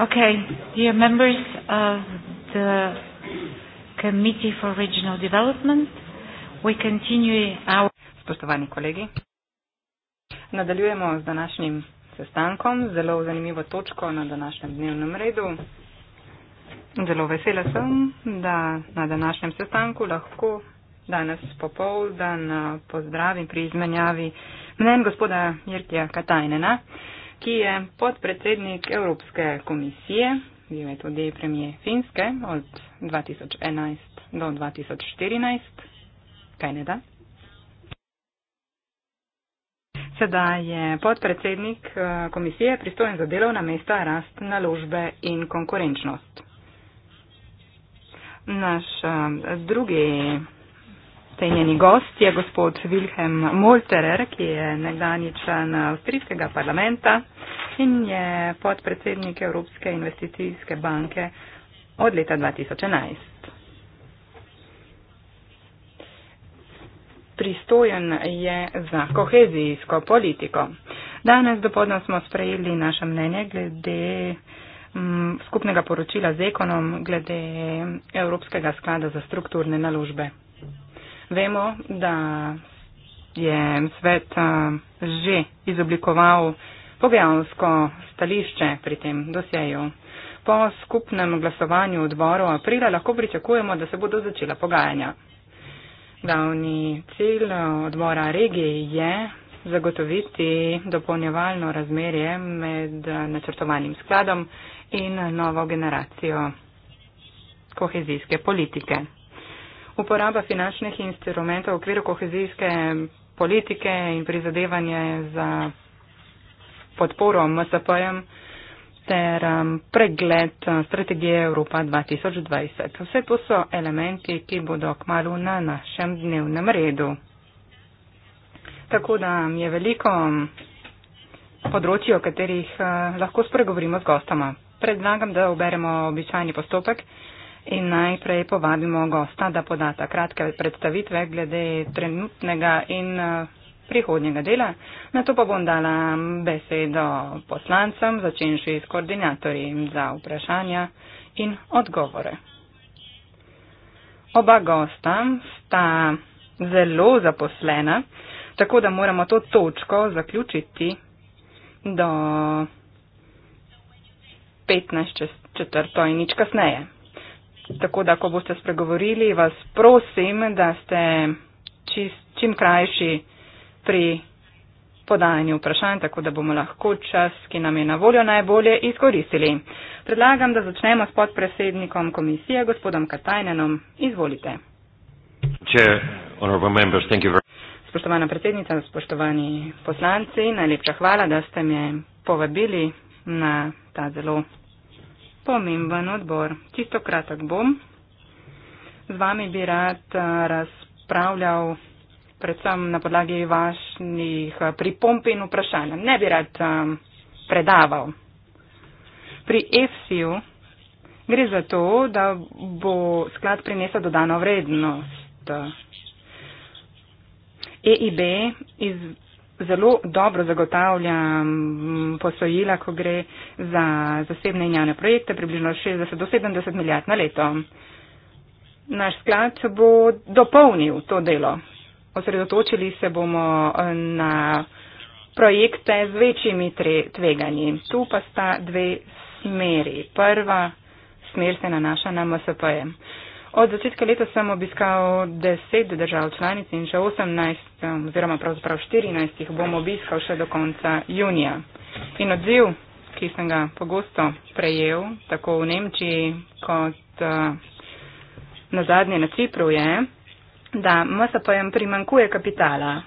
Okay, dear members of the Committee for Regional Development, we continue our... Spoštovani kolegi, nadaljujemo z današnjim sestankom, zelo zanimivo točko na današnjem dnevnem redu. Zelo vesela sem, da na današnjem sestanku lahko danes popoldan eh, pozdravim pri izmenjavi mnen gospoda Jirtija Katajnena. Uh, ki je podpredsednik Evropske komisije, bil je tudi premije Finske od 2011 do 2014, kaj ne da? Sedaj je podpredsednik eh, komisije pristojen za delovna mesta rast naložbe in konkurenčnost. Naš eh, drugi cenjeni gost je gospod Wilhelm Molterer, ki je nekdanji član avstrijskega parlamenta in je podpredsednik Evropske investicijske banke od leta 2011. Pristojen je za kohezijsko politiko. Danes dopodno smo sprejeli naše mnenje glede mm, skupnega poročila z ekonom glede Evropskega sklada za strukturne naložbe. Vemo, da je svet že izoblikoval pogajalsko stališče pri tem dosjeju. Po skupnem glasovanju v dvoru aprila lahko pričakujemo, da se bodo začela pogajanja. Glavni cilj odbora regije je zagotoviti dopolnjevalno razmerje med načrtovanim skladom in novo generacijo kohezijske politike. Uporaba finančnih instrumentov v okviru kohezijske politike in prizadevanje za podporo MSP-jem ter um, pregled strategije Evropa 2020. Vse to so elementi, ki bodo kmalo na našem dnevnem redu. Tako da je veliko področji, o katerih uh, lahko spregovorimo z gostoma. Predlagam, da oberemo običajni postopek in najprej povabimo gosta, da podata kratke predstavitve glede trenutnega in uh, prihodnjega dela, na to pa bom dala besedo poslancem, začenši s koordinatorji za vprašanja in odgovore. Oba gosta sta zelo zaposlena, tako da moramo to točko zaključiti do 15 četrto in nič kasneje. Tako da, ko boste spregovorili, vas prosim, da ste čist, čim krajši pri podajanju vprašanj, tako da bomo lahko čas, ki nam je na voljo, najbolje izkoristili. Predlagam, da začnemo s podpredsednikom komisije, gospodom Katajnenom. Izvolite. Spoštovana predsednica, spoštovani poslanci, najlepša hvala, da ste me povabili na ta zelo pomemben odbor. Čisto kratek bom. Z vami bi rad eh, razpravljal predvsem na podlagi vašnih eh, pripomp in vprašanj. Ne bi rad um, predaval. Pri EFSI-ju gre za to, da bo sklad prinesel dodano vrednost. EIB iz, zelo dobro zagotavlja mm, posojila, ko gre za zasebne in javne projekte, približno 60 do 70 milijard na leto. Naš sklad bo dopolnil to delo, Osredotočili se bomo eh, na projekte z večjimi tveganji. Tu pa sta dve smeri. Prva smer se nanaša na MSP-je. Od začetka leta sem obiskal 10 držav članic in še 18, eh, oziroma pravzaprav 14, jih bom obiskal še do konca junija. In odziv, ki sem ga pogosto prejel, tako v Nemčiji kot uh, eh, na zadnje na Cipru, je, da MSP-jem primankuje kapitala.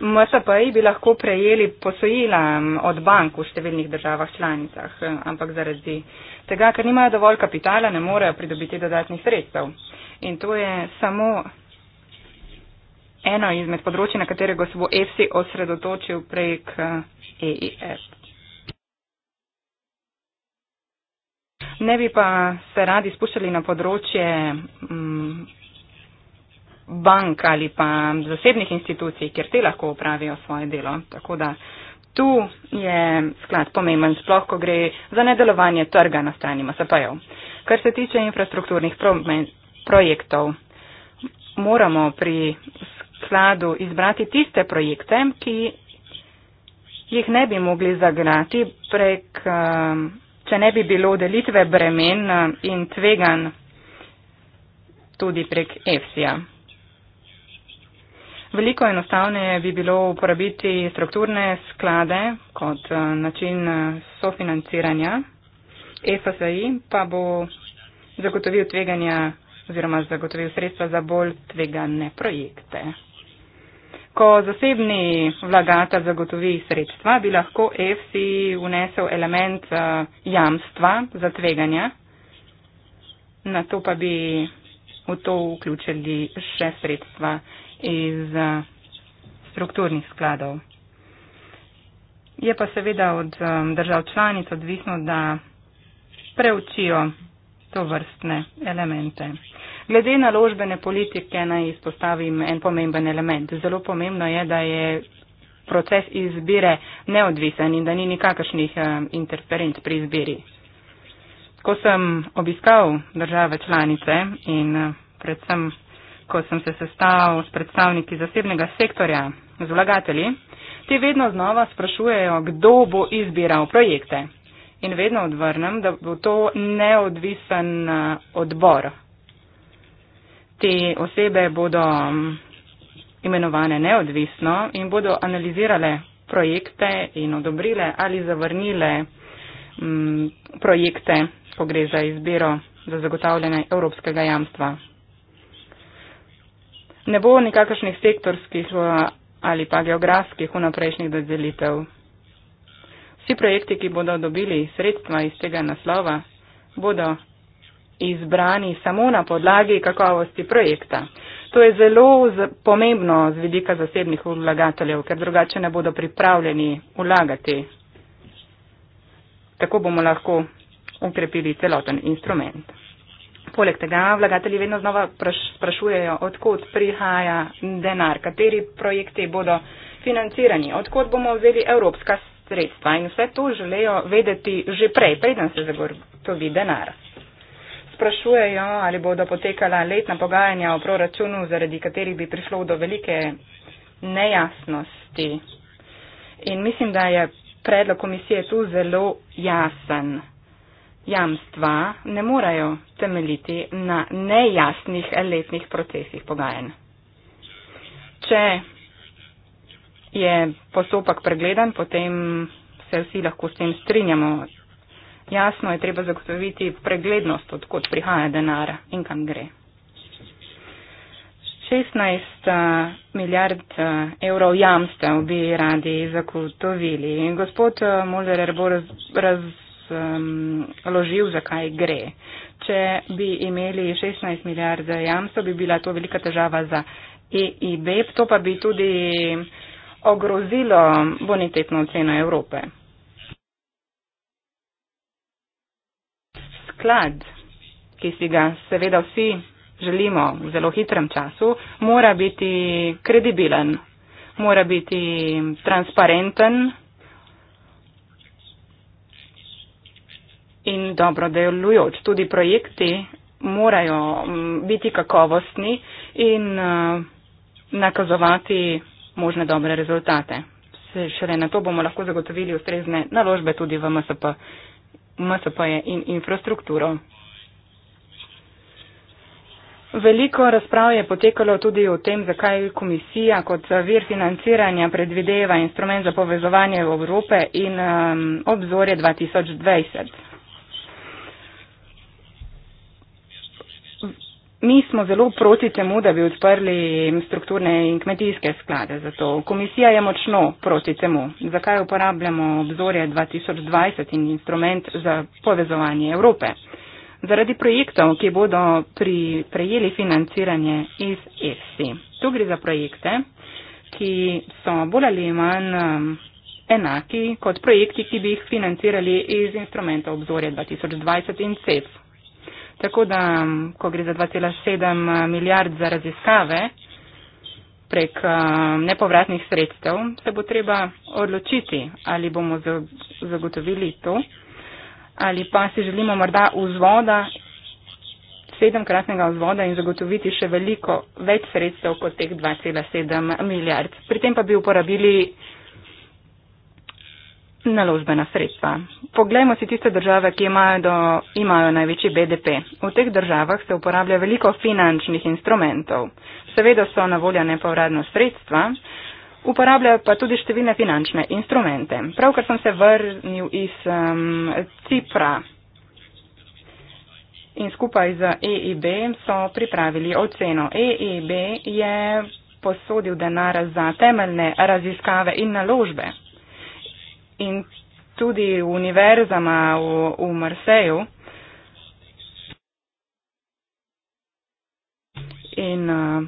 MSP-ji bi lahko prejeli posojila od bank v številnih državah članicah, ampak zaradi tega, ker nimajo dovolj kapitala, ne morejo pridobiti dodatnih sredstev. In to je samo eno izmed področji, na katerega se bo EFSI osredotočil prek EIF. Eh, e ne bi pa se radi spuščali na področje mm, bank ali pa zasebnih institucij, kjer te lahko upravijo svoje delo. Tako da tu je sklad pomemben, sploh ko gre za nedelovanje trga na strani MSP-jev. Kar se tiče infrastrukturnih pro projektov, moramo pri skladu izbrati tiste projekte, ki jih ne bi mogli zagrati prek, um, če ne bi bilo delitve bremen um, in tvegan tudi prek EFSI-ja. Veliko enostavneje bi bilo uporabiti strukturne sklade kot eh, način eh, sofinanciranja. EFSI pa bo zagotovil tveganja oziroma zagotovil sredstva za bolj tvegane projekte. Ko zasebni vlagata zagotovi sredstva, bi lahko EFSI unesel element eh, jamstva za tveganja, na to pa bi v to vključili še sredstva iz eh, strukturnih skladov. Je pa seveda od eh, držav članic odvisno, da preučijo to vrstne elemente. Glede naložbene politike naj izpostavim en pomemben element. Zelo pomembno je, da je proces izbire neodvisen in da ni nikakršnih eh, interferenc pri izbiri. Ko sem obiskal države članice in predvsem ko sem se sestal s predstavniki zasebnega sektorja, z vlagatelji, ti vedno znova sprašujejo, kdo bo izbiral projekte. In vedno odvrnem, da bo to neodvisen eh, odbor. Te osebe bodo mm, imenovane neodvisno in bodo analizirale projekte in odobrile ali zavrnile mm, projekte, ko gre za izbiro za zagotavljanje evropskega jamstva ne bo nikakršnih sektorskih eh, ali pa geografskih vnaprejšnjih dodelitev. Vsi projekti, ki bodo dobili sredstva iz tega naslova, bodo izbrani samo na podlagi kakovosti projekta. To je zelo pomembno z vidika zasebnih vlagateljev, ker drugače ne bodo pripravljeni vlagati. Tako bomo lahko ukrepili celoten instrument. Poleg tega vlagatelji vedno znova sprašujejo, odkot prihaja denar, kateri projekti bodo financirani, odkot bomo vzeli evropska sredstva in vse to želejo vedeti že prej, preden se zagotovi denar. Sprašujejo, ali bodo potekala letna pogajanja o proračunu, zaradi katerih bi prišlo do velike nejasnosti. In mislim, da je predlog komisije tu zelo jasen jamstva ne morajo temeljiti na nejasnih letnih procesih pogajanj. Če je postopek pregledan, potem se vsi lahko s tem strinjamo. Jasno je treba zagotoviti preglednost, odkot prihaja denar in kam gre. 16 eh, milijard eh, evrov jamstev bi radi zagotovili. Gospod eh, Moller bo raz, raz, um, ložil, zakaj gre. Če bi imeli 16 milijard za jamstvo, bi bila to velika težava za EIB, to pa bi tudi ogrozilo bonitetno oceno Evrope. Sklad, ki si ga seveda vsi želimo v zelo hitrem času, mora biti kredibilen, mora biti transparenten. in dobro delujoč. Tudi projekti morajo mm, biti kakovostni in eh, nakazovati možne dobre rezultate. Šele na to bomo lahko zagotovili ustrezne naložbe tudi v MSP, MSP in infrastrukturo. Veliko razprav je potekalo tudi o tem, zakaj komisija kot vir financiranja predvideva instrument za povezovanje Evrope in um, obzorje 2020. Mi smo zelo proti temu, da bi odprli strukturne in kmetijske sklade za to. Komisija je močno proti temu. Zakaj uporabljamo obzorje 2020 in instrument za povezovanje Evrope? Zaradi projektov, ki bodo pri, prejeli financiranje iz ESI. Tu gre za projekte, ki so bolj ali manj um, enaki kot projekti, ki bi jih financirali iz instrumenta obzorje 2020 in CEPS. Tako da, ko gre za 2,7 eh, milijard za raziskave prek eh, nepovratnih sredstev, se bo treba odločiti, ali bomo zagotovili to, ali pa si želimo morda vzvoda, sedemkratnega vzvoda in zagotoviti še veliko več sredstev kot teh 2,7 milijard. Pri tem pa bi uporabili naložbena sredstva. Poglejmo si tiste države, ki imajo, do, imajo največji BDP. V teh državah se uporablja veliko finančnih instrumentov. Seveda so na voljo nepovratno sredstva, uporabljajo pa tudi številne finančne instrumente. Pravkar sem se vrnil iz um, Cipra in skupaj z EIB so pripravili oceno. EIB je posodil denar za temeljne raziskave in naložbe in tudi univerzama v, v Marseju. In uh,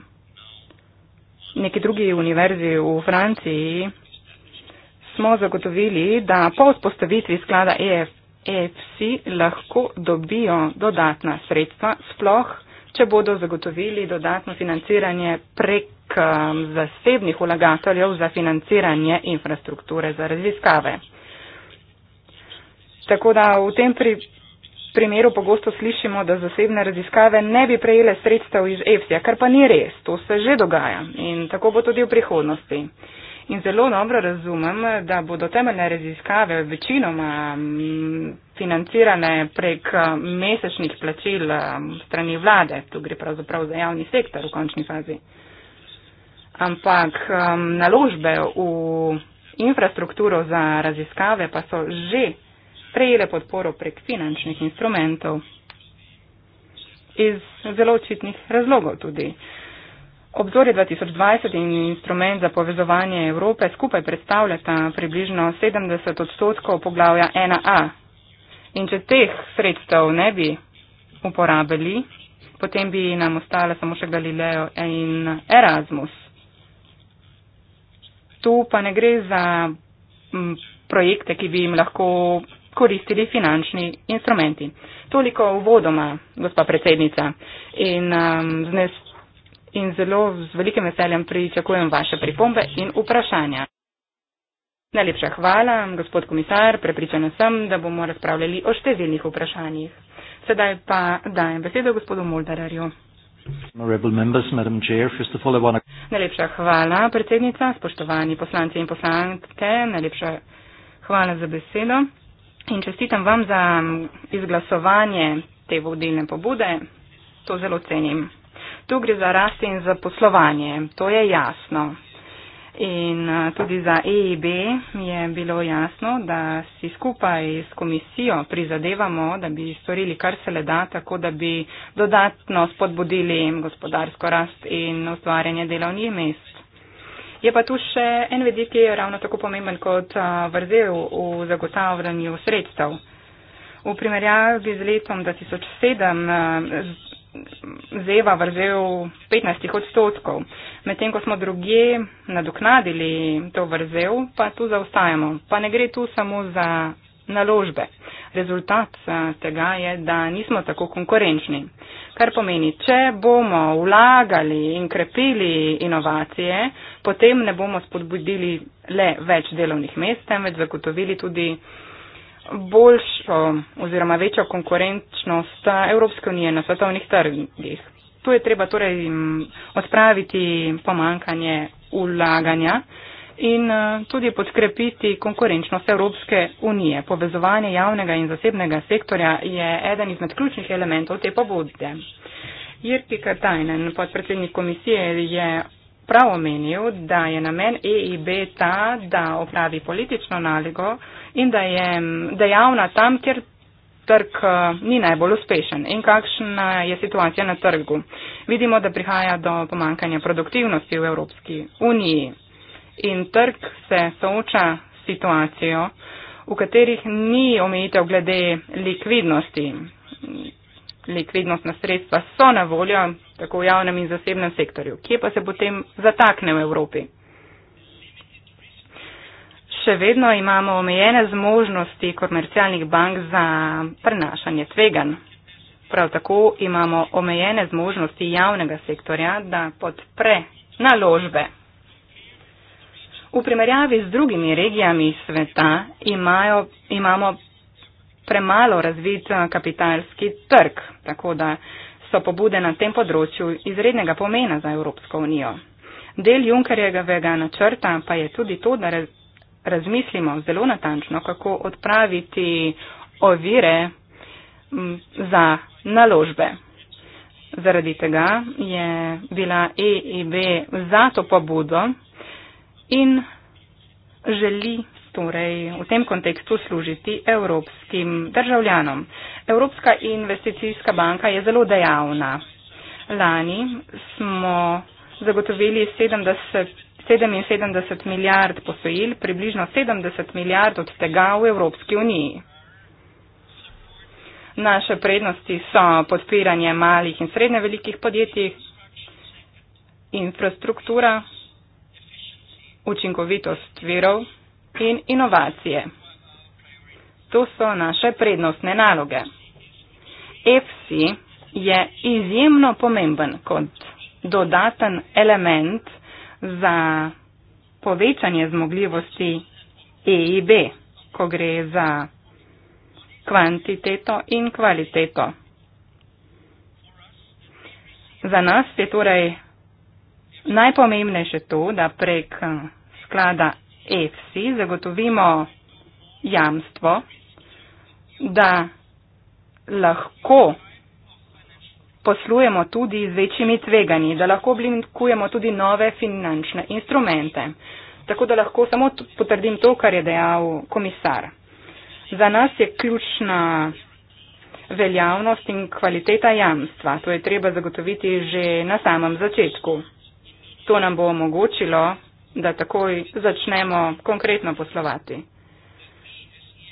neki drugi univerzi v Franciji smo zagotovili, da po vzpostavitvi sklada EF, EFC lahko dobijo dodatna sredstva sploh če bodo zagotovili dodatno financiranje prek um, zasebnih vlagateljev za financiranje infrastrukture za raziskave. Tako da v tem pri. V primeru pogosto slišimo, da zasebne raziskave ne bi prejele sredstev iz EFSI-ja, kar pa ni res, to se že dogaja in tako bo tudi v prihodnosti. In zelo dobro razumem, da bodo temeljne raziskave večinoma mm, financirane prek mm, mesečnih plačil mm, strani vlade. Tu gre pravzaprav za javni sektor v končni fazi. Ampak naložbe v infrastrukturo za raziskave pa so že prejele podporo prek finančnih instrumentov. Iz zelo očitnih razlogov tudi. Obzorje 2020 in instrument za povezovanje Evrope skupaj predstavljata približno 70 odstotkov poglavja 1a. In če teh sredstev ne bi uporabili, potem bi nam ostale samo še Galileo in Erasmus. Tu pa ne gre za projekte, ki bi jim lahko koristili finančni instrumenti. Toliko uvodoma, gospa predsednica. In, um, in zelo z velikim veseljem pričakujem vaše pripombe in vprašanja. Najlepša hvala, gospod komisar, prepričana sem, da bomo razpravljali o številnih vprašanjih. Sedaj pa dajem besedo gospodu Moldararju. Najlepša hvala, predsednica, spoštovani poslanci in poslanke, najlepša hvala za besedo in čestitam vam za izglasovanje te vodilne pobude. To zelo cenim tu gre za rast in za poslovanje, to je jasno. In eh, tudi za EIB je bilo jasno, da si skupaj s komisijo prizadevamo, da bi storili kar se le da, tako da bi dodatno spodbudili gospodarsko rast in ustvarjanje delovnih mest. Je pa tu še en vedik, ki je ravno tako pomemben kot eh, vrzel v zagotavljanju sredstev. V primerjavi z letom 2007 zeva vrzel 15 odstotkov. Medtem, ko smo druge nadoknadili to vrzel, pa tu zaostajamo. Pa ne gre tu samo za naložbe. Rezultat eh, tega je, da nismo tako konkurenčni. Kar pomeni, če bomo vlagali in krepili inovacije, potem ne bomo spodbudili le več delovnih mest, temveč zagotovili tudi boljšo oziroma večjo konkurenčnost Evropske unije na svetovnih trgih. Tu je treba torej odpraviti pomankanje ulaganja in e, tudi podkrepiti konkurenčnost Evropske unije. Povezovanje javnega in zasebnega sektorja je eden izmed ključnih elementov te pobude. Jirki Katajnen, podpredsednik komisije, je prav omenil, da je namen EIB ta, da opravi politično nalego in da je dejavna tam, kjer trg eh, ni najbolj uspešen in kakšna je situacija na trgu. Vidimo, da prihaja do pomankanja produktivnosti v Evropski uniji in trg se sooča s situacijo, v katerih ni omejitev glede likvidnosti likvidnostna sredstva so na voljo, tako v javnem in zasebnem sektorju. Kje pa se potem zatakne v Evropi? Še vedno imamo omejene zmožnosti komercialnih bank za prenašanje tvegan. Prav tako imamo omejene zmožnosti javnega sektorja, da podpre naložbe. V primerjavi z drugimi regijami sveta imajo, imamo premalo razvit eh, kapitalski trg, tako da so pobude na tem področju izrednega pomena za Evropsko unijo. Del Junkerjevega načrta pa je tudi to, da razmislimo zelo natančno, kako odpraviti ovire za naložbe. Zaradi tega je bila EIB za to pobudo in želi torej v tem kontekstu služiti evropskim državljanom. Evropska investicijska banka je zelo dejavna. Lani smo zagotovili 70, 77 milijard posojil, približno 70 milijard od tega v Evropski uniji. Naše prednosti so podpiranje malih in srednje velikih podjetij, infrastruktura, učinkovitost virov, in inovacije. To so naše prednostne naloge. EFSI je izjemno pomemben kot dodaten element za povečanje zmogljivosti EIB, ko gre za kvantiteto in kvaliteto. Za nas je torej najpomembnejše to, da prek sklada EFSI zagotovimo jamstvo, da lahko poslujemo tudi z večjimi tveganji, da lahko oblikujemo tudi nove finančne instrumente. Tako da lahko samo potrdim to, kar je dejal komisar. Za nas je ključna veljavnost in kvaliteta jamstva. To je treba zagotoviti že na samem začetku. To nam bo omogočilo da takoj začnemo konkretno poslovati.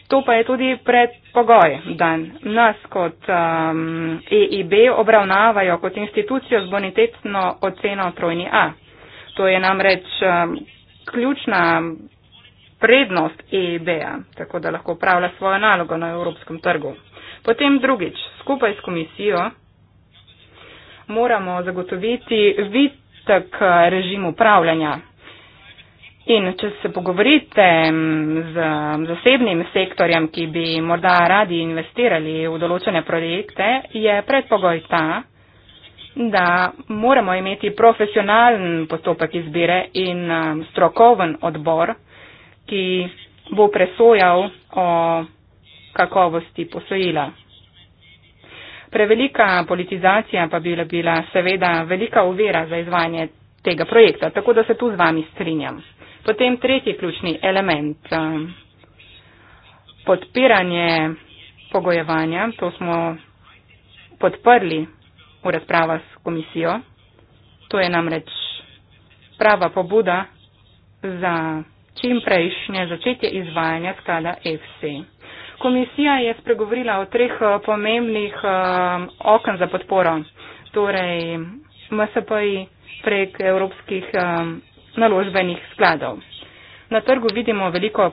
To pa je tudi predpogoj, da nas kot um, EIB obravnavajo kot institucijo z bonitetno oceno trojni A. To je namreč um, ključna prednost EIB-a, tako da lahko upravlja svojo nalogo na evropskem trgu. Potem drugič, skupaj s komisijo moramo zagotoviti vitek režim upravljanja In če se pogovorite z zasebnim sektorjem, ki bi morda radi investirali v določene projekte, je predpogoj ta, da moramo imeti profesionalen postopek izbire in strokoven odbor, ki bo presojal o kakovosti posojila. Prevelika politizacija pa bi bila seveda velika uvira za izvajanje tega projekta, tako da se tu z vami strinjam. Potem tretji ključni element. Eh, podpiranje pogojevanja, to smo podprli v razprava s komisijo. To je namreč prava pobuda za čim prejšnje začetje izvajanja sklada FC. Komisija je spregovorila o treh eh, pomembnih eh, okn za podporo, torej MSP prek evropskih naložbenih skladov. Na trgu vidimo veliko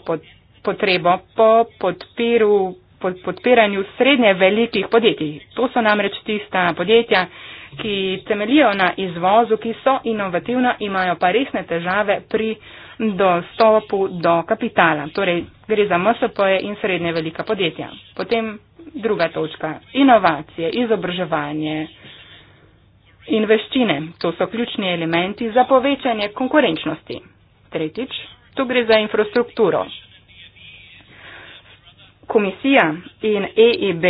potrebo po podpiru, pod, podpiranju srednje velikih podjetij. To so namreč tista podjetja, ki temelijo na izvozu, ki so inovativna, imajo pa resne težave pri dostopu do kapitala. Torej, gre za MSP-je in srednje velika podjetja. Potem druga točka. Inovacije, izobraževanje in veščine. To so ključni elementi za povečanje konkurenčnosti. Tretjič, tu gre za infrastrukturo. Komisija in EIB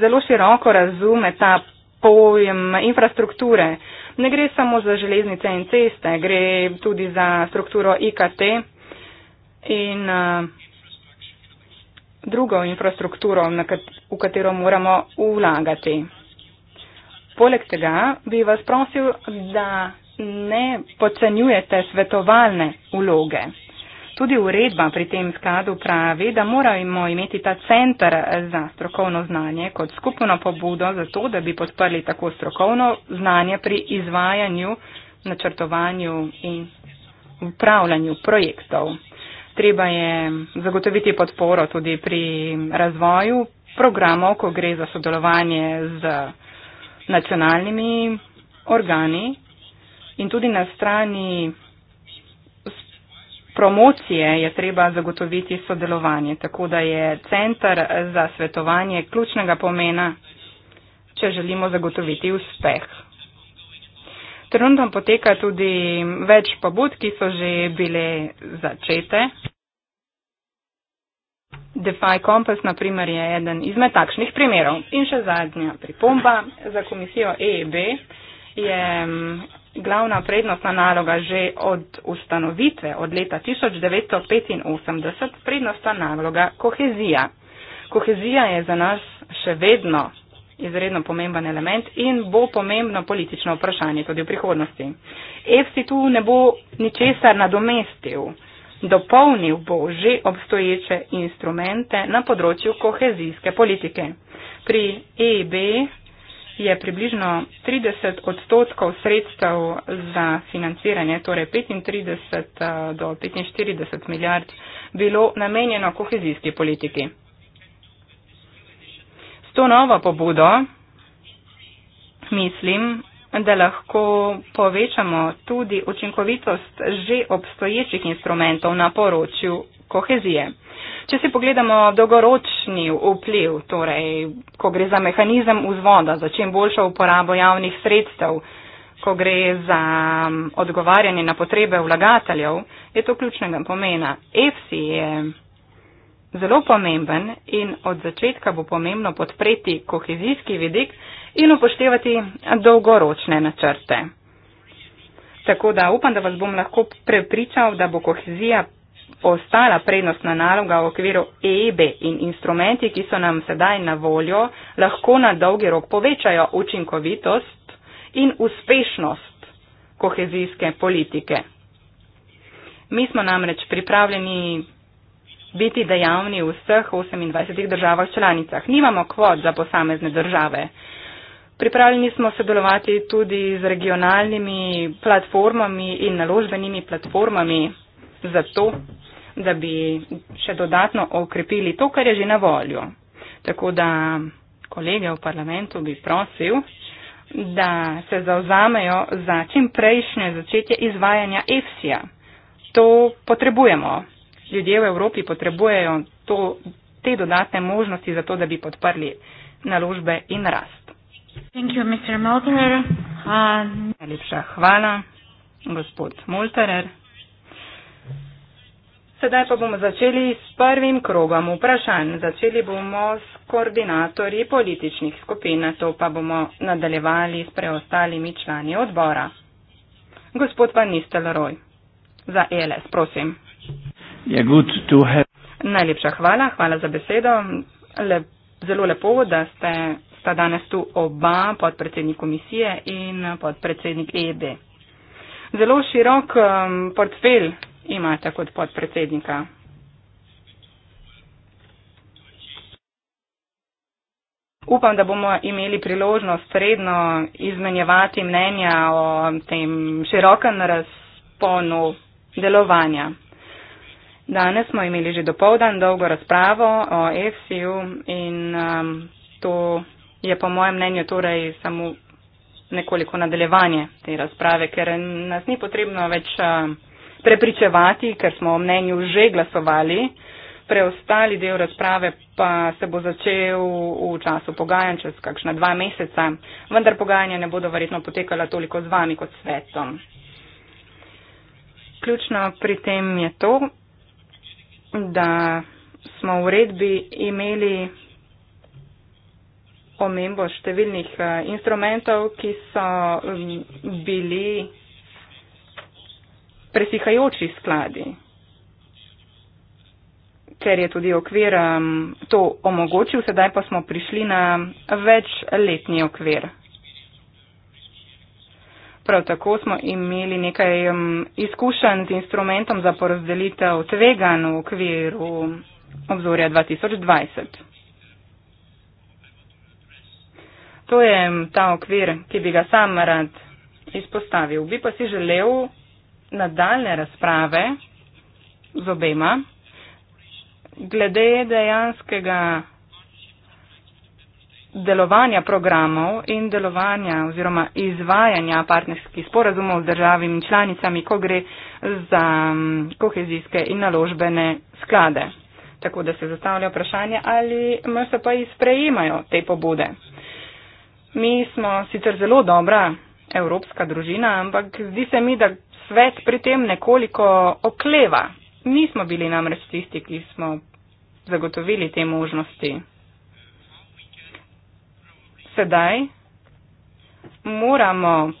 zelo široko razume ta pojem infrastrukture. Ne gre samo za železnice in ceste, gre tudi za strukturo IKT in uh, drugo infrastrukturo, v katero moramo vlagati. Poleg tega bi vas prosil, da ne podcenjujete svetovalne uloge. Tudi uredba pri tem skladu pravi, da moramo imeti ta centr za strokovno znanje kot skupno pobudo za to, da bi podprli tako strokovno znanje pri izvajanju, načrtovanju in upravljanju projektov. Treba je zagotoviti podporo tudi pri razvoju programov, ko gre za sodelovanje z nacionalnimi organi in tudi na strani promocije je treba zagotoviti sodelovanje, tako da je centar za svetovanje ključnega pomena, če želimo zagotoviti uspeh. Trenutno poteka tudi več pobud, ki so že bile začete. Defy Compass, na primer, je eden izmed takšnih primerov. In še zadnja pripomba za komisijo EEB je mm, glavna prednostna naloga že od ustanovitve, od leta 1985, prednostna naloga kohezija. Kohezija je za nas še vedno izredno pomemben element in bo pomembno politično vprašanje tudi v prihodnosti. EFSI e tu ne bo ničesar nadomestil dopolnil bo že obstoječe instrumente na področju kohezijske politike. Pri EIB je približno 30 odstotkov sredstev za financiranje, torej 35 eh, do 45 milijard, bilo namenjeno kohezijski politiki. S to novo pobudo mislim, da lahko povečamo tudi učinkovitost že obstoječih instrumentov na poročju kohezije. Če si pogledamo dolgoročni vpliv, torej ko gre za mehanizem vzvoda, za čim boljšo uporabo javnih sredstev, ko gre za odgovarjanje na potrebe vlagateljev, je to ključnega pomena. EFSI je zelo pomemben in od začetka bo pomembno podpreti kohezijski vidik in upoštevati dolgoročne načrte. Tako da upam, da vas bom lahko prepričal, da bo kohezija ostala prednostna naloga v okviru EIB e in instrumenti, ki so nam sedaj na voljo, lahko na dolgi rok povečajo učinkovitost in uspešnost kohezijske politike. Mi smo namreč pripravljeni biti dejavni v vseh 28 državah članicah. Nimamo kvot za posamezne države. Pripravljeni smo sodelovati tudi z regionalnimi platformami in naložbenimi platformami zato, da bi še dodatno okrepili to, kar je že na voljo. Tako da kolege v parlamentu bi prosil, da se zauzamejo za čim prejšnje začetje izvajanja EFSI-ja. To potrebujemo ljudje v Evropi potrebujejo to, te dodatne možnosti za to, da bi podprli naložbe in rast. Um, Najlepša uh, hvala, gospod Molterer. Sedaj pa bomo začeli s prvim krogom vprašanj. Začeli bomo s koordinatorji političnih skupin, na to pa bomo nadaljevali s preostalimi člani odbora. Gospod Van Nistelrooy, za ELS, prosim je ja, good to have. Najlepša hvala, hvala za besedo. Lep, zelo lepo, da ste sta danes tu oba, podpredsednik komisije in podpredsednik EED. Zelo širok um, portfelj imate kot podpredsednika. Upam, da bomo imeli priložnost sredno izmenjevati mnenja o tem širokem razponu delovanja. Danes smo imeli že dopoldan dolgo razpravo o EFSI-ju in um, to je po mojem mnenju torej samo nekoliko nadaljevanje te razprave, ker nas ni potrebno več um, prepričevati, ker smo o mnenju že glasovali. Preostali del razprave pa se bo začel v času pogajanj, čez kakšna dva meseca, vendar pogajanja ne bodo verjetno potekala toliko z vami kot svetom. Ključno pri tem je to, da smo v uredbi imeli omembo številnih eh, instrumentov, ki so mm, bili presihajoči skladi, ker je tudi okvir mm, to omogočil, sedaj pa smo prišli na večletni okvir. Prav tako smo imeli nekaj um, izkušenj z instrumentom za porazdelitev tvegan v okviru obzorja 2020. To je um, ta okvir, ki bi ga sam rad izpostavil. Bi pa si želel nadaljne razprave z obema glede dejanskega delovanja programov in delovanja oziroma izvajanja partnerskih sporazumov z državami članicami, ko gre za mm, kohezijske in naložbene sklade. Tako da se zastavlja vprašanje, ali MSP-ji sprejemajo te pobude. Mi smo sicer zelo dobra evropska družina, ampak zdi se mi, da svet pri tem nekoliko okleva. Nismo bili namreč tisti, ki smo zagotovili te možnosti sedaj moramo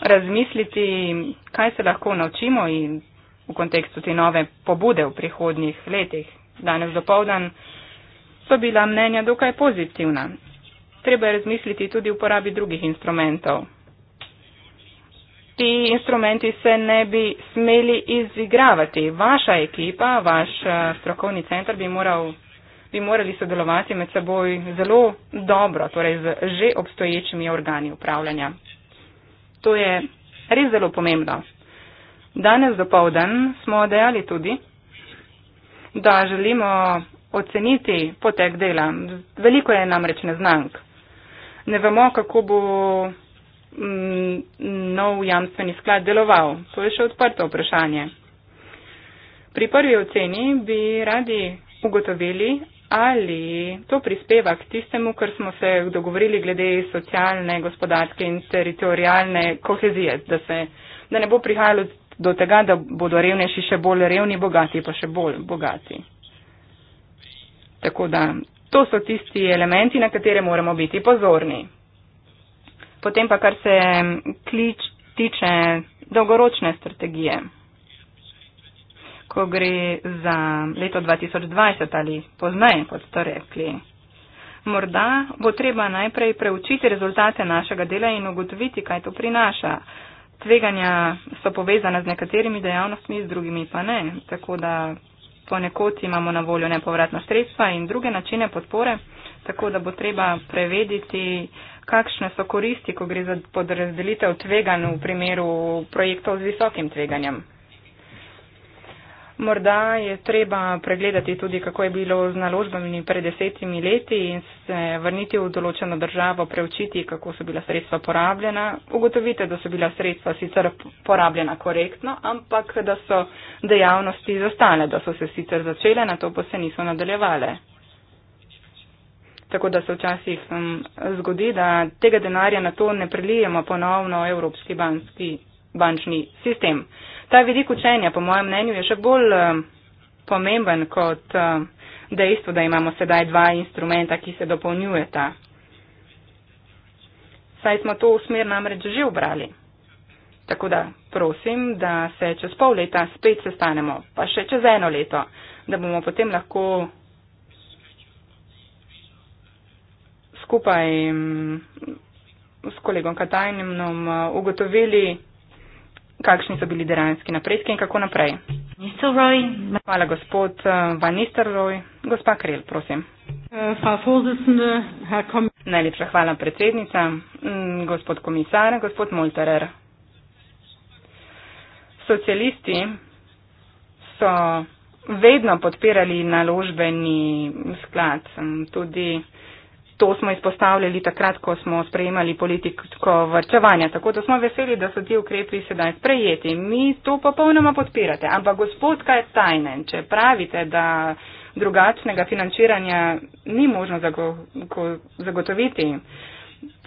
razmisliti, kaj se lahko naučimo in v kontekstu te nove pobude v prihodnjih letih. Danes dopovdan so bila mnenja dokaj pozitivna. Treba je razmisliti tudi o uporabi drugih instrumentov. Ti instrumenti se ne bi smeli izigravati. Vaša ekipa, vaš eh, strokovni center bi moral bi morali sodelovati med seboj zelo dobro, torej z že obstoječimi organi upravljanja. To je res zelo pomembno. Danes do povdan smo dejali tudi, da želimo oceniti potek dela. Veliko je namreč neznank. Ne vemo, kako bo mm, nov jamstveni sklad deloval. To je še odprto vprašanje. Pri prvi oceni bi radi ugotovili, ali to prispeva k tistemu, kar smo se dogovorili glede socialne, gospodarske in teritorijalne kohezije, da, se, da ne bo prihajalo do tega, da bodo revnejši še bolj revni, bogati pa še bolj bogati. Tako da to so tisti elementi, na katere moramo biti pozorni. Potem pa kar se klič tiče dolgoročne strategije ko gre za leto 2020 ali poznaje, kot ste rekli. Morda bo treba najprej preučiti rezultate našega dela in ugotoviti, kaj to prinaša. Tveganja so povezana z nekaterimi dejavnostmi, z drugimi pa ne. Tako da ponekod imamo na voljo nepovratna sredstva in druge načine podpore, tako da bo treba prevediti, kakšne so koristi, ko gre za podrazdelitev tveganj v primeru projektov z visokim tveganjem. Morda je treba pregledati tudi, kako je bilo z naložbami pred desetimi leti in se vrniti v določeno državo, preučiti, kako so bila sredstva porabljena. Ugotovite, da so bila sredstva sicer porabljena korektno, ampak da so dejavnosti zastale, da so se sicer začele, na to pa se niso nadaljevale. Tako da se včasih um, zgodi, da tega denarja na to ne prilijemo ponovno Evropski banski, bančni sistem ta vidik učenja, po mojem mnenju, je še bolj eh, pomemben kot eh, dejstvo, da imamo sedaj dva instrumenta, ki se dopolnjujeta. Saj smo to v smer namreč že obrali. Tako da prosim, da se čez pol leta spet sestanemo, pa še čez eno leto, da bomo potem lahko skupaj mm, s kolegom Katajnimnom eh, ugotovili, kakšni so bili deranski napredki in kako naprej. Roy. Hvala, gospod eh, Van Nistelrooy. Gospa Krel, prosim. Uh, Najlepša hvala, predsednica. Mm, gospod komisar, gospod Molterer. Socialisti so vedno podpirali naložbeni sklad. Tudi To smo izpostavljali takrat, ko smo sprejemali politiko vrčevanja. Tako da smo veseli, da so ti ukrepi sedaj sprejeti. Mi to popolnoma podpirate. Ampak gospod, kaj je tajnen? Če pravite, da drugačnega financiranja ni možno zagotoviti,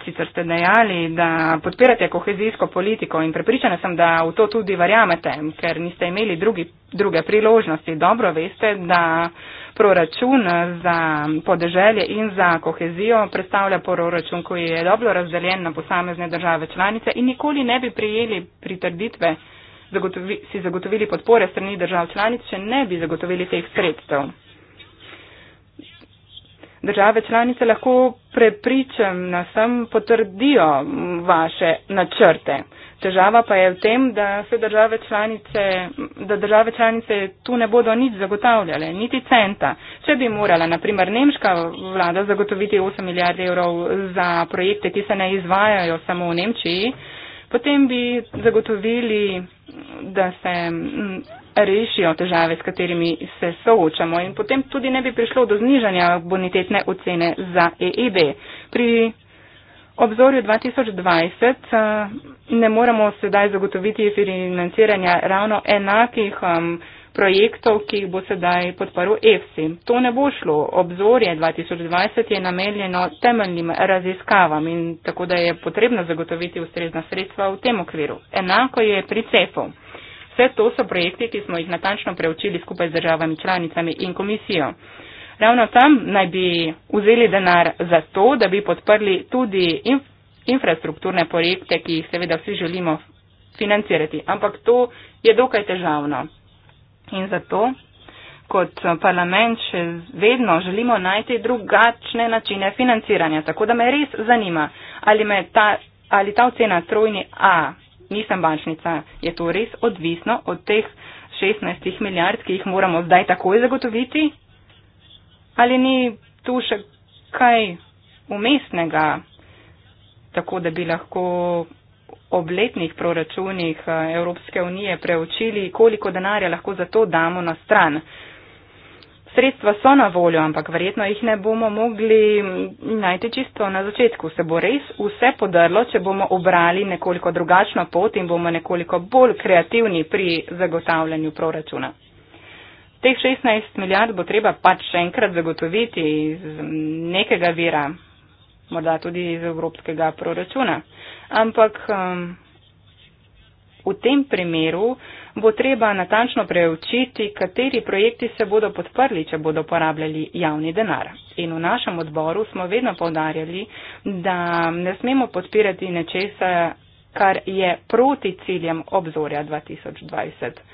sicer ste dejali, da podpirate kohezijsko politiko in prepričana sem, da v to tudi verjamete, ker niste imeli drugi, druge priložnosti. Dobro veste, da proračun za podeželje in za kohezijo predstavlja proračun, ki je dobro razdeljen na posamezne države članice in nikoli ne bi prijeli pritrditve, zagotovi, si zagotovili podpore strani držav članic, če ne bi zagotovili teh sredstev. Države članice lahko prepričam, da sem potrdijo vaše načrte težava pa je v tem, da se države članice, da države članice tu ne bodo nič zagotavljale, niti centa. Če bi morala, naprimer, nemška vlada zagotoviti 8 milijard evrov za projekte, ki se ne izvajajo samo v Nemčiji, potem bi zagotovili, da se mm, rešijo težave, s katerimi se soočamo in potem tudi ne bi prišlo do znižanja bonitetne ocene za EIB. E Pri obzorju 2020 eh, ne moremo sedaj zagotoviti financiranja ravno enakih projektov, ki jih bo sedaj podporil EFSI. To ne bo šlo. Obzorje 2020 je namenjeno temeljnim raziskavam in tako da je potrebno zagotoviti ustrezna sredstva v tem okviru. Enako je pri CEF-u. Vse to so projekti, ki smo jih natančno preučili skupaj z državami članicami in komisijo. Ravno tam naj bi vzeli denar za to, da bi podprli tudi inf infrastrukturne projekte, ki jih seveda vsi želimo financirati. Ampak to je dokaj težavno. In zato kot parlament še vedno želimo najti drugačne načine financiranja. Tako da me res zanima, ali, ta, ali ta ocena trojni A, nisem bančnica, je to res odvisno od teh 16 milijard, ki jih moramo zdaj takoj zagotoviti ali ni tu še kaj umestnega, tako da bi lahko ob letnih proračunih eh, Evropske unije preučili, koliko denarja lahko za to damo na stran. Sredstva so na voljo, ampak verjetno jih ne bomo mogli najti čisto na začetku. Se bo res vse podrlo, če bomo obrali nekoliko drugačno pot in bomo nekoliko bolj kreativni pri zagotavljanju proračuna teh 16 milijard bo treba pač še enkrat zagotoviti iz nekega vira, morda tudi iz evropskega proračuna. Ampak um, v tem primeru bo treba natančno preučiti, kateri projekti se bodo podprli, če bodo porabljali javni denar. In v našem odboru smo vedno povdarjali, da ne smemo podpirati nečesa, kar je proti ciljem obzorja 2020.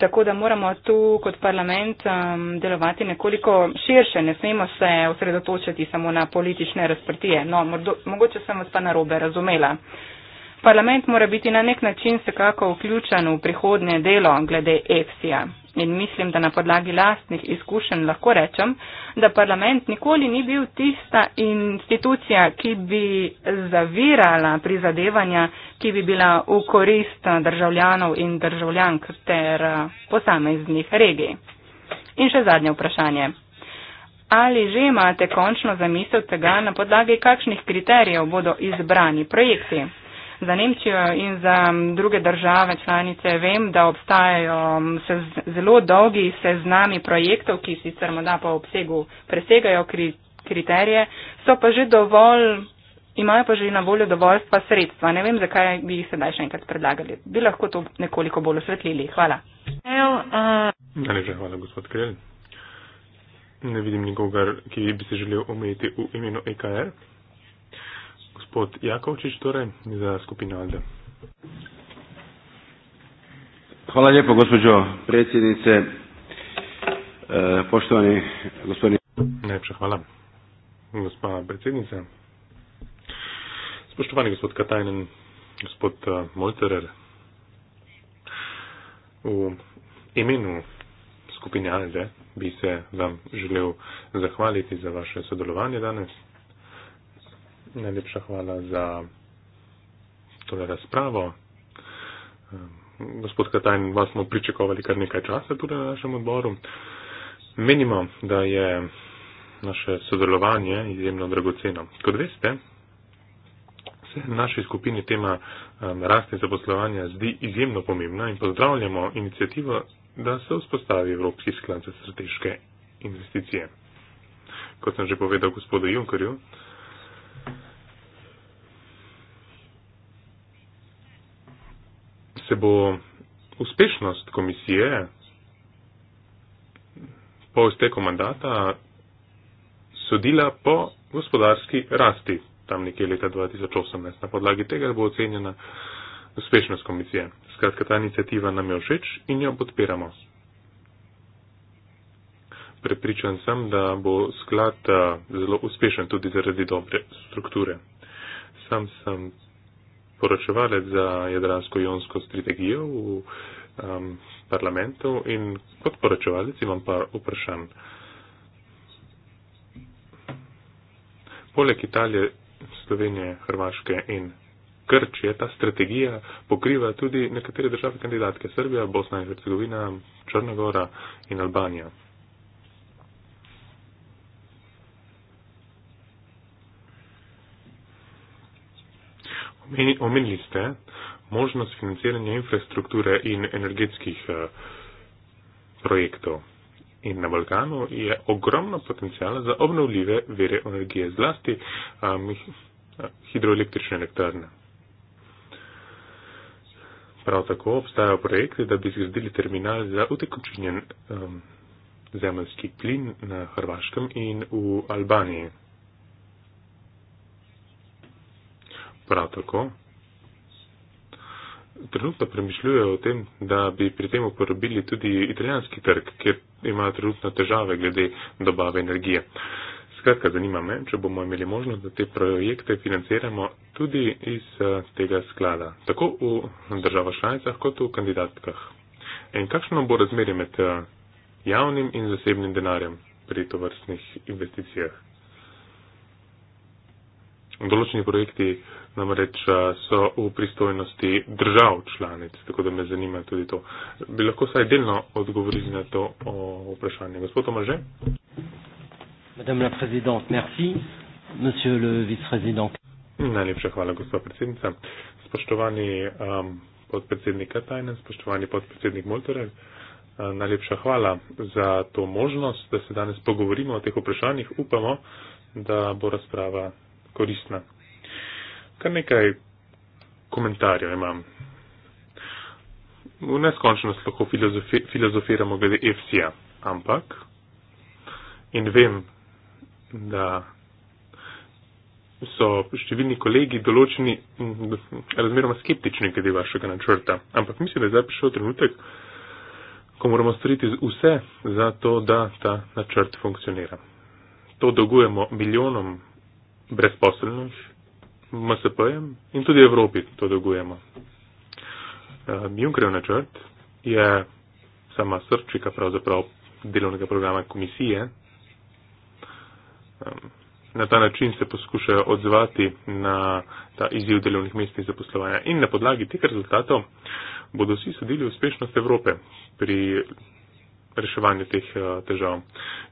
Tako da moramo tu kot parlament um, delovati nekoliko širše, ne smemo se osredotočiti samo na politične razprtije. No, mordo, mogoče sem vas pa narobe razumela. Parlament mora biti na nek način vsekako vključen v prihodne delo glede EFSI-ja. In mislim, da na podlagi lastnih izkušenj lahko rečem, da parlament nikoli ni bil tista institucija, ki bi zavirala prizadevanja, ki bi bila v korist državljanov in državljank ter eh, posameznih regij. In še zadnje vprašanje. Ali že imate končno zamisel tega, na podlagi kakšnih kriterijev bodo izbrani projekti? za Nemčijo in za druge države članice vem, da obstajajo zelo dolgi seznami projektov, ki sicer morda po obsegu presegajo kri kriterije, so pa že dovolj. Imajo pa že na voljo dovoljstva sredstva. Ne vem, zakaj bi jih sedaj še enkrat predlagali. Bi lahko to nekoliko bolj osvetlili. Hvala. Eh, Najlepša hvala, gospod Krelj. Ne vidim nikogar, ki bi se želel omejiti v imenu EKR gospod Jakovčič torej za skupino Alde. Hvala lijepo gospođo predsjednice, e, poštovani gospodin. Najlepša hvala, gospa predsjednica. Spoštovani gospod Katajnen, gospod e, Molterer, v imenu skupine ALDE bi se vam želel zahvaliti za vaše sodelovanje danes najlepša hvala za tole razpravo. Gospod Katajn, vas smo pričakovali kar nekaj časa tudi na našem odboru. Menimo, da je naše sodelovanje izjemno dragoceno. Kot veste, se v naši skupini tema rasti zaposlovanja zdi izjemno pomembna in pozdravljamo inicijativo, da se vzpostavi Evropski sklad za strateške investicije. Kot sem že povedal gospodu Junkerju, se bo uspešnost komisije po izteku mandata sodila po gospodarski rasti, tam nekje leta 2018. Na podlagi tega bo ocenjena uspešnost komisije. Skratka, ta inicijativa nam je všeč in jo podpiramo. Prepričan sem, da bo sklad eh, zelo uspešen tudi zaradi dobre strukture. Sam sem poročevalec za jadransko-jonsko strategijo v um, parlamentu in kot poročevalec imam par vprašanj. Poleg Italije, Slovenije, Hrvaške in Grčije ta strategija pokriva tudi nekatere države kandidatke Srbija, Bosna in Hercegovina, Črnagora in Albanija. omenili ste možnost financiranja infrastrukture in energetskih eh, projektov. In na Balkanu je ogromno potencijala za obnovljive vere energije, zlasti um, hidroelektrične elektrarne. Prav tako obstajajo projekte, da bi zgradili terminal za utekočinjen um, zemljski plin na Hrvaškem in v Albaniji. prav tako. Trenutno premišljujejo o tem, da bi pri tem uporabili tudi italijanski trg, kjer imajo trenutno težave glede dobave energije. Skratka, zanima me, če bomo imeli možnost, da te projekte financiramo tudi iz eh, tega sklada, tako v državah članicah kot v kandidatkah. In kakšno bo razmerje med eh, javnim in zasebnim denarjem pri tovrstnih investicijah? Določeni projekti uh, namreč so v pristojnosti držav članic, tako da me zanima tudi to. Bi lahko saj delno odgovorili na to vprašanje. Gospod Tomaže? Madame la président, merci. Monsieur le vice-président. Najlepša hvala, gospod predsednica. Spoštovani um, podpredsednik Katajnen, spoštovani podpredsednik Moltorel, Najlepša hvala za to možnost, da se danes pogovorimo o teh vprašanjih. Upamo, da bo razprava koristna kar nekaj komentarjev imam. V neskončnost lahko filozofi, filozofiramo glede EFSI-ja, ampak in vem, da so številni kolegi določeni razmeroma skeptični glede vašega načrta. Ampak mislim, da je zdaj prišel trenutek, ko moramo storiti vse za to, da ta načrt funkcionira. To dolgujemo milijonom brezposelnih, MSP-jem in tudi Evropi to dolgujemo. Junkrev načrt je sama srčika pravzaprav delovnega programa komisije. Na ta način se poskušajo odzvati na ta izjiv delovnih mest in zaposlovanja. In na podlagi teh rezultatov bodo vsi sodili uspešnost Evrope pri reševanju teh eh, težav.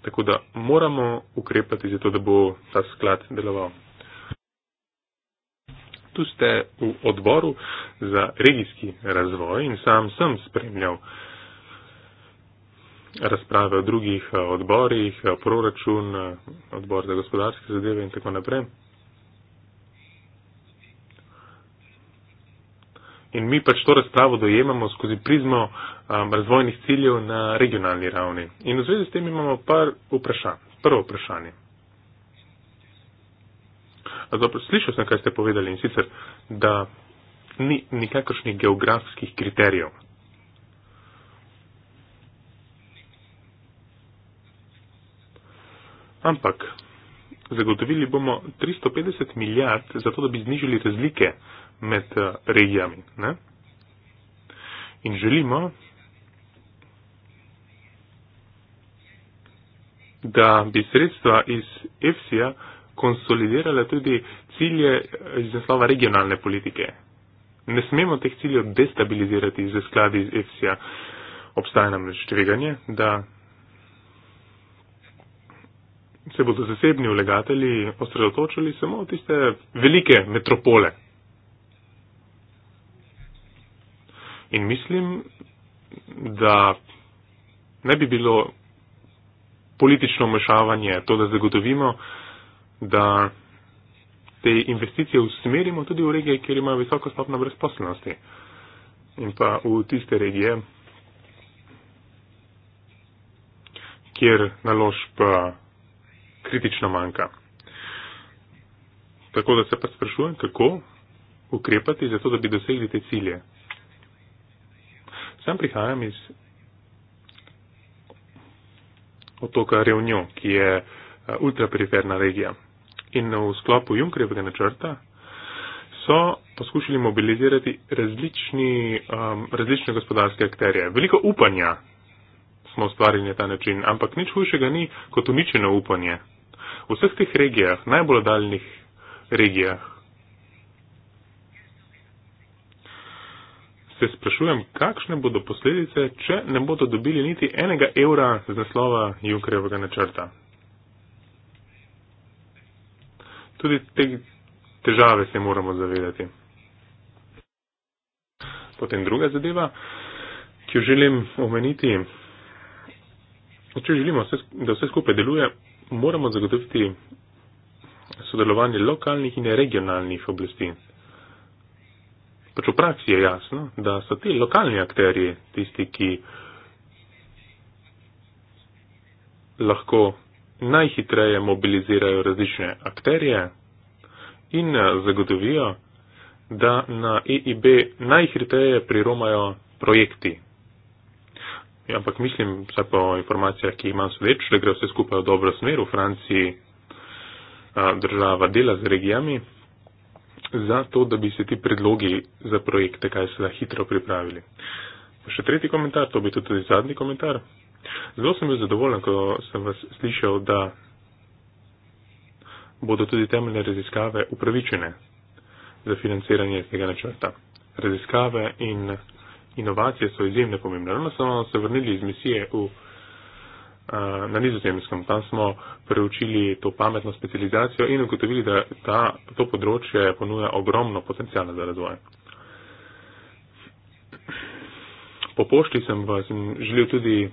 Tako da moramo ukrepati za to, da bo ta sklad deloval letu ste v odboru za regijski razvoj in sam sem spremljal razprave o drugih eh, odborih, eh, proračun, eh, odbor za gospodarske zadeve in tako naprej. In mi pač to razpravo dojemamo skozi prizmo um, razvojnih ciljev na regionalni ravni. In v zvezi s tem imamo par vprašanj. Prvo vprašanje zapravo, slišal sem, kaj ste povedali in sicer, da ni nikakršnih geografskih kriterijev. Ampak zagotovili bomo 350 milijard za to, da bi znižili razlike med eh, regijami. Ne? In želimo, da bi sredstva iz EFSI-ja konsolidirale tudi cilje iz naslova regionalne politike. Ne smemo teh ciljev destabilizirati za skladi iz EFSI-ja. Obstaja namreč tveganje, da se bodo zasebni vlagatelji osredotočili samo v tiste velike metropole. In mislim, da ne bi bilo politično vmešavanje to, da zagotovimo, da te investicije usmerimo tudi v regije, kjer imajo visoko stopno brezposlenosti in pa v tiste regije, kjer naložb eh, kritično manjka. Tako da se pa sprašujem, kako ukrepati za to, da bi dosegli te cilje. Sam prihajam iz otoka Revnjo, ki je eh, ultraperiferna regija in v sklopu Junkrevega načrta so poskušali mobilizirati različni, um, različne gospodarske akterje. Veliko upanja smo ustvarili na ta način, ampak nič hujšega ni kot uničeno upanje. V vseh teh regijah, najbolj daljnih regijah, se sprašujem, kakšne bodo posledice, če ne bodo dobili niti enega evra z naslova Junkrevega načrta. tudi te težave se moramo zavedati. Potem druga zadeva, ki jo želim omeniti. Če želimo, da vse skupaj deluje, moramo zagotoviti sodelovanje lokalnih in regionalnih oblasti. Pač v praksi je jasno, da so ti lokalni akterji tisti, ki lahko najhitreje mobilizirajo različne akterje in eh, zagotovijo, da na EIB najhitreje priromajo projekti. Ja, ampak mislim, vsaj po informacijah, ki jih imam sveč, da gre vse skupaj v dobro smer v Franciji, a, eh, država dela z regijami, za to, da bi se ti predlogi za projekte kaj se da hitro pripravili. Pa še tretji komentar, to bi tudi zadnji komentar. Zelo sem bil zadovoljen, ko sem vas slišal, da bodo tudi temeljne raziskave upravičene za financiranje tega načrta. Raziskave in inovacije so izjemno pomembne. Ravno smo se vrnili iz misije v, na nizozemskem. Tam smo preučili to pametno specializacijo in ugotovili, da ta, to področje ponuja ogromno potencijala za razvoj. Po pošti sem vas želil tudi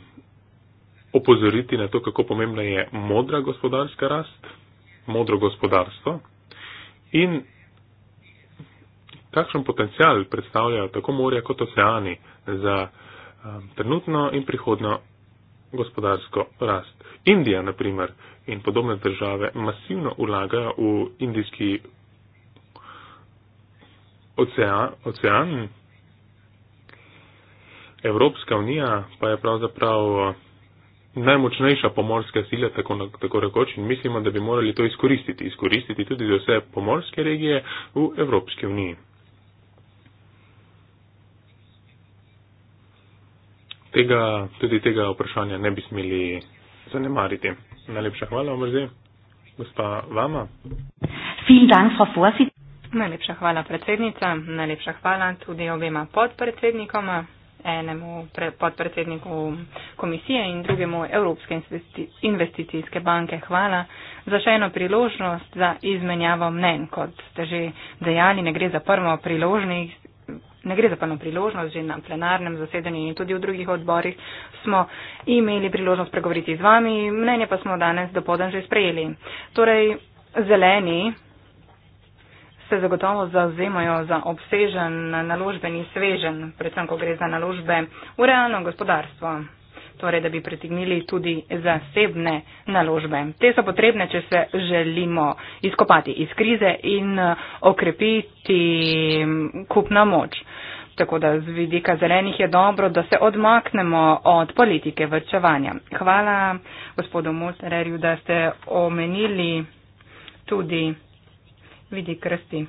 opozoriti na to, kako pomembna je modra gospodarska rast, modro gospodarstvo in kakšen potencial predstavljajo tako morja kot oceani za um, trenutno in prihodno gospodarsko rast. Indija, na primer, in podobne države masivno ulagajo v indijski ocean. ocean. Evropska unija pa je pravzaprav. Uh, najmočnejša pomorska sila, tako, na, tako rekoč, in mislimo, da bi morali to izkoristiti. Izkoristiti tudi za vse pomorske regije v Evropski uniji. Tega, tudi tega vprašanja ne bi smeli zanemariti. Najlepša hvala, omrzi. Gospa Vama. Najlepša hvala, predsednica. Najlepša hvala tudi obema podpredsednikoma enemu pre, podpredsedniku komisije in drugemu Evropske investi, investicijske banke hvala za še eno priložnost za izmenjavo mnen. Kot ste že dejali, ne gre za prvo priložnost. Ne gre za pano priložnost, že na plenarnem zasedanju in tudi v drugih odborih smo imeli priložnost pregovoriti z vami, mnenje pa smo danes do podan že sprejeli. Torej, zeleni se zagotovo zauzemajo za obsežen naložbeni svežen, predvsem, ko gre za naložbe v realno gospodarstvo. Torej, da bi pritignili tudi zasebne naložbe. Te so potrebne, če se želimo izkopati iz krize in uh, okrepiti um, kupna moč. Tako da z vidika zelenih je dobro, da se odmaknemo od politike vrčevanja. Hvala gospodu Mostererju, da ste omenili tudi vidik rasti.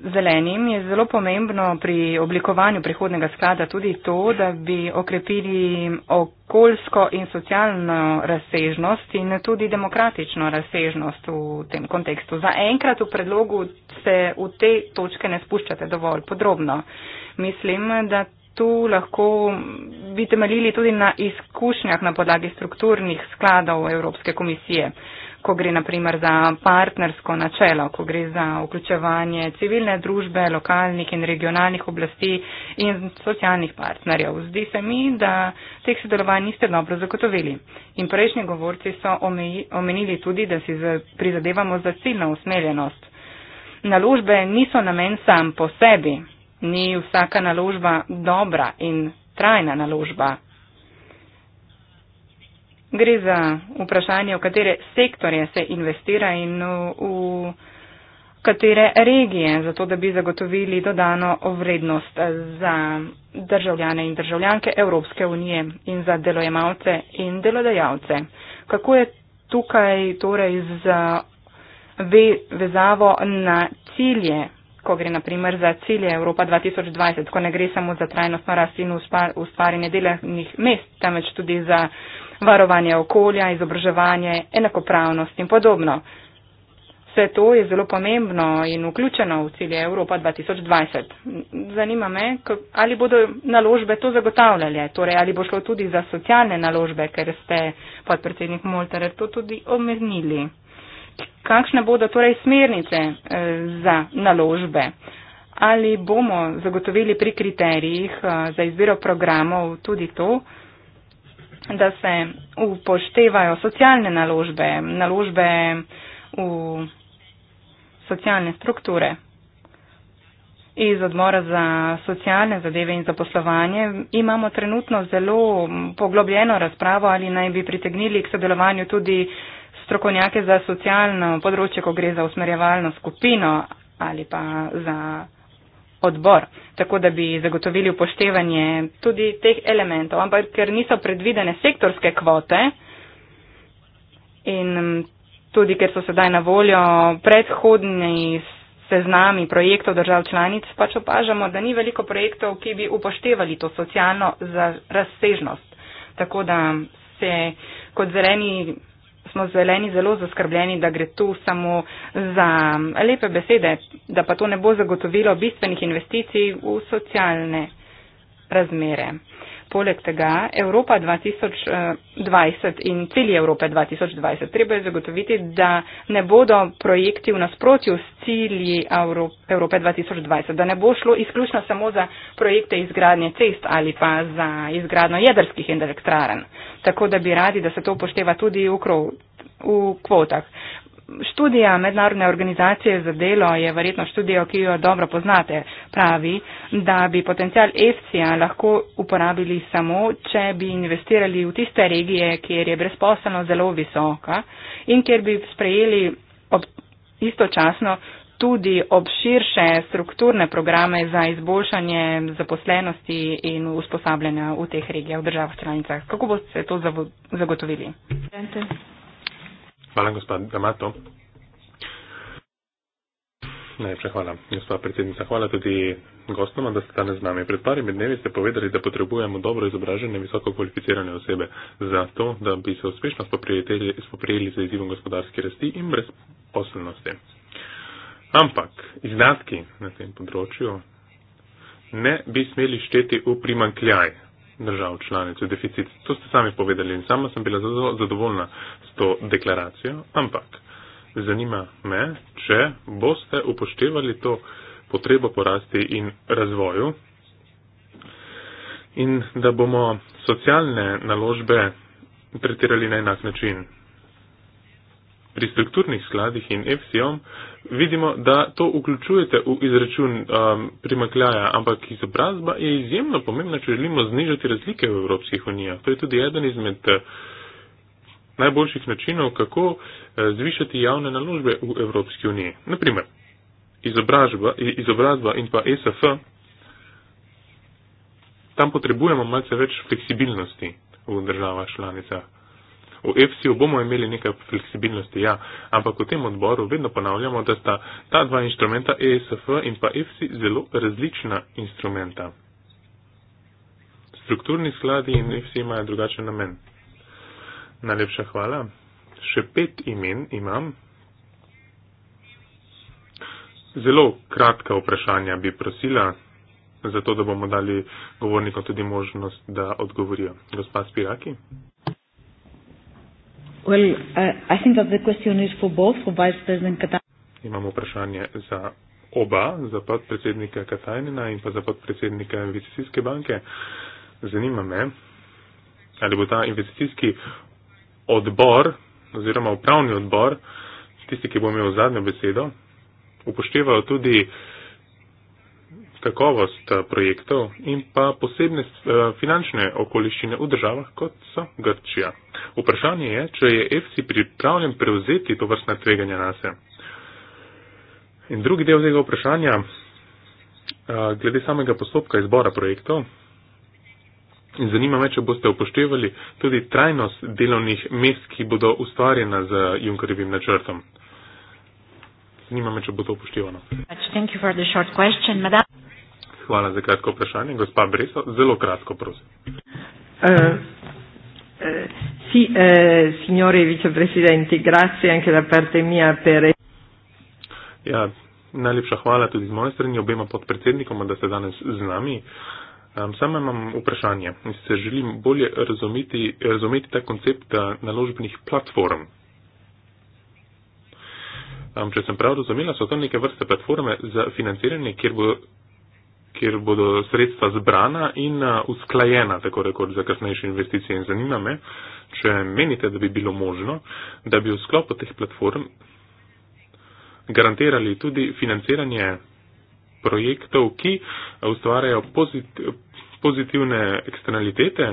Zelenim je zelo pomembno pri oblikovanju prihodnega sklada tudi to, da bi okrepili okoljsko in socialno razsežnost in tudi demokratično razsežnost v tem kontekstu. Za enkrat v predlogu se v te točke ne spuščate dovolj podrobno. Mislim, da tu lahko bi temeljili tudi na izkušnjah na podlagi strukturnih skladov Evropske komisije ko gre naprimer za partnersko načelo, ko gre za vključevanje civilne družbe, lokalnih in regionalnih oblasti in socialnih partnerjev. Zdi se mi, da teh sodelovanj niste dobro zagotovili. In prejšnji govorci so omenili tudi, da si prizadevamo za ciljno usmerjenost. Naložbe niso namen sam po sebi. Ni vsaka naložba dobra in trajna naložba, Gre za vprašanje, v katere sektorje se investira in v katere regije, zato da bi zagotovili dodano vrednost za državljane in državljanke Evropske unije in za delojemalce in delodajalce. Kako je tukaj torej z vezavo na cilje, ko gre naprimer za cilje Evropa 2020, ko ne gre samo za trajnostno rast in ustvarjanje delovnih mest, temveč tudi za varovanje okolja, izobraževanje, enakopravnost in podobno. Vse to je zelo pomembno in vključeno v cilje Evropa 2020. Zanima me, ali bodo naložbe to zagotavljale, torej ali bo šlo tudi za socialne naložbe, ker ste podpredsednik Molterer to tudi omenili. Kakšne bodo torej smernice eh, za naložbe? Ali bomo zagotovili pri kriterijih eh, za izbiro programov tudi to, da se upoštevajo socialne naložbe, naložbe v socialne strukture. Iz odmora za socialne zadeve in zaposlovanje imamo trenutno zelo poglobljeno razpravo, ali naj bi pritegnili k sodelovanju tudi strokovnjake za socialno področje, ko gre za usmerjevalno skupino ali pa za odbor, tako da bi zagotovili upoštevanje tudi teh elementov, ampak ker niso predvidene sektorske kvote in tudi ker so sedaj na voljo predhodni seznami projektov držav članic, pač opažamo, da ni veliko projektov, ki bi upoštevali to socialno razsežnost. Tako da se kot zeleni smo zeleni zelo zaskrbljeni, da gre tu samo za lepe besede, da pa to ne bo zagotovilo bistvenih investicij v socialne razmere. Poleg tega Evropa 2020 eh, in cilji Evrope 2020 treba je zagotoviti, da ne bodo projekti v nasprotju s cilji Evrope 2020, da ne bo šlo izključno samo za projekte izgradnje cest ali pa za izgradno jedrskih elektraren. Tako da bi radi, da se to upošteva tudi v v kvotah. Študija Mednarodne organizacije za delo je verjetno študijo, ki jo dobro poznate, pravi, da bi potencial EFCIA lahko uporabili samo, če bi investirali v tiste regije, kjer je brezposelno zelo visoka in kjer bi sprejeli ob, istočasno tudi obširše strukturne programe za izboljšanje zaposlenosti in usposabljanja v teh regijah, v državah članicah. Kako boste to zagotovili? Vente. Hvala, gospa Damato. Najlepša hvala, gospa predsednica. Hvala tudi gostoma, da ste danes z nami. Pred parimi dnevi ste povedali, da potrebujemo dobro izobražene, visoko kvalificirane osebe za to, da bi se uspešno spoprijeli z izzivom gospodarske rasti in brezposelnosti. Ampak izdatki na tem področju ne bi smeli šteti v primankljaj držav članic v deficit. To ste sami povedali in sama sem bila zelo zadovoljna s to deklaracijo, ampak zanima me, če boste upoštevali to potrebo po rasti in razvoju in da bomo socialne naložbe pretirali na enak način pri strukturnih skladih in FCOM, vidimo, da to vključujete v izračun um, primakljaja, ampak izobrazba je izjemno pomembna, če želimo znižati razlike v Evropskih unijah. To je tudi eden izmed eh, najboljših načinov, kako eh, zvišati javne naložbe v Evropski uniji. Naprimer, izobražba, izobrazba in pa e SF, tam potrebujemo malce več fleksibilnosti v državah članicah v EFSI-ju bomo imeli nekaj fleksibilnosti, ja, ampak v tem odboru vedno ponavljamo, da sta ta dva inštrumenta ESF in pa EFSI zelo različna instrumenta. Strukturni skladi in EFSI imajo drugačen namen. Najlepša hvala. Še pet imen imam. Zelo kratka vprašanja bi prosila, zato da bomo dali govornikom tudi možnost, da odgovorijo. Gospa Spiraki? Well, uh, I think that the question is for both, for Vice President Katainen. Imamo vprašanje za oba, za podpredsednika Katajnina in pa za podpredsednika investicijske banke. Zanima me, ali bo ta investicijski odbor oziroma upravni odbor, tisti, ki bo imel zadnjo besedo, upošteval tudi kakovost eh, projektov in pa posebne eh, finančne okoliščine v državah, kot so Grčija. Vprašanje je, če je EFSI pripravljen prevzeti to vrstne tveganja na se. In drugi del tega vprašanja, glede samega postopka izbora projektov, zanima me, če boste upoštevali tudi trajnost delovnih mest, ki bodo ustvarjena z Junkerjevim načrtom. Zanima me, če bo to upoštevano. Hvala za kratko vprašanje. Gospa Breso, zelo kratko, prosim. Uh, uh. Sì, eh, signori vicepresidenti, grazie anche da parte mia per. Ja, najlepša hvala tudi z moje strani obema podpredsednikoma, da ste danes z nami. Um, Sam imam vprašanje in se želim bolje razumeti, razumeti ta koncept eh, naložbenih platform. Um, če sem prav razumela, so to neke vrste platforme za financiranje, kjer bo kjer bodo sredstva zbrana in uh, usklajena, tako rekord za kasnejše investicije. In zanima me, če menite, da bi bilo možno, da bi v sklopu teh platform garantirali tudi financiranje projektov, ki ustvarjajo pozit pozitivne eksternalitete,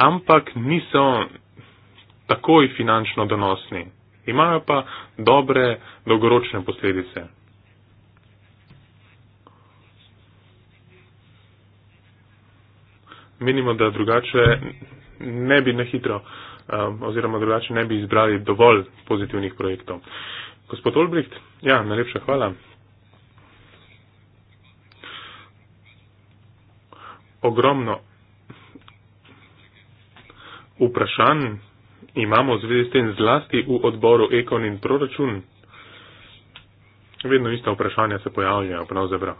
ampak niso takoj finančno donosni. Imajo pa dobre dolgoročne posledice. menimo, da drugače ne bi nehitro um, oziroma drugače ne bi izbrali dovolj pozitivnih projektov. Gospod Olbricht, ja, najlepša hvala. Ogromno vprašanj imamo v zvezi s tem zlasti v odboru Ekon in proračun. Vedno ista vprašanja se pojavljajo, pravzaprav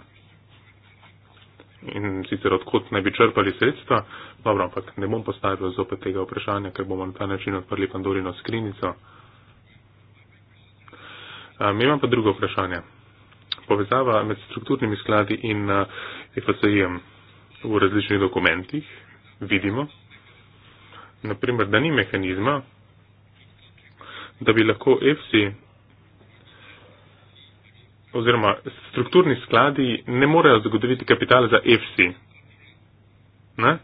in sicer odkot naj bi črpali sredstva. Dobro, ampak ne bom postavil zopet tega vprašanja, ker bomo na ta način odprli Pandorino skrinico. Mi imam pa drugo vprašanje. Povezava med strukturnimi skladi in eh, FSI-jem v različnih dokumentih vidimo, naprimer, da ni mehanizma, da bi lahko FSI oziroma strukturni skladi ne morejo zagotoviti kapital za EFSI. Ne?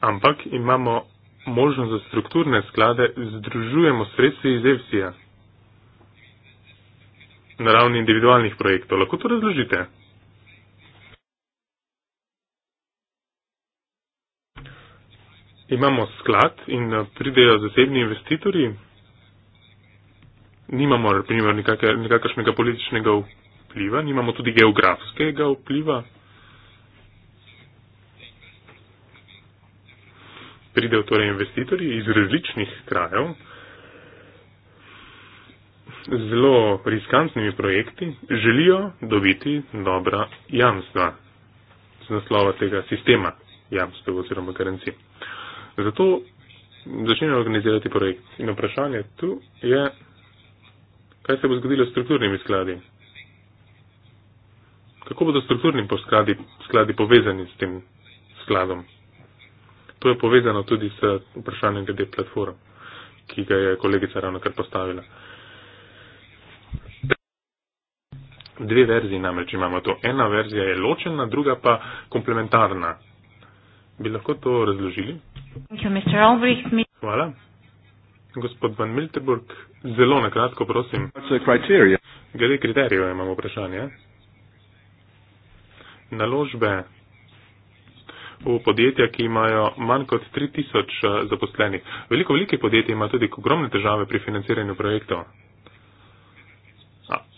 Ampak imamo možnost za strukturne sklade, združujemo sredstvi iz EFSI-ja na ravni individualnih projektov. Lahko to razložite? Imamo sklad in pridejo zasebni investitorji nimamo primer, nikakr, nikakršnega političnega vpliva, nimamo tudi geografskega vpliva. Pridejo torej investitorji iz različnih krajev z zelo riskantnimi projekti, želijo dobiti dobra jamstva z naslova tega sistema jamstva oziroma garancij. Zato začnejo organizirati projekt. In vprašanje tu je kaj se bo zgodilo s strukturnimi skladi? Kako bodo strukturni skladi, skladi povezani s tem skladom? To je povezano tudi s vprašanjem glede platform, ki ga je kolegica ravno kar postavila. Dve verziji namreč imamo to. Ena verzija je ločena, druga pa komplementarna. Bi lahko to razložili? Hvala. Gospod Van Milterburg, Zelo na kratko, prosim. Glede kriterijev imamo vprašanje. Naložbe v podjetja, ki imajo manj kot 3000 eh, zaposlenih. Veliko velikih podjetij ima tudi ogromne težave pri financiranju projektov.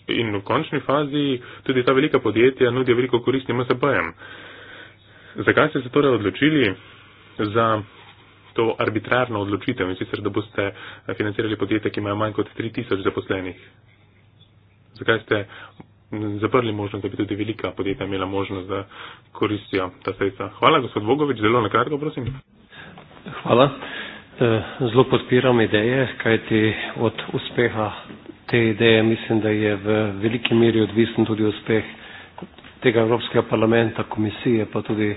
In v končni fazi tudi ta velika podjetja nudijo veliko koristnim MSB-jem. Zakaj ste se torej odločili za to arbitrarno odločitev in sicer, da boste eh, financirali podjetja, ki imajo manj kot 3000 zaposlenih? Zakaj ste zaprli možnost, da bi tudi velika podjetja imela možnost, da koristijo ta sredstva? Hvala, gospod Vogovič, zelo na kratko, prosim. Hvala. Eh, zelo podpiram ideje, kajti od uspeha te ideje mislim, da je v veliki meri odvisen tudi uspeh tega Evropskega parlamenta, komisije, pa tudi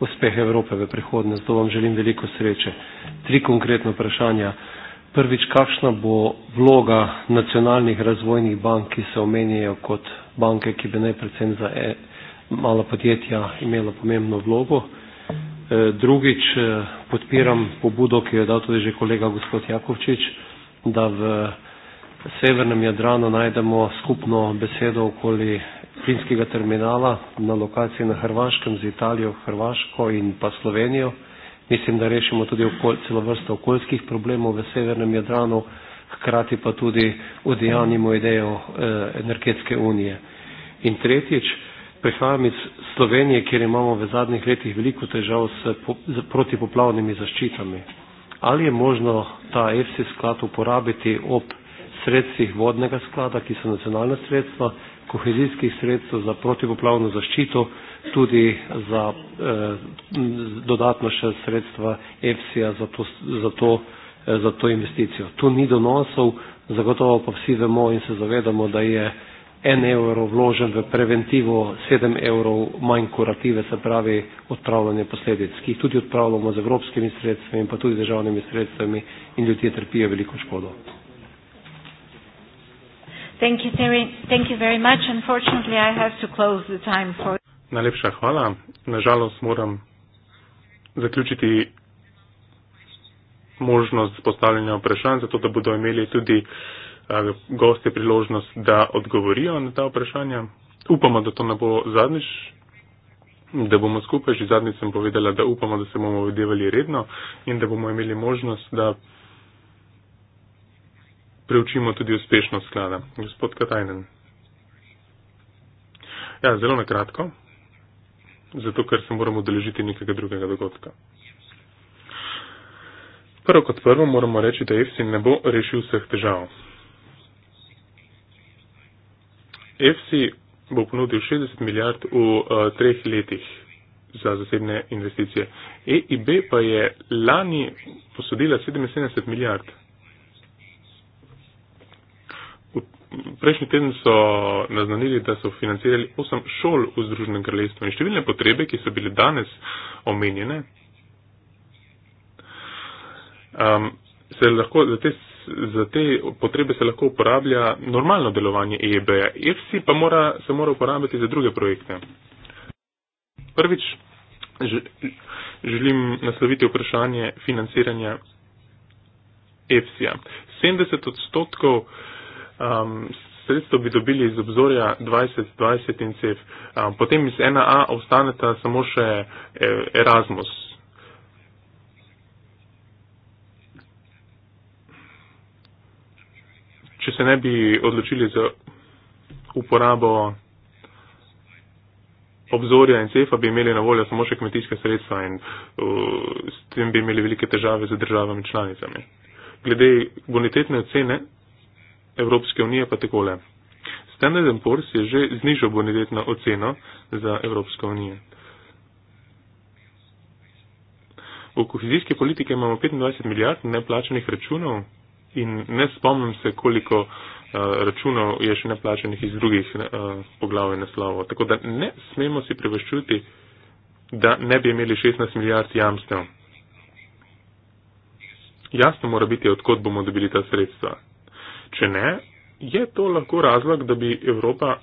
uspeh Evrope v prihodnje. Zato vam želim veliko sreče. Tri konkretno vprašanja. Prvič, kakšna bo vloga nacionalnih razvojnih bank, ki se omenjajo kot banke, ki bi najprecem za e mala podjetja imela pomembno vlogo. E, drugič, eh, podpiram pobudo, ki jo je dal tudi že kolega gospod Jakovčič, da v severnem Jadranu najdemo skupno besedo okoli plinskega terminala na lokaciji na Hrvaškem z Italijo, Hrvaško in pa Slovenijo. Mislim, da rešimo tudi okol, celo vrsto okoljskih problemov v severnem Jadranu, hkrati pa tudi odijanimo idejo eh, energetske unije. In tretjič, prihajam iz Slovenije, kjer imamo v zadnjih letih veliko težav s po, z protipoplavnimi zaščitami. Ali je možno ta EFSI sklad uporabiti ob sredstvih vodnega sklada, ki so nacionalna sredstva, kohezijskih sredstev za protipoplavno zaščito, tudi za eh, dodatno še sredstva EFSI-ja za, za, eh, za to investicijo. Tu ni donosov, zagotovo pa vsi vemo in se zavedamo, da je en evro vložen v preventivo, sedem evrov manj kurative, se pravi odpravljanje posledic, ki jih tudi odpravljamo z evropskimi sredstvi in pa tudi državnimi sredstvi in ljudje trpijo veliko škodo. Thank you, thank you very much. Unfortunately, I have to close the time for... Najlepša hvala. Nažalost, moram zaključiti možnost postavljanja vprašanj, zato da bodo imeli tudi goste priložnost, da odgovorijo na ta vprašanja. Upamo, da to ne bo zadnjič, da bomo skupaj, že zadnjič sem povedala, da upamo, da se bomo videvali redno in da bomo imeli možnost, da preučimo tudi uspešnost sklada. Gospod Katajnen. Ja, zelo na kratko, zato ker se moramo deležiti nekega drugega dogodka. Prvo kot prvo moramo reči, da EFSI ne bo rešil vseh težav. EFSI bo ponudil 60 milijard v uh, treh letih za zasebne investicije. EIB pa je lani posodila 77 milijard. prejšnji teden so naznanili, da so financirali osem šol v Združenem kraljestvu in številne potrebe, ki so bile danes omenjene, um, se lahko za te. Za te potrebe se lahko uporablja normalno delovanje EEB-ja. EFSI e pa mora, se mora uporabljati za druge projekte. Prvič želim nasloviti vprašanje financiranja EFSI-ja. 70 odstotkov uh, um, sredstvo bi dobili iz obzorja 20, 20 in CEF. Um, potem iz 1A ostaneta samo še e, Erasmus. Če se ne bi odločili za uporabo obzorja in CEF-a, bi imeli na voljo samo še kmetijske sredstva in uh, s tem bi imeli velike težave z državami članicami. Glede bonitetne ocene, Evropske unije pa takole. Standard Poor's je že znižal bonitetno oceno za Evropsko unijo. V kohezijske politike imamo 25 milijard neplačenih računov in ne spomnim se, koliko uh, računov je še neplačenih iz drugih uh, poglavij naslovov. Tako da ne smemo si prevoščiti, da ne bi imeli 16 milijard jamstev. Jasno mora biti, odkot bomo dobili ta sredstva. Če ne, je to lahko razlog, da bi Evropa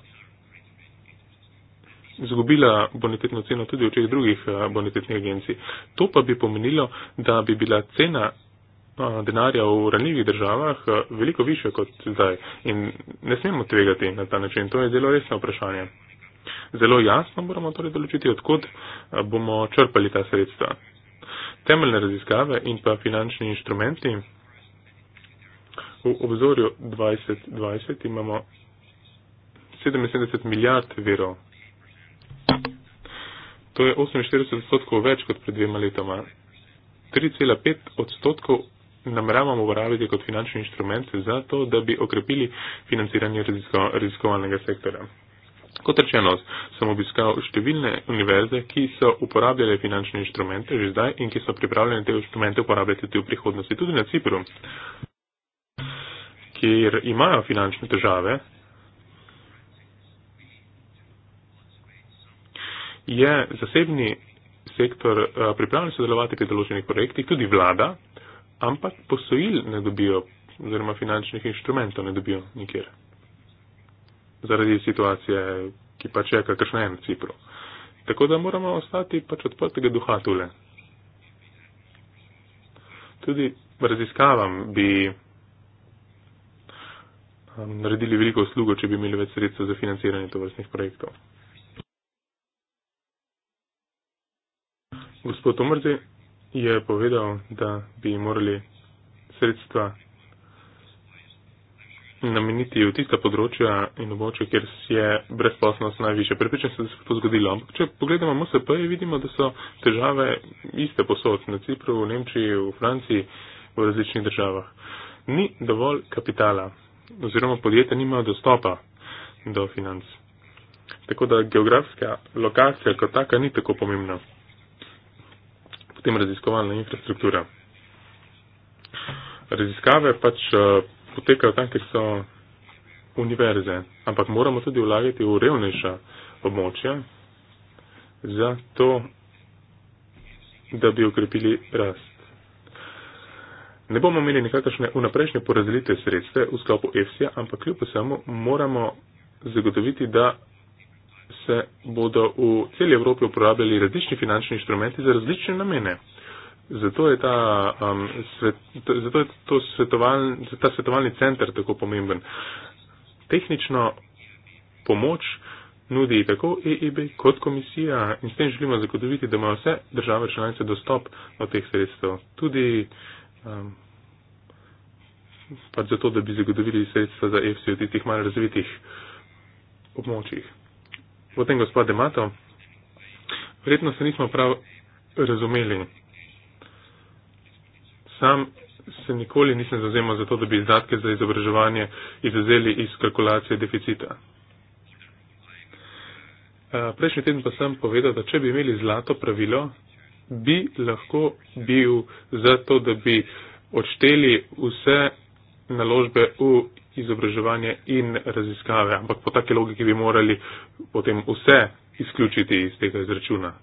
izgubila bonitetno ceno tudi v teh drugih eh, bonitetnih agencij. To pa bi pomenilo, da bi bila cena eh, denarja v ranljivih državah eh, veliko više kot zdaj. In ne smemo tvegati na ta način. To je zelo resno vprašanje. Zelo jasno moramo torej določiti, odkud bomo črpali ta sredstva. Temeljne raziskave in pa finančni inštrumenti V obzorju 2020 imamo 77 milijard virov. To je 48 odstotkov več kot pred dvema letoma. 3,5 odstotkov nameravamo uporabiti kot finančni inštrument za to, da bi okrepili financiranje rizikov, rizikovalnega sektora. Kot rečeno, sem obiskal številne univerze, ki so uporabljale finančne inštrumente že zdaj in ki so pripravljene te inštrumente uporabljati tudi v prihodnosti, tudi na Cipru kjer imajo finančne države, je zasebni sektor eh, pripravljen sodelovati pri določenih projektih, tudi vlada, ampak posojil ne dobijo oziroma finančnih inštrumentov ne dobijo nikjer. Zaradi situacije, ki pa čeka, kakršna je na Cipru. Tako da moramo ostati pač odprtega duha tule. Tudi raziskavam bi Um, naredili veliko uslugo, če bi imeli več sredstev za financiranje tovrstnih projektov. Gospod Omrzi je povedal, da bi morali sredstva nameniti v tista področja in območja, kjer je brezposobnost najviše. Prepričan sem, da se bo to zgodilo. Ampak če pogledamo MSP, vidimo, da so težave iste posod na Cipru, v Nemčiji, v Franciji, v različnih državah. Ni dovolj kapitala oziroma podjetja nimajo dostopa do financ. Tako da geografska lokacija kot taka ni tako pomembna. Potem raziskovalna infrastruktura. Raziskave pač eh, potekajo tam, kjer so univerze, ampak moramo tudi vlagati v revnejša območja, zato da bi okrepili rast. Ne bomo imeli nekakšne vnaprejšnje porazdelitve sredstve v sklopu EFSI-ja, ampak kljub vsemu moramo zagotoviti, da se bodo v celi Evropi uporabljali različni finančni inštrumenti za različne namene. Zato je ta, um, svet, zato je to svetoval, ta svetovalni center tako pomemben. Tehnično pomoč nudi tako EIB e kot komisija in s tem želimo zagotoviti, da imajo vse države članice dostop do teh sredstev. Tudi uh, um, pač zato, da bi zagotovili sredstva za EFSI v tistih manj razvitih območjih. Potem gospod Emato, verjetno se nismo prav razumeli. Sam se nikoli nisem zauzemal za to, da bi izdatke za izobraževanje izuzeli iz kalkulacije deficita. Ehm, prejšnji teden pa sem povedal, da če bi imeli zlato pravilo, bi lahko bil za to, da bi odšteli vse naložbe v izobraževanje in raziskave, ampak po take logiki bi morali potem vse izključiti iz tega izračuna.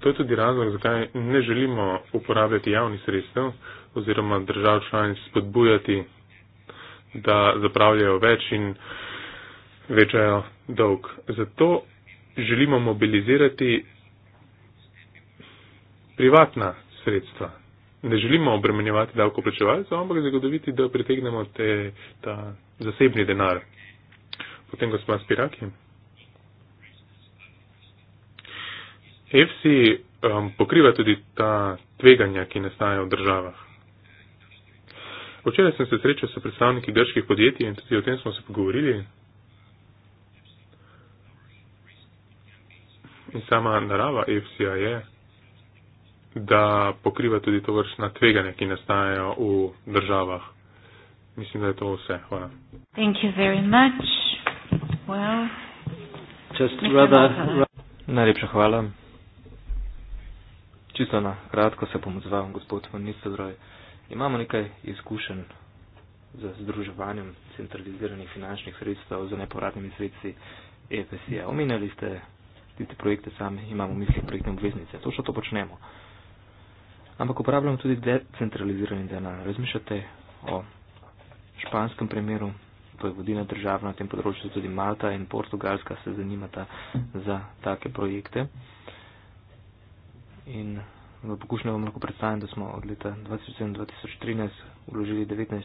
To je tudi razlog, zakaj ne želimo uporabljati javnih sredstev oziroma držav članic spodbujati, da zapravljajo več in večajo dolg. Zato želimo mobilizirati privatna sredstva. Ne želimo obremenjevati davkoplačevalcev, ampak zagotoviti, da pritegnemo te, ta zasebni denar. Potem gospod Spiraki. EFSI um, pokriva tudi ta tveganja, ki nastaja v državah. Včeraj sem se srečal s predstavniki grških podjetij in tudi o tem smo se pogovorili. in sama narava EFSI-ja je, da pokriva tudi to vrstna tveganja, ki nastajajo v državah. Mislim, da je to vse. Hvala. Najlepša hvala. Čisto na kratko se bom odzval, gospod von Nistelroj. Imamo nekaj izkušenj z združevanjem centraliziranih finančnih sredstev z nepovratnimi sredstvi EPS-ja. Omenjali ste tiste projekte same, imamo v misli projektne obveznice, točno to počnemo. Ampak uporabljamo tudi decentralizirani denar. Razmišljate o španskem primeru, to je vodilna država na tem področju, tudi Malta in Portugalska se zanimata za take projekte. In v pokušnju vam lahko predstavim, da smo od leta 2007-2013 vložili 19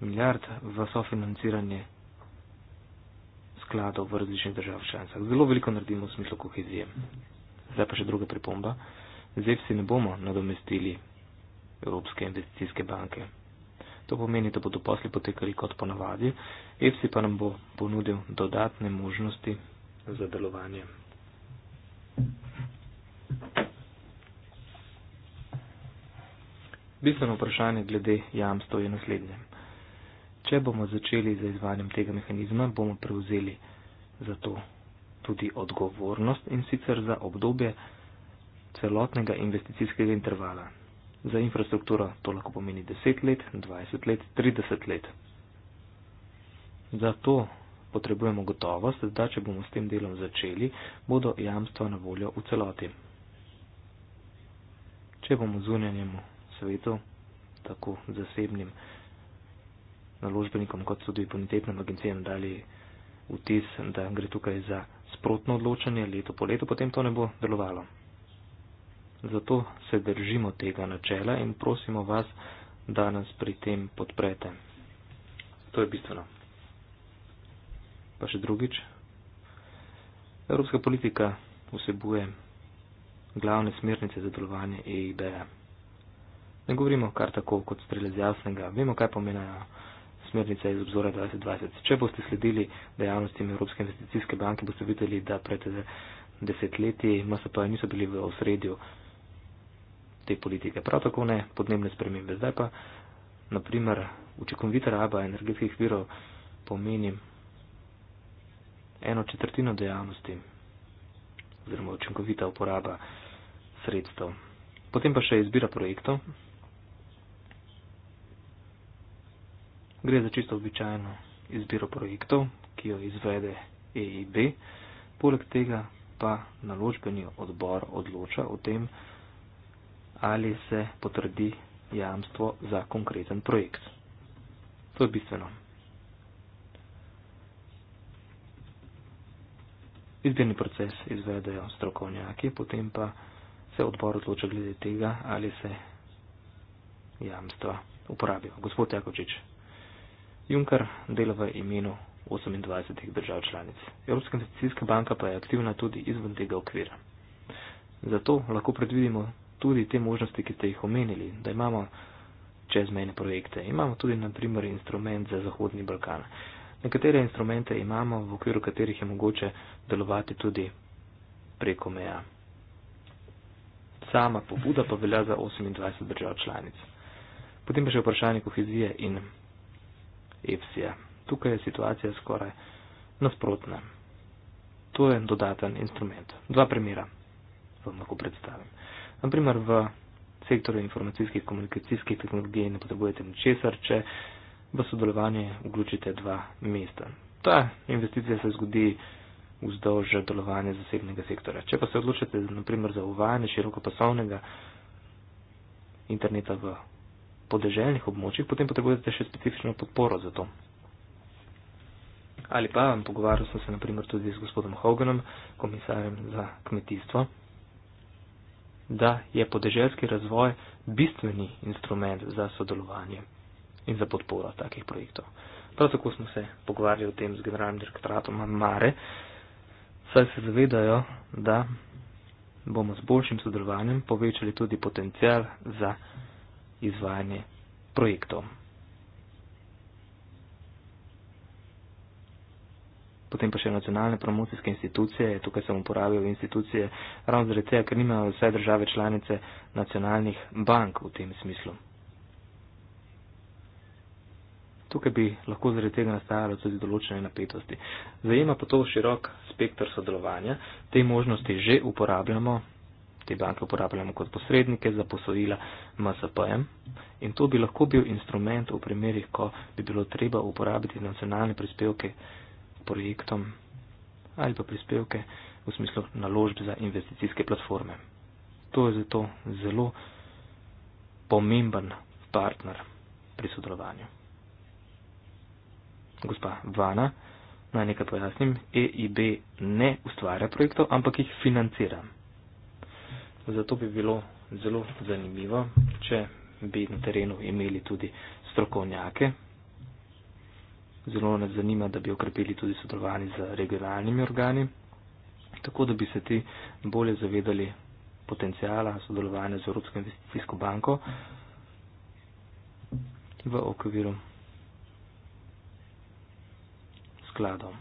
milijard v sofinanciranje skladov v različnih državah članicah. Zelo veliko naredimo v smislu kohezije. Zdaj pa še druga pripomba. ZEP si ne bomo nadomestili Evropske investicijske banke. To pomeni, da bodo posli potekali kot ponavadi, EFSI pa nam bo ponudil dodatne možnosti za delovanje. Bistveno vprašanje glede jamstva je naslednje dokle bomo začeli za izvanjem tega mehanizma, bomo prevzeli za to tudi odgovornost in sicer za obdobje celotnega investicijskega intervala. Za infrastrukturo to lahko pomeni 10 let, 20 let, 30 let. Zato potrebujemo gotovost, da če bomo s tem delom začeli, bodo jamstva na voljo v celoti. Če bomo zunanjemu svetu, tako zasebnim, naložbenikom kot tudi bonitetnim agencijam dali vtis, da gre tukaj za sprotno odločanje leto po leto, potem to ne bo delovalo. Zato se držimo tega načela in prosimo vas, da nas pri tem podprete. To je bistveno. Pa še drugič. Evropska politika vsebuje glavne smernice za delovanje EIB. Ne govorimo kar tako kot strele z jasnega, vemo, kaj pomenajo smernice iz obzora 2020. Če boste sledili dejavnostim Evropske investicijske banke, boste videli, da pred eh, desetletji MSP niso bili v osredju te politike. Prav tako ne podnebne spremembe. Zdaj pa, naprimer, učinkovita raba energetskih virov pomeni eno četrtino dejavnosti oziroma učinkovita uporaba sredstev. Potem pa še izbira projektov. gre za čisto običajno izbiro projektov, ki jo izvede EIB. Poleg tega pa naložbeni odbor odloča o tem, ali se potrdi jamstvo za konkreten projekt. To je bistveno. Izbirni proces izvedejo strokovnjaki, potem pa se odbor odloča glede tega, ali se jamstva uporabijo. Gospod Jakočič, Juncker dela v imenu 28 držav članic. Evropska investicijska banka pa je aktivna tudi izven tega okvira. Zato lahko predvidimo tudi te možnosti, ki ste jih omenili, da imamo čezmejne projekte. Imamo tudi, na primer, instrument za Zahodni Balkan. Nekatere instrumente imamo, v okviru katerih je mogoče delovati tudi preko meja. Sama pobuda pa velja za 28 držav članic. Potem pa še vprašanje kohezije in Epsija. Tukaj je situacija skoraj nasprotna. To je dodaten instrument. Dva primera vam lahko predstavim. Naprimer, v sektorju informacijskih in komunikacijskih tehnologij ne potrebujete ničesar, če v sodelovanje vključite dva mesta. Ta investicija se zgodi vzdolž delovanja zasebnega sektorja. Če pa se odločite, naprimer, za uvajanje širokopasovnega interneta v podeželjnih območjih, potem potrebujete še specifično podporo za to. Ali pa, pogovarjal sem se naprimer tudi z gospodom Hoganom, komisarjem za kmetijstvo, da je podeželjski razvoj bistveni instrument za sodelovanje in za podporo takih projektov. Prav tako smo se pogovarjali o tem z generalnim direktoratom Mare, saj se zavedajo, da bomo s boljšim sodelovanjem povečali tudi potencial za izvajanje projektov. Potem pa še nacionalne promocijske institucije, tukaj sem uporabil institucije ravno zaradi tega, ker nimajo vse države članice nacionalnih bank v tem smislu. Tukaj bi lahko zaradi tega nastajalo tudi določene napetosti. Zajema pa to širok spektr sodelovanja, te možnosti že uporabljamo te banke uporabljamo kot posrednike za posojila MSP-jem. In to bi lahko bil instrument v primerih, ko bi bilo treba uporabiti nacionalne prispevke projektom ali pa prispevke v smislu naložb za investicijske platforme. To je zato zelo pomemben partner pri sodelovanju. Gospa Vana, naj nekaj pojasnim, EIB ne ustvarja projektov, ampak jih financira. Zato bi bilo zelo zanimivo, če bi na terenu imeli tudi strokovnjake. Zelo nas zanima, da bi okrepili tudi sodelovanje z regionalnimi organi, tako da bi se ti bolje zavedali potencijala sodelovanja z Evropsko investicijsko banko v okviru skladov.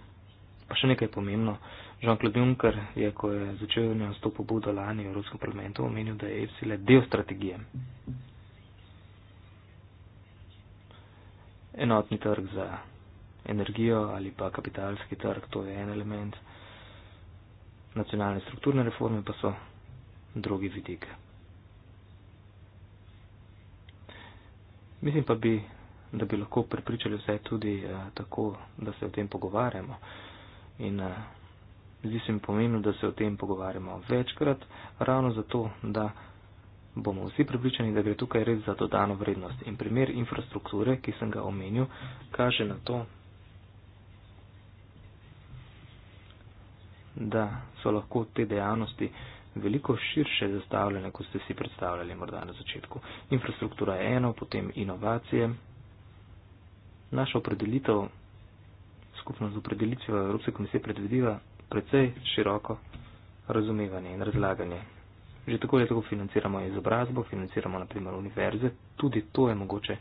Pa še nekaj pomembno. Jean-Claude Juncker je, ko je začel s to pobudo lani v Evropskem parlamentu, omenil, da je EFSI-le del strategije. Enotni trg za energijo ali pa kapitalski trg, to je en element. Nacionalne strukturne reforme pa so drugi vidik. Mislim pa bi, da bi lahko prepričali vse tudi eh, tako, da se o tem pogovarjamo in eh, Zdi se mi pomembno, da se o tem pogovarjamo večkrat, ravno zato, da bomo vsi pripričani, da gre tukaj res za dodano vrednost. In primer infrastrukture, ki sem ga omenil, kaže na to, da so lahko te dejavnosti veliko širše zastavljene, kot ste si predstavljali morda na začetku. Infrastruktura je eno, potem inovacije. Naša opredelitev, skupno z opredelitvijo Evropske komisije predvideva precej široko razumevanje in razlaganje. Že tako je tako financiramo izobrazbo, financiramo naprimer univerze, tudi to je mogoče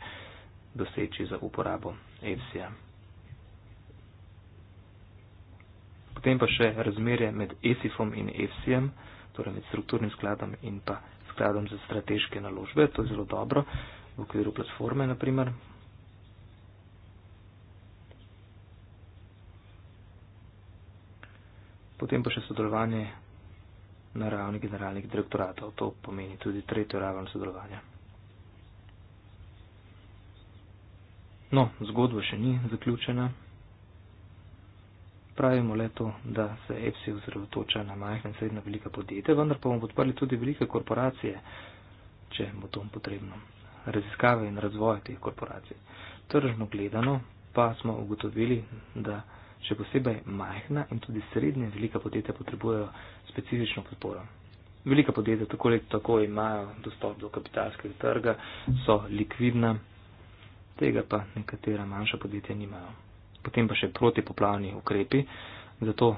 doseči za uporabo EFSI-ja. Potem pa še razmerje med ESIF-om in EFSI-jem, torej med strukturnim skladom in pa skladom za strateške naložbe, to je zelo dobro, v okviru platforme naprimer, potem pa še sodelovanje na ravni generalnih direktoratov. To pomeni tudi tretjo raven sodelovanja. No, zgodba še ni zaključena. Pravimo le to, da se EPSI ozirotoča na majhne in srednje velike podjetje, vendar pa bomo podprli tudi velike korporacije, če bo to potrebno. Raziskave in razvoj teh korporacij. Tržno gledano pa smo ugotovili, da. Še posebej majhna in tudi srednje velika podjetja potrebujejo specifično podporo. Velika podjetja tako ali tako imajo dostop do kapitalskega trga, so likvidna, tega pa nekatera manjša podjetja nimajo. Potem pa še protipoplavni ukrepi, zato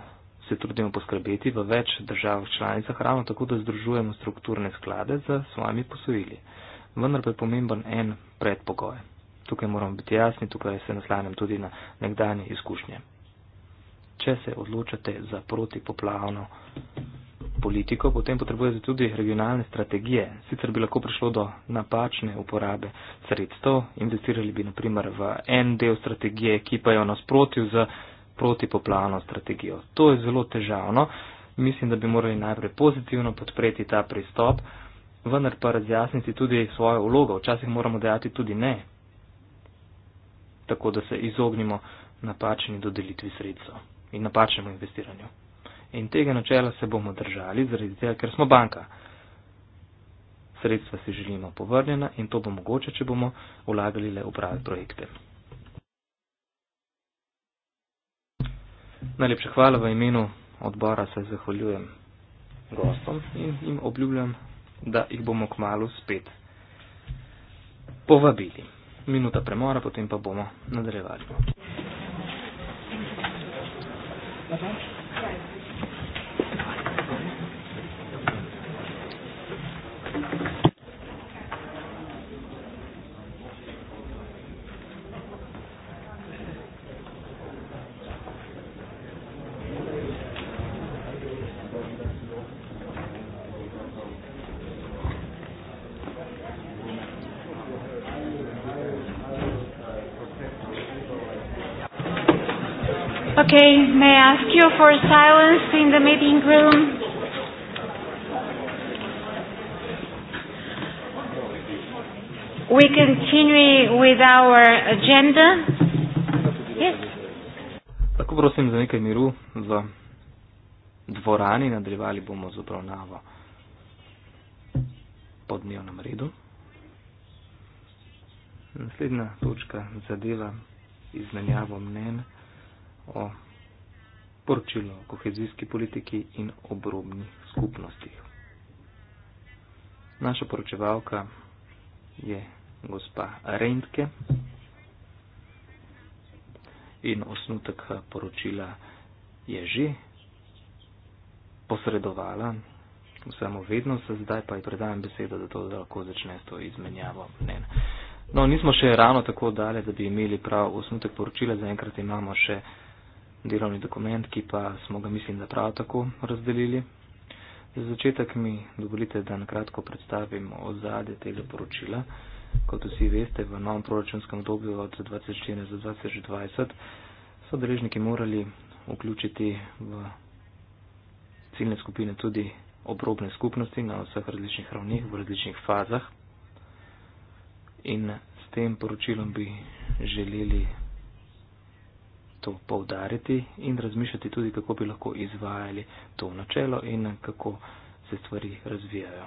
se trudimo poskrbeti v več državah članicah ravno tako, da združujemo strukturne sklade za svojimi posojili. Vendar pa je pomemben en predpogoj. Tukaj moramo biti jasni, tukaj se naslanjam tudi na nekdanje izkušnje če se odločate za protipoplavno politiko, potem potrebujete tudi regionalne strategije. Sicer bi lahko prišlo do napačne uporabe sredstev, investirali bi naprimer v en del strategije, ki pa je v nasprotju z protipoplavno strategijo. To je zelo težavno. Mislim, da bi morali najprej pozitivno podpreti ta pristop, vendar pa razjasniti tudi svojo vlogo. Včasih moramo dejati tudi ne, tako da se izognimo napačni dodelitvi sredstev in napačnemu investiranju. In tega načela se bomo držali, zaradi tega, ker smo banka. Sredstva si želimo povrnjena in to bo mogoče, če bomo vlagali le v prave projekte. Najlepša hvala v imenu odbora, se zahvaljujem gostom in jim obljubljam, da jih bomo kmalo spet povabili. Minuta premora, potem pa bomo nadaljevali. Thank you. May I ask you for silence in the meeting room? We continue with our agenda. Yes. Tako prosim za nekaj miru v dvorani. Nadaljevali bomo z obravnavo po dnevnem redu. Naslednja točka zadeva izmenjavo mnen o poročilo o kohezijski politiki in obrobnih skupnostih. Naša poročevalka je gospa Rendke in osnutek poročila je že posredovala v samovedno, se zdaj pa ji predajam besedo, da to da lahko začne s to izmenjavo mnen. No, nismo še ravno tako dale, da bi imeli prav osnutek poročila, zaenkrat imamo še uh, delovni dokument, ki pa smo ga mislim, da prav tako razdelili. Za začetek mi dovolite, da na kratko predstavim ozadje tega poročila. Kot vsi veste, v novem proračunskem obdobju od 2014 do 2020 so deležniki morali vključiti v ciljne skupine tudi obrobne skupnosti na vseh različnih ravnih, v različnih fazah. In s tem poročilom bi želeli to poudariti in razmišljati tudi, kako bi lahko izvajali to načelo in kako se stvari razvijajo.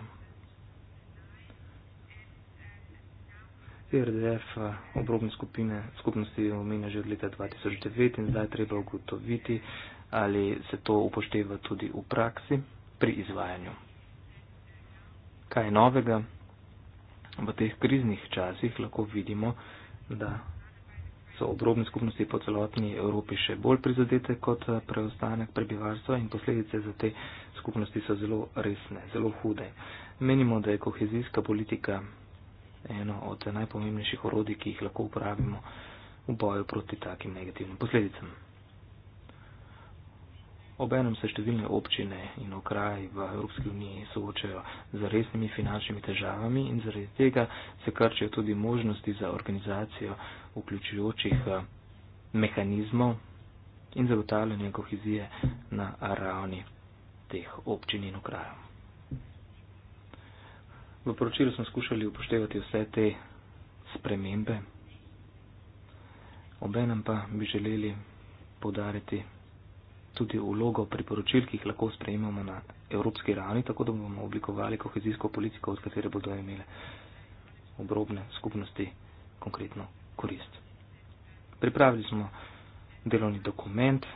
E RDF obrobne skupine skupnosti omenja že od leta 2009 in zdaj treba ugotoviti, ali se to upošteva tudi v praksi pri izvajanju. Kaj je novega? V teh kriznih časih lahko vidimo, da so obrobne skupnosti po celotni Evropi še bolj prizadete kot eh, preostanek prebivalstva in posledice za te skupnosti so zelo resne, zelo hude. Menimo, da je kohezijska politika eno od najpomembnejših orodij, ki jih lahko uporabimo v boju proti takim negativnim posledicam. Obenem se številne občine in okraji v Evropski uniji soočajo z resnimi finančnimi težavami in zaradi tega se krčijo tudi možnosti za organizacijo vključujočih eh, mehanizmov in zagotavljanja kohezije na ravni teh občin in okrajev. V poročilu smo skušali upoštevati vse te spremembe, obenem pa bi želeli podariti tudi vlogo priporočil, ki jih lahko sprejemamo na evropski ravni, tako da bomo oblikovali kohezijsko politiko, od katere bodo imele obrobne skupnosti konkretno korist. Pripravili smo delovni dokument,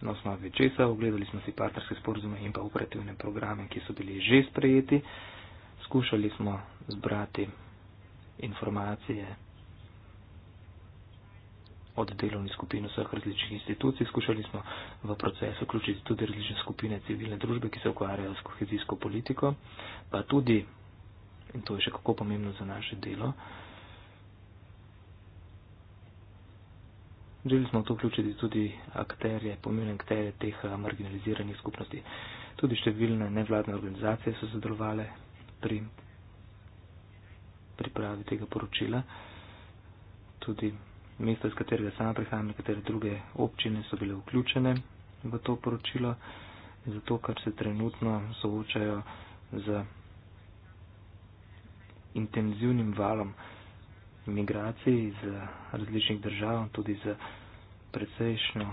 na osnovi česa ogledali smo si partnerske sporozume in pa operativne programe, ki so bili že sprejeti. Skušali smo zbrati informacije od delovnih skupin vseh različnih institucij, skušali smo v proces vključiti tudi različne skupine civilne družbe, ki se ukvarjajo s kohezijsko politiko, pa tudi, in to je še kako pomembno za naše delo, Želeli smo to vključiti tudi akterje, pomembne akterje teh eh, marginaliziranih skupnosti. Tudi številne nevladne organizacije so sodelovali pri pripravi tega poročila. Tudi mesto, iz katerega sama prihajam, nekatere druge občine so bile vključene v to poročilo, zato ker se trenutno soočajo z intenzivnim valom migracij iz eh, različnih držav, tudi z precejšno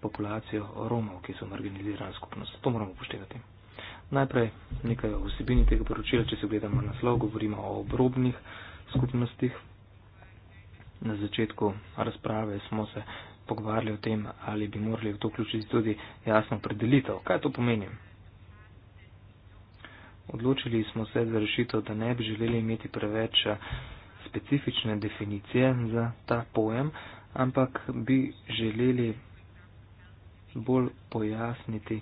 populacijo Romov, ki so marginalizirana skupnost. To moramo upoštevati. Najprej nekaj o vsebini tega poročila, če se gledamo na slov, govorimo o obrobnih skupnostih. Na začetku razprave smo se pogovarjali o tem, ali bi morali v to vključiti tudi jasno predelitev. Kaj to pomeni? Odločili smo se za rešitev, da ne bi želeli imeti preveč eh, specifične definicije za ta pojem, ampak bi želeli bolj pojasniti,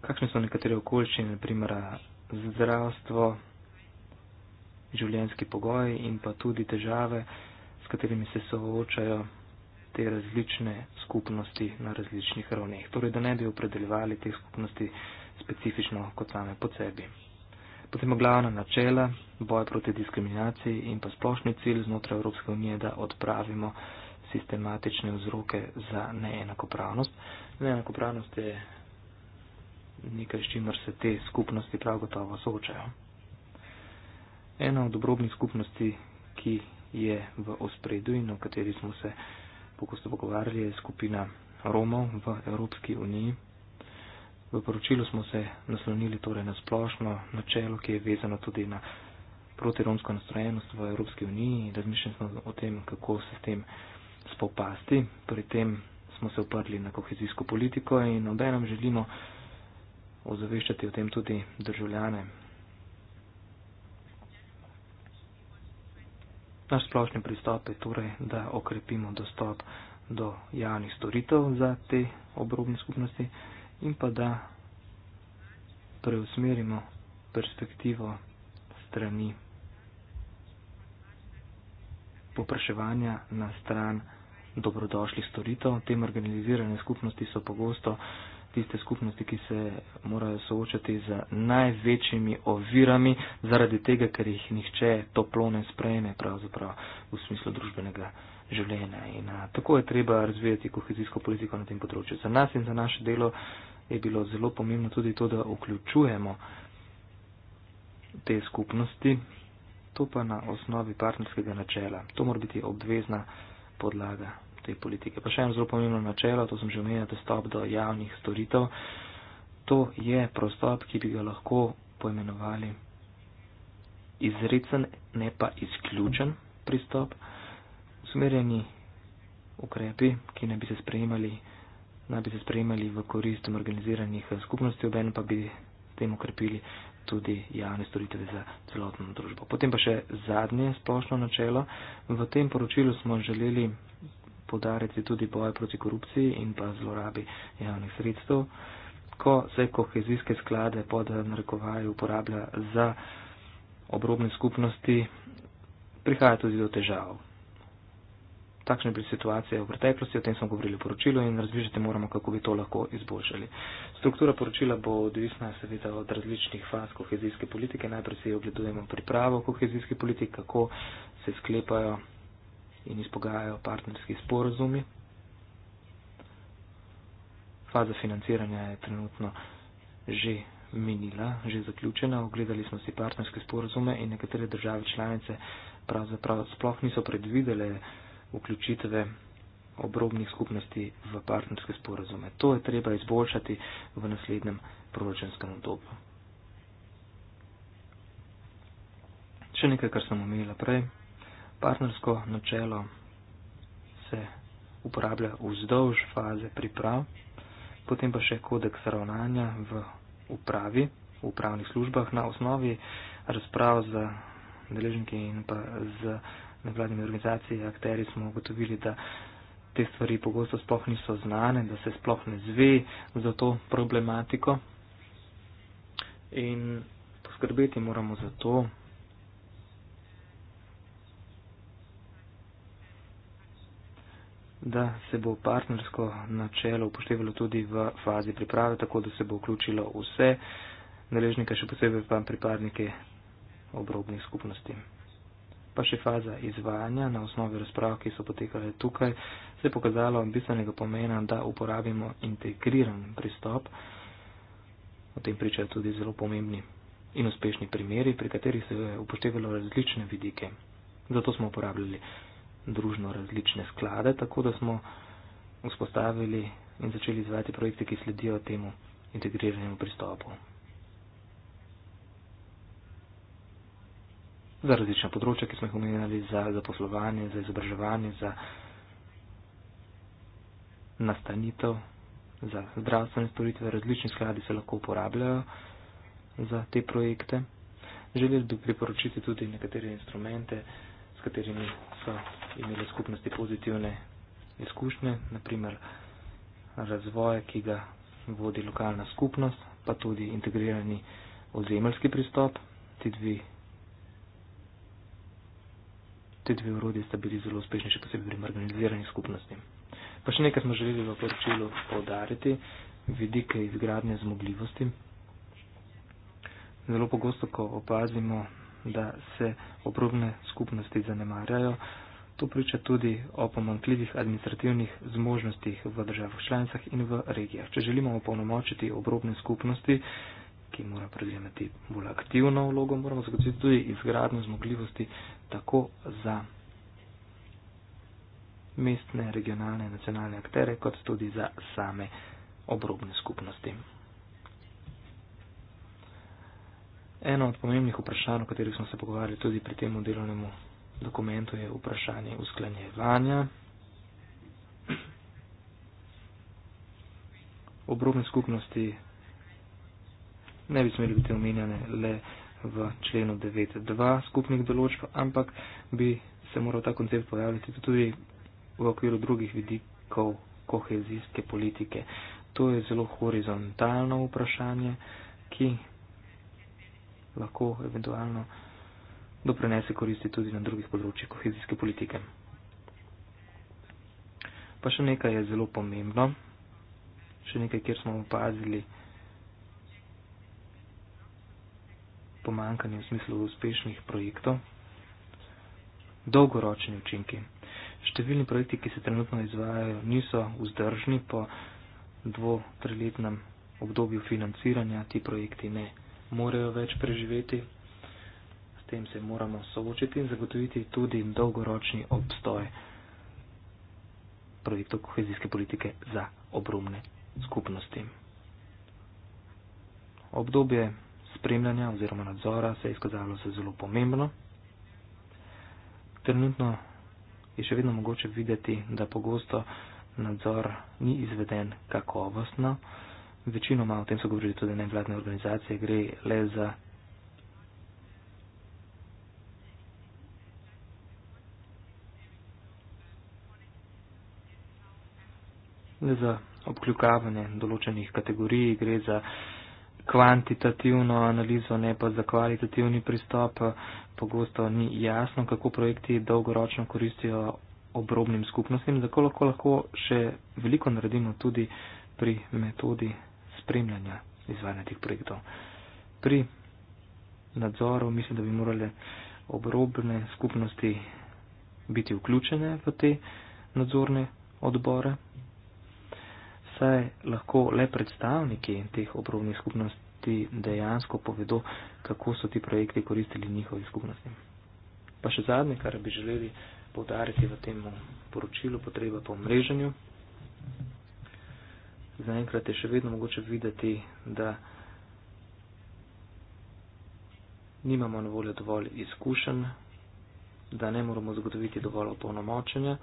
kakšne so nekatere okoliščine, naprimer zdravstvo, življenjski pogoji in pa tudi težave, s katerimi se soočajo te različne skupnosti na različnih ravneh. Torej, da ne bi opredeljevali te skupnosti specifično kot same po sebi potem glavna načela, boj proti diskriminaciji in pa splošni cilj znotraj Evropske unije, da odpravimo sistematične vzroke za neenakopravnost. Neenakopravnost je nekaj, s čimer se te skupnosti prav gotovo soočajo. Ena od obrobnih skupnosti, ki je v ospredu in o kateri smo se pogosto pogovarjali, je skupina Romov v Evropski uniji. V poročilu smo se naslonili torej na splošno načelo, ki je vezano tudi na protiromsko nastrojenost v Evropski uniji. Razmišljali smo o tem, kako se s tem spopasti. Pri tem smo se oprli na kohezijsko politiko in obenem želimo ozaveščati o tem tudi državljane. Naš splošni pristop je torej, da okrepimo dostop do javnih storitev za te obrobne skupnosti in pa da preusmerimo perspektivo strani popraševanja na stran dobrodošlih storitev. Tem organizirane skupnosti so pogosto tiste skupnosti, ki se morajo soočati z največjimi ovirami, zaradi tega, ker jih nihče toplo ne sprejme pravzaprav v smislu družbenega življenja. In a, tako je treba razvijati kohezijsko politiko na tem področju. Za nas in za naše delo je bilo zelo pomembno tudi to, da vključujemo te skupnosti, to pa na osnovi partnerskega načela. To mora biti obvezna podlaga te politike. Pa še eno zelo pomembno načelo, to sem že omenil, dostop do javnih storitev. To je prostop, ki bi ga lahko poimenovali izrecen, ne pa izključen pristop, usmerjeni ukrepi, ki ne bi se sprejemali naj bi se sprejemali v korist organiziranih eh, skupnosti, oben pa bi s tem okrepili tudi javne storitve za celotno družbo. Potem pa še zadnje splošno načelo. V tem poročilu smo želeli podariti tudi boj proti korupciji in pa zlorabi javnih sredstev. Ko se kohezijske sklade pod narekovaj uporablja za obrobne skupnosti, prihaja tudi do težav takšne bi situacije v preteklosti, o tem smo govorili v poročilu in razmišljati moramo, kako bi to lahko izboljšali. Struktura poročila bo odvisna seveda od različnih faz kohezijske politike. Najprej si ogledujemo pripravo kohezijske politike, kako se sklepajo in izpogajajo partnerski sporozumi. Faza financiranja je trenutno že minila, že zaključena. Ogledali smo si partnerske sporozume in nekatere države članice pravzaprav sploh niso predvidele, vključitve obrobnih skupnosti v partnerske sporazume. To je treba izboljšati v naslednjem proračunskem obdobju. Še nekaj, kar sem omenila prej. Partnersko načelo se uporablja vzdolž faze priprav, potem pa še kodeks ravnanja v upravi, v upravnih službah na osnovi razprav za deležniki in pa z nevladnimi organizacijami, akteri smo ugotovili, da te stvari pogosto sploh niso znane, da se sploh ne zve za to problematiko. In poskrbeti moramo za to. da se bo partnersko načelo upoštevalo tudi v fazi priprave, tako da se bo vključilo vse deležnike, še posebej pa pripadnike obrobnih skupnosti pa še faza izvajanja na osnovi razprav, ki so potekale tukaj, se je pokazalo bistvenega pomena, da uporabimo integriran pristop. O tem pričajo tudi zelo pomembni in uspešni primeri, pri katerih se je upoštevalo različne vidike. Zato smo uporabljali družno različne sklade, tako da smo vzpostavili in začeli izvajati projekte, ki sledijo temu integriranemu pristopu. za različna področja, ki smo jih omenjali, za zaposlovanje, za izobraževanje, za nastanitev, za zdravstvene storitve. Različni skladi se lahko uporabljajo za te projekte. Želel bi priporočiti tudi nekatere instrumente, s katerimi so imeli skupnosti pozitivne izkušnje, naprimer razvoj, ki ga vodi lokalna skupnost, pa tudi integrirani ozemeljski pristop. Ti dve te dve urodje sta bili zelo uspešni, še posebej pri organiziranih skupnosti. Pa še nekaj smo želeli v poročilu povdariti, vidike izgradne zmogljivosti. Zelo pogosto, ko opazimo, da se obrobne skupnosti zanemarjajo, to priča tudi o pomankljivih administrativnih zmožnostih v državah članicah in v regijah. Če želimo opolnomočiti obrobne skupnosti, ki mora prevzemeti bolj aktivno vlogo, moramo zagotoviti tudi izgradnjo zmogljivosti tako za mestne, regionalne, nacionalne aktere, kot tudi za same obrobne skupnosti. Eno od pomembnih vprašanj, o katerih smo se pogovarjali tudi pri tem delovnemu dokumentu, je vprašanje usklanjevanja. Obrobne skupnosti ne bi smeli biti omenjane le v členu 9.2 skupnih določb, ampak bi se moral ta koncept pojaviti tudi v okviru drugih vidikov kohezijske politike. To je zelo horizontalno vprašanje, ki lahko eventualno doprinese koristi tudi na drugih področjih kohezijske politike. Pa še nekaj je zelo pomembno, še nekaj, kjer smo opazili, pomankanje v smislu uspešnih projektov. Dolgoročni učinki. Številni projekti, ki se trenutno izvajajo, niso vzdržni po dvotriletnem obdobju financiranja, ti projekti ne morejo več preživeti. S tem se moramo soočiti in zagotoviti tudi dolgoročni obstoj projektov kohezijske politike za obrumne skupnosti. Obdobje spremljanja oziroma nadzora se je izkazalo za zelo pomembno. Trenutno je še vedno mogoče videti, da pogosto nadzor ni izveden kakovostno. Večinoma o tem so govorili tudi nevladne organizacije, gre le za. Gre za obkljukavanje določenih kategorij, gre za uh, kvantitativno analizo, ne pa za kvalitativni pristop, pogosto ni jasno, kako projekti dolgoročno koristijo obrobnim skupnostim, zato lahko, lahko še veliko naredimo tudi pri metodi spremljanja izvajanja teh projektov. Pri nadzoru mislim, da bi morale obrobne skupnosti biti vključene v te nadzorne odbore saj lahko le predstavniki teh obrobnih skupnosti dejansko povedo, kako so ti projekti koristili njihovi skupnosti. Pa še zadnje, kar bi želeli povdariti v tem poročilu, potreba po mreženju. Zaenkrat je še vedno mogoče videti, da nimamo na voljo dovolj izkušenj, da ne moramo zagotoviti dovolj opolnomočenja.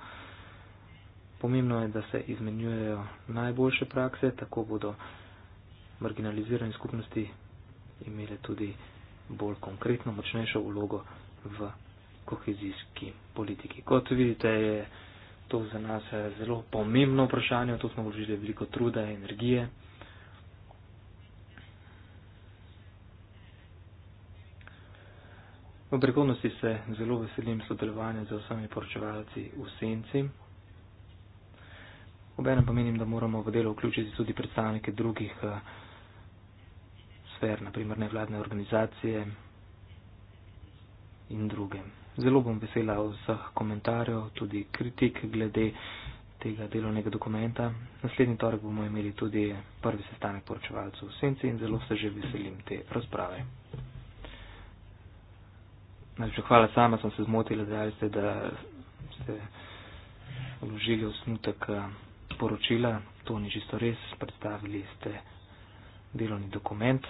Pomembno je, da se izmenjujejo najboljše prakse, tako bodo marginalizirane skupnosti imele tudi bolj konkretno, močnejšo vlogo v kohezijski politiki. Kot vidite, je to za nas zelo pomembno vprašanje, tu smo vložili veliko truda in energije. V prihodnosti se zelo veselim sodelovanja z vsemi poročevalci v senci. Obenem pa menim, da moramo v delo vključiti tudi predstavnike drugih eh, sfer, naprimer nevladne organizacije in druge. Zelo bom vesela vseh komentarjev, tudi kritik glede tega delovnega dokumenta. Naslednji torek bomo imeli tudi prvi sestanek poročevalcev v Senci in zelo se že veselim te razprave. Najlepša hvala, sama sem se zmotila, da ste, da ste vložili osnutek. Eh, poročila, to ni čisto res, predstavili ste delovni dokument,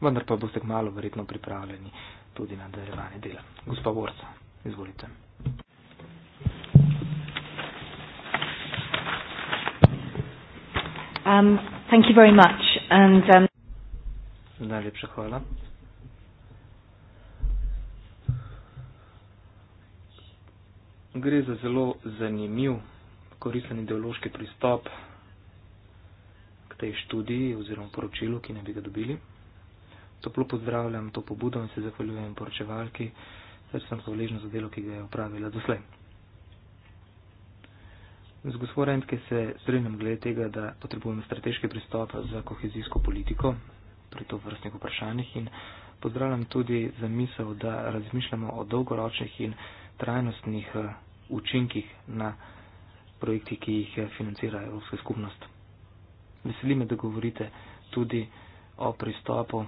vendar pa boste kmalo verjetno pripravljeni tudi na nadaljevanje dela. Gospa Borca, izvolite. Um, thank you very much. And, um... Najlepša hvala. Gre za zelo zanimiv koristen ideološki pristop k tej študiji oziroma poročilu, ki ne bi ga dobili. Toplo pozdravljam to pobudo in se zahvaljujem poročevalki, ker sem hvaležna za delo, ki ga je upravila doslej. Z gospodarenke se strinjam glede tega, da potrebujem strateški pristop za kohezijsko politiko pri torej to vrstnih vprašanjih in pozdravljam tudi zamisel, da razmišljamo o dolgoročnih in trajnostnih eh, učinkih na projekti, ki jih eh, financira Evropska skupnost. Veseli me, da govorite tudi o pristopu.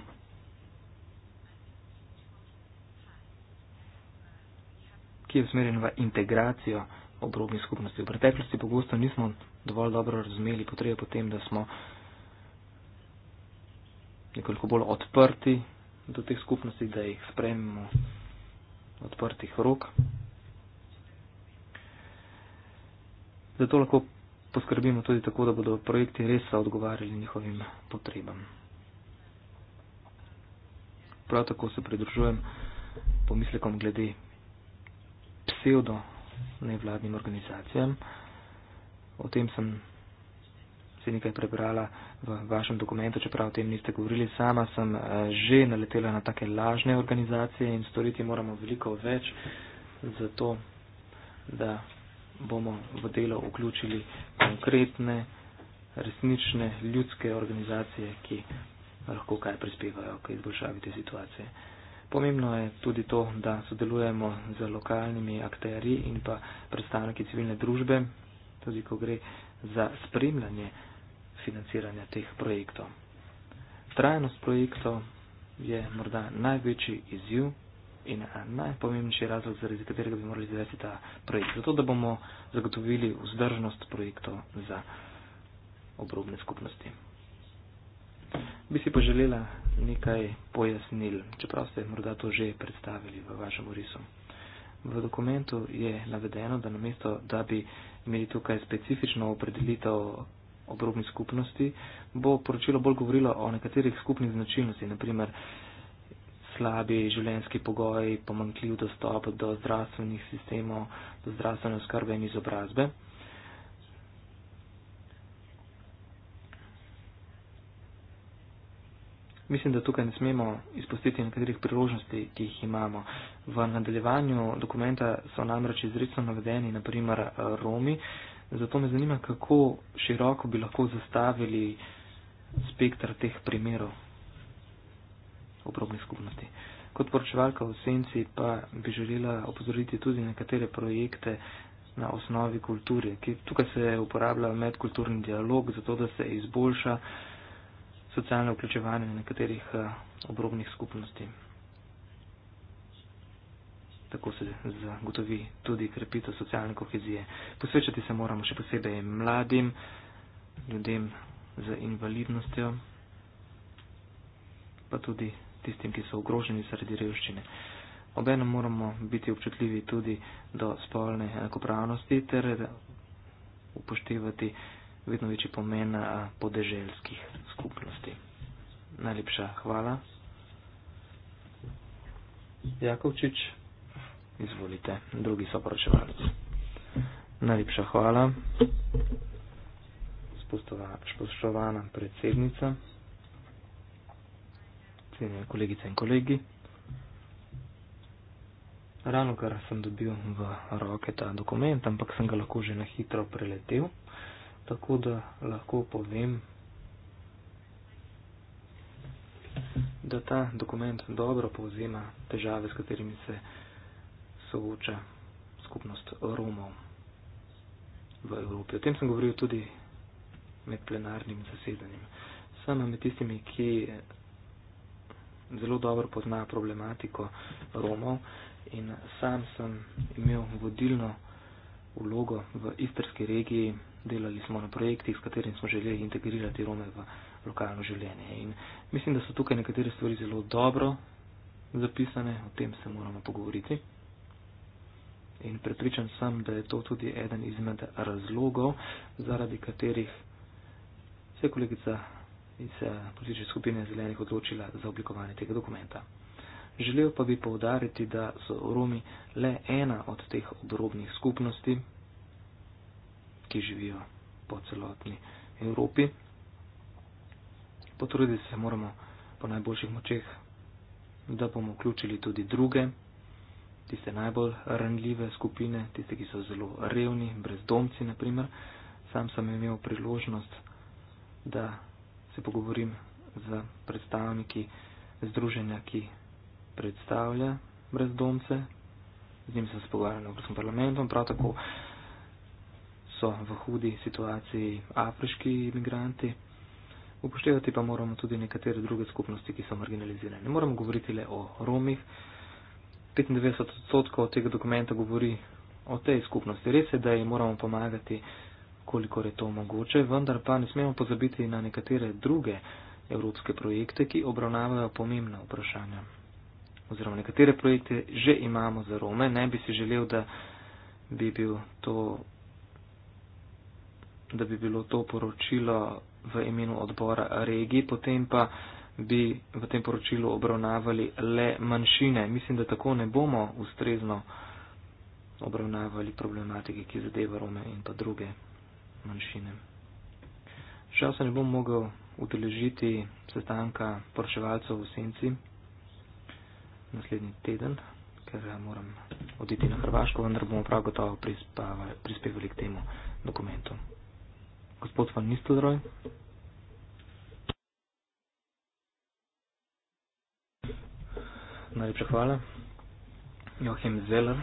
ki je usmerjen v integracijo obrobnih skupnosti. V preteklosti pogosto nismo dovolj dobro razumeli potrebe po tem, da smo nekoliko bolj odprti do teh skupnosti, da jih sprejmemo odprtih rok. Zato lahko poskrbimo tudi tako, da bodo projekti res odgovarjali njihovim potrebam. Prav tako se pridružujem pomislekom glede psevdo nevladnim organizacijam. O tem sem se nekaj prebrala v vašem dokumentu, čeprav o tem niste govorili. Sama sem eh, že naletela na take lažne organizacije in storiti moramo veliko več za to, da bomo v delo vključili konkretne, resnične ljudske organizacije, ki lahko kaj prispevajo k izboljšavi te situacije. Pomembno je tudi to, da sodelujemo z lokalnimi akterji in pa predstavniki civilne družbe, tudi ko gre za spremljanje financiranja teh projektov. Trajnost projektov je morda največji izziv In eh, najpomembnejši razlog, zaradi katerega bi morali izvesti ta projekt, zato da bomo zagotovili vzdržnost projektov za obrobne skupnosti. Bi si pa želela nekaj pojasnil, čeprav ste morda to že predstavili v vašem orisu. V dokumentu je navedeno, da namesto, da bi imeli tukaj specifično opredelitev obrobnih skupnosti, bo poročilo bolj govorilo o nekaterih skupnih značilnosti, naprimer slabi življenjski pogoji, pomankljiv dostop do zdravstvenih sistemov, do zdravstvene skrbe in izobrazbe. Mislim, da tukaj ne smemo izpustiti nekaterih priložnosti, ki jih imamo. V nadaljevanju dokumenta so namreč izredno navedeni, naprimer Romi, zato me zanima, kako široko bi lahko zastavili spektr teh primerov obrobni skupnosti. Kot poročevalka v senci pa bi želela opozoriti tudi nekatere projekte na osnovi kulture, ki tukaj se uporablja medkulturni dialog, zato da se izboljša socialno vključevanje nekaterih eh, obrobnih skupnosti. Tako se zagotovi tudi krepitev socialne kohezije. Posvečati se moramo še posebej mladim, ljudem z invalidnostjo, pa tudi tistim, ki so ogroženi zaradi revščine. Obenem moramo biti občutljivi tudi do spolne enakopravnosti ter upoštevati vedno večji pomen podeželskih skupnosti. Najlepša hvala. Jakovčič, izvolite, drugi soporočevalec. Najlepša hvala, spoštovana predsednica cenjene kolegice in kolegi. Ravno kar sem dobil v roke ta dokument, ampak sem ga lahko že na hitro preletel, tako da lahko povem, da ta dokument dobro povzema težave, s katerimi se sooča skupnost Romov v Evropi. O tem sem govoril tudi med plenarnim zasedanjem. Sama med tistimi, ki zelo dobro pozna problematiko Romov in sam sem imel vodilno vlogo v istrski regiji, delali smo na projektih, s katerim smo želeli integrirati Rome v lokalno življenje. In mislim, da so tukaj nekatere stvari zelo dobro zapisane, o tem se moramo pogovoriti. In prepričan sem, da je to tudi eden izmed razlogov, zaradi katerih se kolegica iz politične skupine zelenih odločila za oblikovanje tega dokumenta. Želel pa bi povdariti, da so Romi le ena od teh obrobnih skupnosti, ki živijo po celotni Evropi. Potruditi se moramo po najboljših močeh, da bomo vključili tudi druge, tiste najbolj ranljive skupine, tiste, ki so zelo revni, brezdomci naprimer. Sam sem imel priložnost, da se pogovorim z predstavniki združenja, ki predstavlja brezdomce. Z njim sem se pogovarjal v Evropskem parlamentu, prav tako so v hudi situaciji afriški imigranti. Upoštevati pa moramo tudi nekatere druge skupnosti, ki so marginalizirane. Ne moramo govoriti le o Romih. 95 odstotkov tega dokumenta govori o tej skupnosti. Res je, da jim moramo pomagati kolikor je to mogoče, vendar pa ne smemo pozabiti na nekatere druge evropske projekte, ki obravnavajo pomembna vprašanja. Oziroma, nekatere projekte že imamo za Rome, ne bi si želel, da bi, bil to, da bi bilo to poročilo v imenu odbora regij, potem pa bi v tem poročilu obravnavali le manjšine. Mislim, da tako ne bomo ustrezno obravnavali problematike, ki zadeva Rome in pa druge manjšine. Žal se ne bom mogel udeležiti sestanka poročevalcev v Senci naslednji teden, ker moram oditi na Hrvaško, vendar bomo prav gotovo prispevali k temu dokumentu. Gospod Van Nistelroj. Najlepša hvala. Joachim Zeller,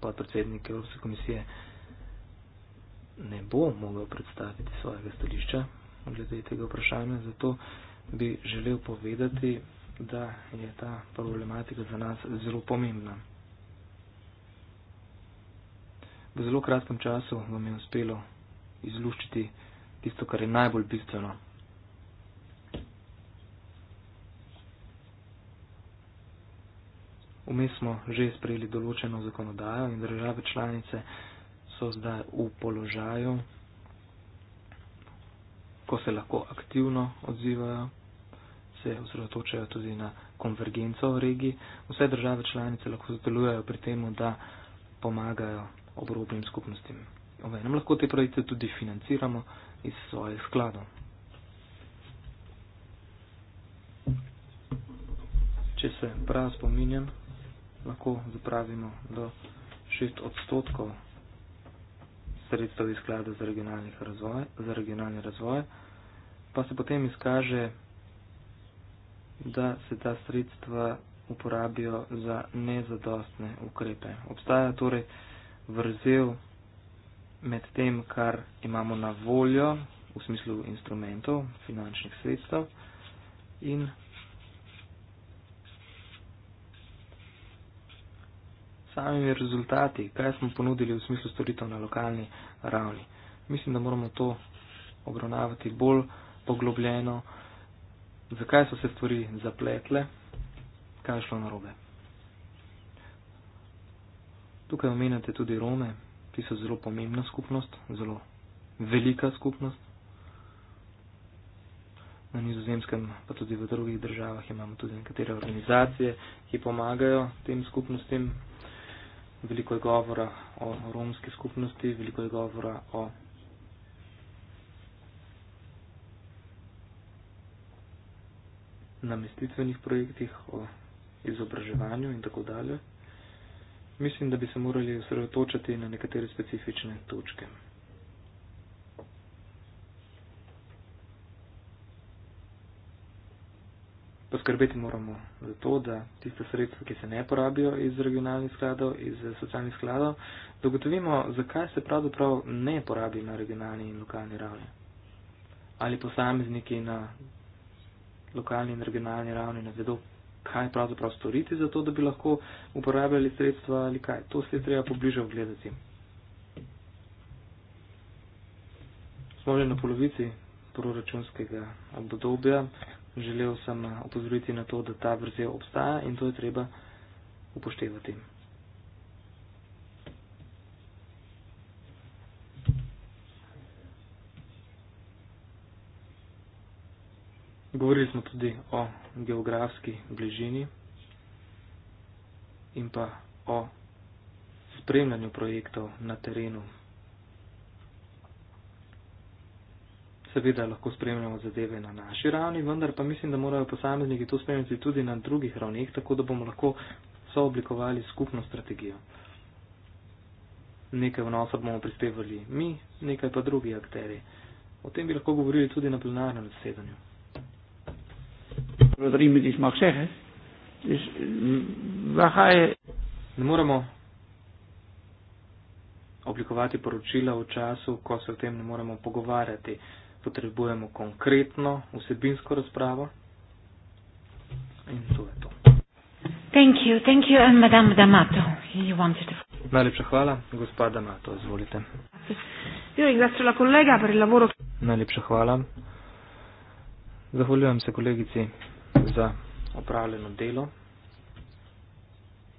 podpredsednik Evropske komisije ne bo mogel predstaviti svojega stališča glede tega vprašanja, zato bi želel povedati, da je ta problematika za nas zelo pomembna. V zelo kratkem času vam je uspelo izluščiti tisto, kar je najbolj bistveno. Vmes smo že sprejeli določeno zakonodajo in države članice so zdaj v položaju, ko se lahko aktivno odzivajo, se osredotočajo tudi na konvergenco v regiji. Vse države članice lahko sodelujejo pri tem, da pomagajo obrobnim skupnostim. Ovenem lahko te projekte tudi financiramo iz svojih skladov. Če se prav spominjam, lahko zapravimo do 6 odstotkov sredstev iz sklada za, razvoj, za regionalni razvoj, pa se potem izkaže, da se ta sredstva uporabijo za nezadostne ukrepe. Obstaja torej vrzel med tem, kar imamo na voljo v smislu instrumentov, finančnih sredstev in samimi rezultati, kaj smo ponudili v smislu storitev na lokalni ravni. Mislim, da moramo to obravnavati bolj poglobljeno, zakaj so se stvari zapletle, kaj je šlo narobe. Tukaj omenjate tudi Rome, ki so zelo pomembna skupnost, zelo velika skupnost. Na nizozemskem, pa tudi v drugih državah imamo tudi nekatere organizacije, ki pomagajo tem skupnostim veliko je govora o romski skupnosti, veliko je govora o namestitvenih projektih, o izobraževanju in tako dalje. Mislim, da bi se morali osredotočati na nekatere specifične točke. poskrbeti moramo za to, da tiste sredstva, ki se ne porabijo iz regionalnih skladov, iz eh, socialnih skladov, dogotovimo, zakaj se pravzaprav ne porabi na regionalni in lokalni ravni. Ali posamezniki na lokalni in regionalni ravni ne vedo, kaj pravzaprav storiti za to, da bi lahko uporabljali sredstva ali kaj. To se je treba pobliže ogledati. Smo že na polovici proračunskega obdobja, želel sem eh, opozoriti na to, da ta vrzel obstaja in to je treba upoštevati. Govorili smo tudi o geografski bližini in pa o spremljanju projektov na terenu. Seveda lahko spremljamo zadeve na naši ravni, vendar pa mislim, da morajo posamezniki to spremljati tudi na drugih ravneh, tako da bomo lahko sooblikovali skupno strategijo. Nekaj vnosa bomo prispevali mi, nekaj pa drugi akteri. O tem bi lahko govorili tudi na plenarnem zasedanju. Er mm, ne moremo oblikovati poročila v času, ko se o tem ne moremo pogovarjati potrebujemo konkretno vsebinsko razpravo. In to je to. Thank you, thank you, and Madame Damato, you wanted to. Najlepša hvala, gospa Damato, izvolite. Io ringrazio la collega per il lavoro. Najlepša hvala. Zahvaljujem se kolegici za opravljeno delo.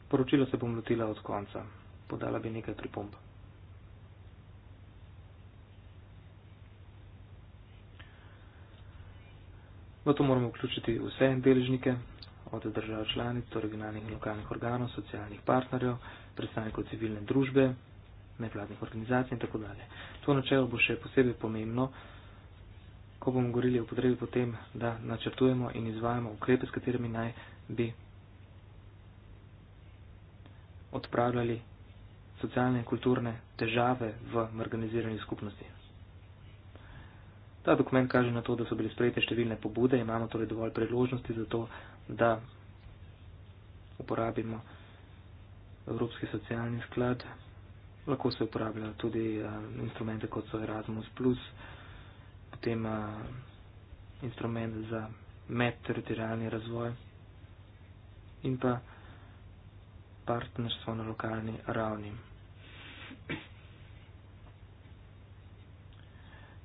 Poročilo se bom lotila od konca. Podala bi nekaj pripomb. V to moramo vključiti vse deležnike, od držav članic, torej regionalnih in lokalnih organov, socialnih partnerjev, predstavnikov civilne družbe, nevladnih organizacij in tako dalje. To načelo bo še posebej pomembno, ko bomo govorili o potrebi potem, da načrtujemo in izvajamo ukrepe, s katerimi naj bi odpravljali socialne in kulturne težave v organiziranih skupnostih. Ta dokument kaže na to, da so bile sprejete številne pobude, imamo torej dovolj priložnosti za to, da uporabimo Evropski socialni sklad. Lahko se uporablja tudi uh, instrumente, kot so Erasmus, potem uh, instrument za medteritorialni razvoj in pa partnerstvo na lokalni ravni.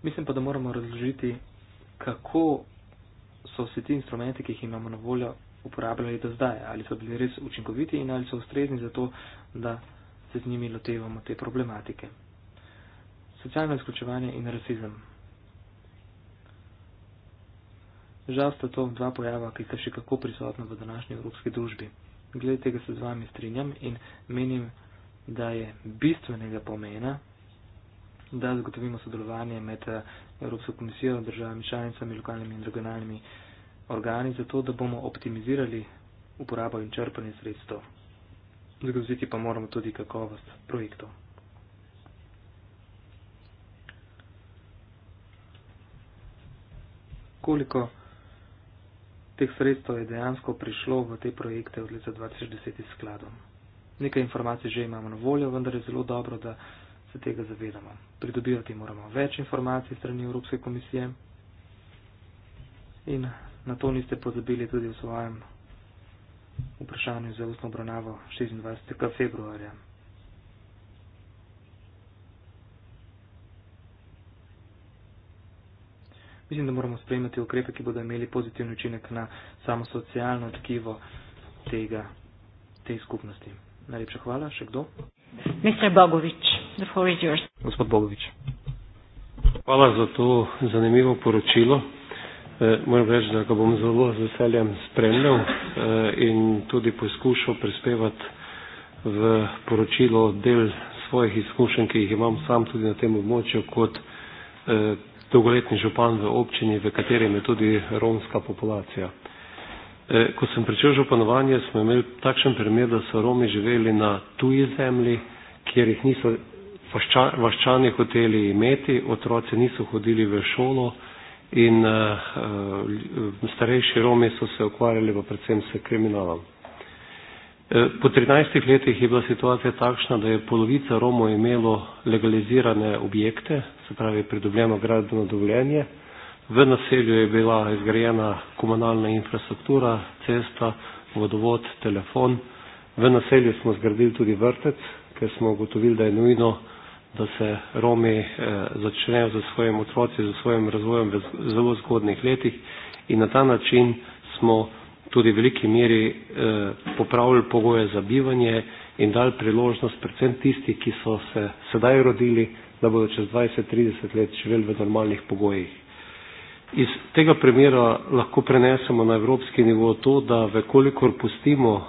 Mislim pa, da moramo razložiti, kako so se ti instrumenti, ki jih imamo na voljo, uporabljali do zdaj, ali so bili res učinkoviti in ali so ustrezni za to, da se z njimi lotevamo te problematike. Socialno izključevanje in rasizem. Žal sta to dva pojava, ki sta še kako prisotna v današnji evropski družbi. Glede tega se z vami strinjam in menim, da je bistvenega pomena da zagotovimo sodelovanje med eh, Evropsko komisijo, državami članicami, lokalnimi in regionalnimi organi, zato da bomo optimizirali uporabo in črpanje sredstev. Zagotoviti pa moramo tudi kakovost projektov. Koliko teh sredstev je dejansko prišlo v te projekte od leta 2010 iz skladov? Nekaj informacij že imamo na voljo, vendar je zelo dobro, da se tega zavedamo. Pridobivati moramo več informacij strani Evropske komisije in na to niste pozabili tudi v svojem vprašanju za ustno obravnavo 26. februarja. Mislim, da moramo sprejemati ukrepe, ki bodo imeli pozitivni učinek na samo socialno tkivo tega, te skupnosti. Najlepša hvala, še kdo? Mister Bogovič. Gospod Bogovič. Hvala za to zanimivo poročilo. E, moram reči, da ga bom zelo z veseljem spremljal e, in tudi poskušal prispevati v poročilo del svojih izkušenj, ki jih imam sam tudi na tem območju kot e, dolgoletni župan v občini, v katerem je tudi romska populacija. Ko sem pričel županovanje, smo imeli takšen primer, da so Romi živeli na tuji zemlji, kjer jih niso vaščani hoteli imeti, otroci niso hodili v šolo in eh, eh, starejši Romi so se ukvarjali pa predvsem s kriminalom. Eh, po 13 letih je bila situacija takšna, da je polovica Romo imelo legalizirane objekte, se pravi pridobljeno gradbeno dovoljenje, v naselju je bila izgrajena komunalna infrastruktura, cesta, vodovod, telefon, v naselju smo zgradili tudi vrtec, ker smo ugotovili, da je nujno da se Romi eh, začnejo za svojim otroci, za svojim razvojem v zelo zgodnih letih in na ta način smo tudi v veliki meri eh, popravili pogoje za bivanje in dali priložnost predvsem tisti, ki so se sedaj rodili, da bodo čez 20-30 let živeli v normalnih pogojih. Iz tega primera lahko prenesemo na evropski nivo to, da vekolikor pustimo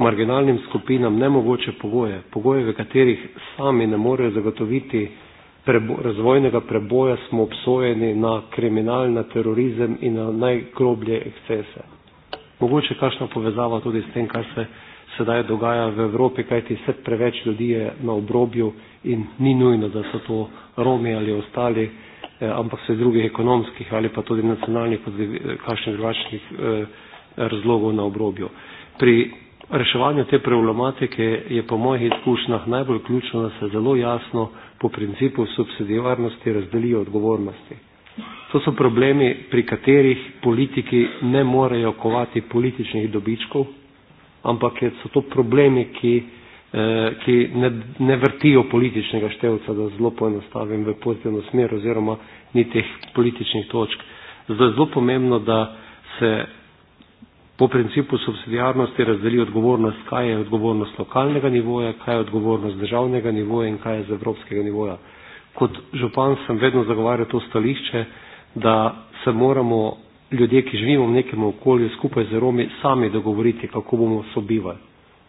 marginalnim skupinam nemogoče pogoje, pogoje, v katerih sami ne morejo zagotoviti prebo, razvojnega preboja, smo obsojeni na kriminal, na terorizem in na najgroblje ekscese. Mogoče kakšna povezava tudi s tem, kar se sedaj dogaja v Evropi, kajti vse preveč ljudi je na obrobju in ni nujno, da so to Romi ali ostali, eh, ampak se drugih ekonomskih ali pa tudi nacionalnih, eh, kakšnih drugačnih eh, razlogov na obrobju. Pri reševanju te problematike je po mojih izkušnjah najbolj ključno, da se zelo jasno po principu subsidijarnosti razdelijo odgovornosti. To so problemi, pri katerih politiki ne morejo kovati političnih dobičkov, ampak so to problemi, ki, eh, ki ne, ne vrtijo političnega števca, da zelo poenostavim v pozitivno smer oziroma ni teh političnih točk. Zato je zelo pomembno, da se po principu subsidijarnosti razdeli odgovornost, kaj je odgovornost lokalnega nivoja, kaj je odgovornost državnega nivoja in kaj je z evropskega nivoja. Kot župan sem vedno zagovarjal to stališče, da se moramo ljudje, ki živimo v nekem okolju skupaj z Romi, sami dogovoriti, kako bomo sobivali.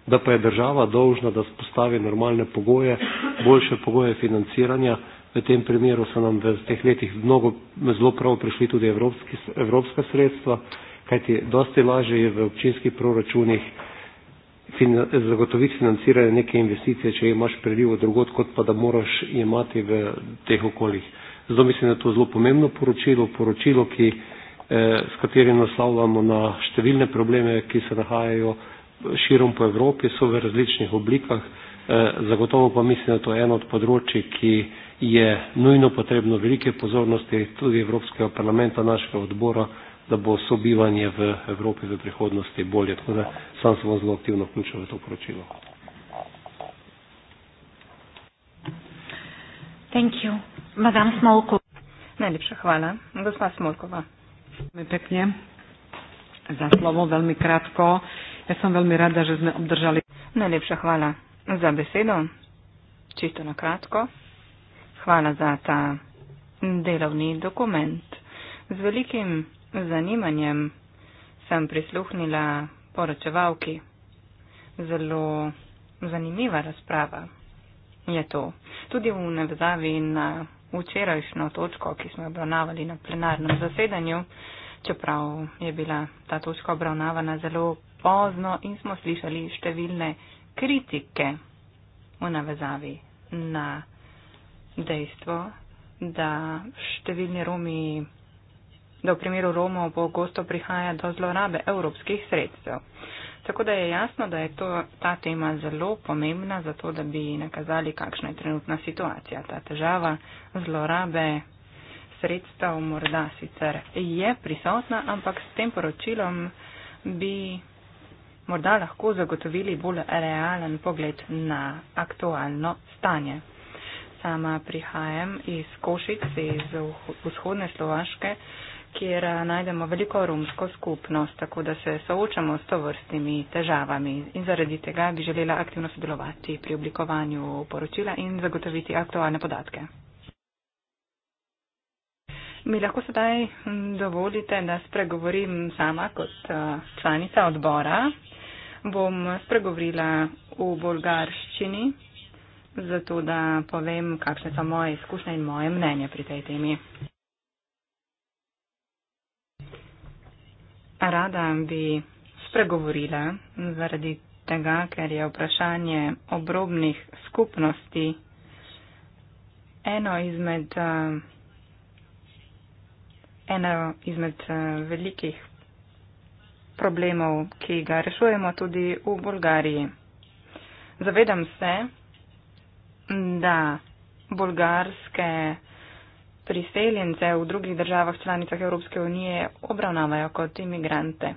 Da pa je država dolžna, da spostavi normalne pogoje, boljše pogoje financiranja. V tem primeru so nam v teh letih mnogo zelo prav prišli tudi evropski, evropska sredstva kajti dosti lažje je v občinskih proračunih fin zagotoviti financiranje neke investicije, če imaš prilivo drugot, kot pa da moraš imati v teh okoljih. Zato mislim, da je to zelo pomembno poročilo, poročilo, ki, eh, s katerim naslavljamo na številne probleme, ki se nahajajo širom po Evropi, so v različnih oblikah. Eh, zagotovo pa mislim, da to je to eno od področji, ki je nujno potrebno velike pozornosti tudi Evropskega parlamenta, našega odbora, da bo sobivanje v Evropi v prihodnosti bolje. Tako da sam se bom zelo aktivno vključil v to poročilo. Thank you. Madam Smolko. Najlepša hvala. Gospa Smolkova. Veľmi pekne za slovo, veľmi krátko. Ja som veľmi rada, že sme obdržali. Najlepša hvala za besedo, čisto na kratko. Hvala za ta delovni dokument. Z velikim zanimanjem sem prisluhnila poročevalki. Zelo zanimiva razprava je to. Tudi v navzavi na včerajšnjo točko, ki smo jo obravnavali na plenarnem zasedanju, čeprav je bila ta točka obravnavana zelo pozno in smo slišali številne kritike v navezavi na dejstvo, da številni Romi da v primeru Romov pogosto prihaja do zlorabe evropskih sredstev. Tako da je jasno, da je to, ta tema zelo pomembna, zato da bi nakazali, kakšna je trenutna situacija. Ta težava zlorabe sredstev morda sicer je prisotna, ampak s tem poročilom bi morda lahko zagotovili bolj realen pogled na aktualno stanje. Sama prihajam iz Košic, iz vzhodne Slovaške. Uh, kjer eh, najdemo veliko romsko skupnost, tako da se soočamo s to vrstnimi težavami in zaradi tega bi želela aktivno sodelovati pri oblikovanju poročila in zagotoviti aktualne podatke. Mi lahko sedaj hm, dovolite, da spregovorim sama kot eh, članica odbora. Bom spregovorila v bolgarščini, zato da povem, kakšne so moje izkušnje in moje mnenje pri tej temi. Rada bi spregovorila zaradi tega, ker je vprašanje obrobnih skupnosti eno izmed, eh, eno izmed eh, velikih problemov, ki ga rešujemo tudi v Bolgariji. Zavedam se, da bolgarske priseljence v drugih državah članicah Evropske unije obravnavajo kot imigrante.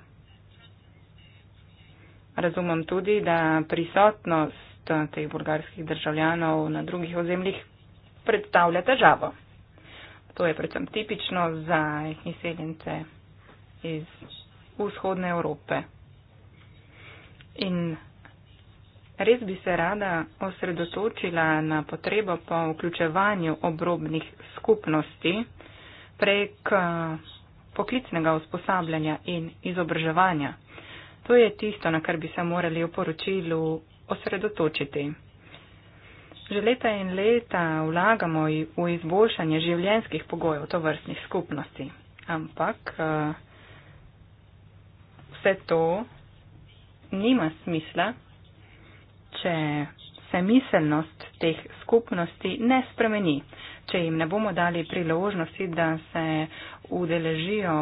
Razumem tudi, da prisotnost teh bulgarskih državljanov na drugih ozemljih predstavlja težavo. To je predvsem tipično za izseljence iz vzhodne Evrope. In Res bi se rada osredotočila na potrebo po vključevanju obrobnih skupnosti prek eh, poklicnega usposabljanja in izobraževanja. To je tisto, na kar bi se morali v poročilu osredotočiti. Že leta in leta vlagamo v izboljšanje življenskih pogojev tovrstnih skupnosti, ampak eh, vse to nima smisla če se miselnost teh skupnosti ne spremeni, če jim ne bomo dali priložnosti, da se udeležijo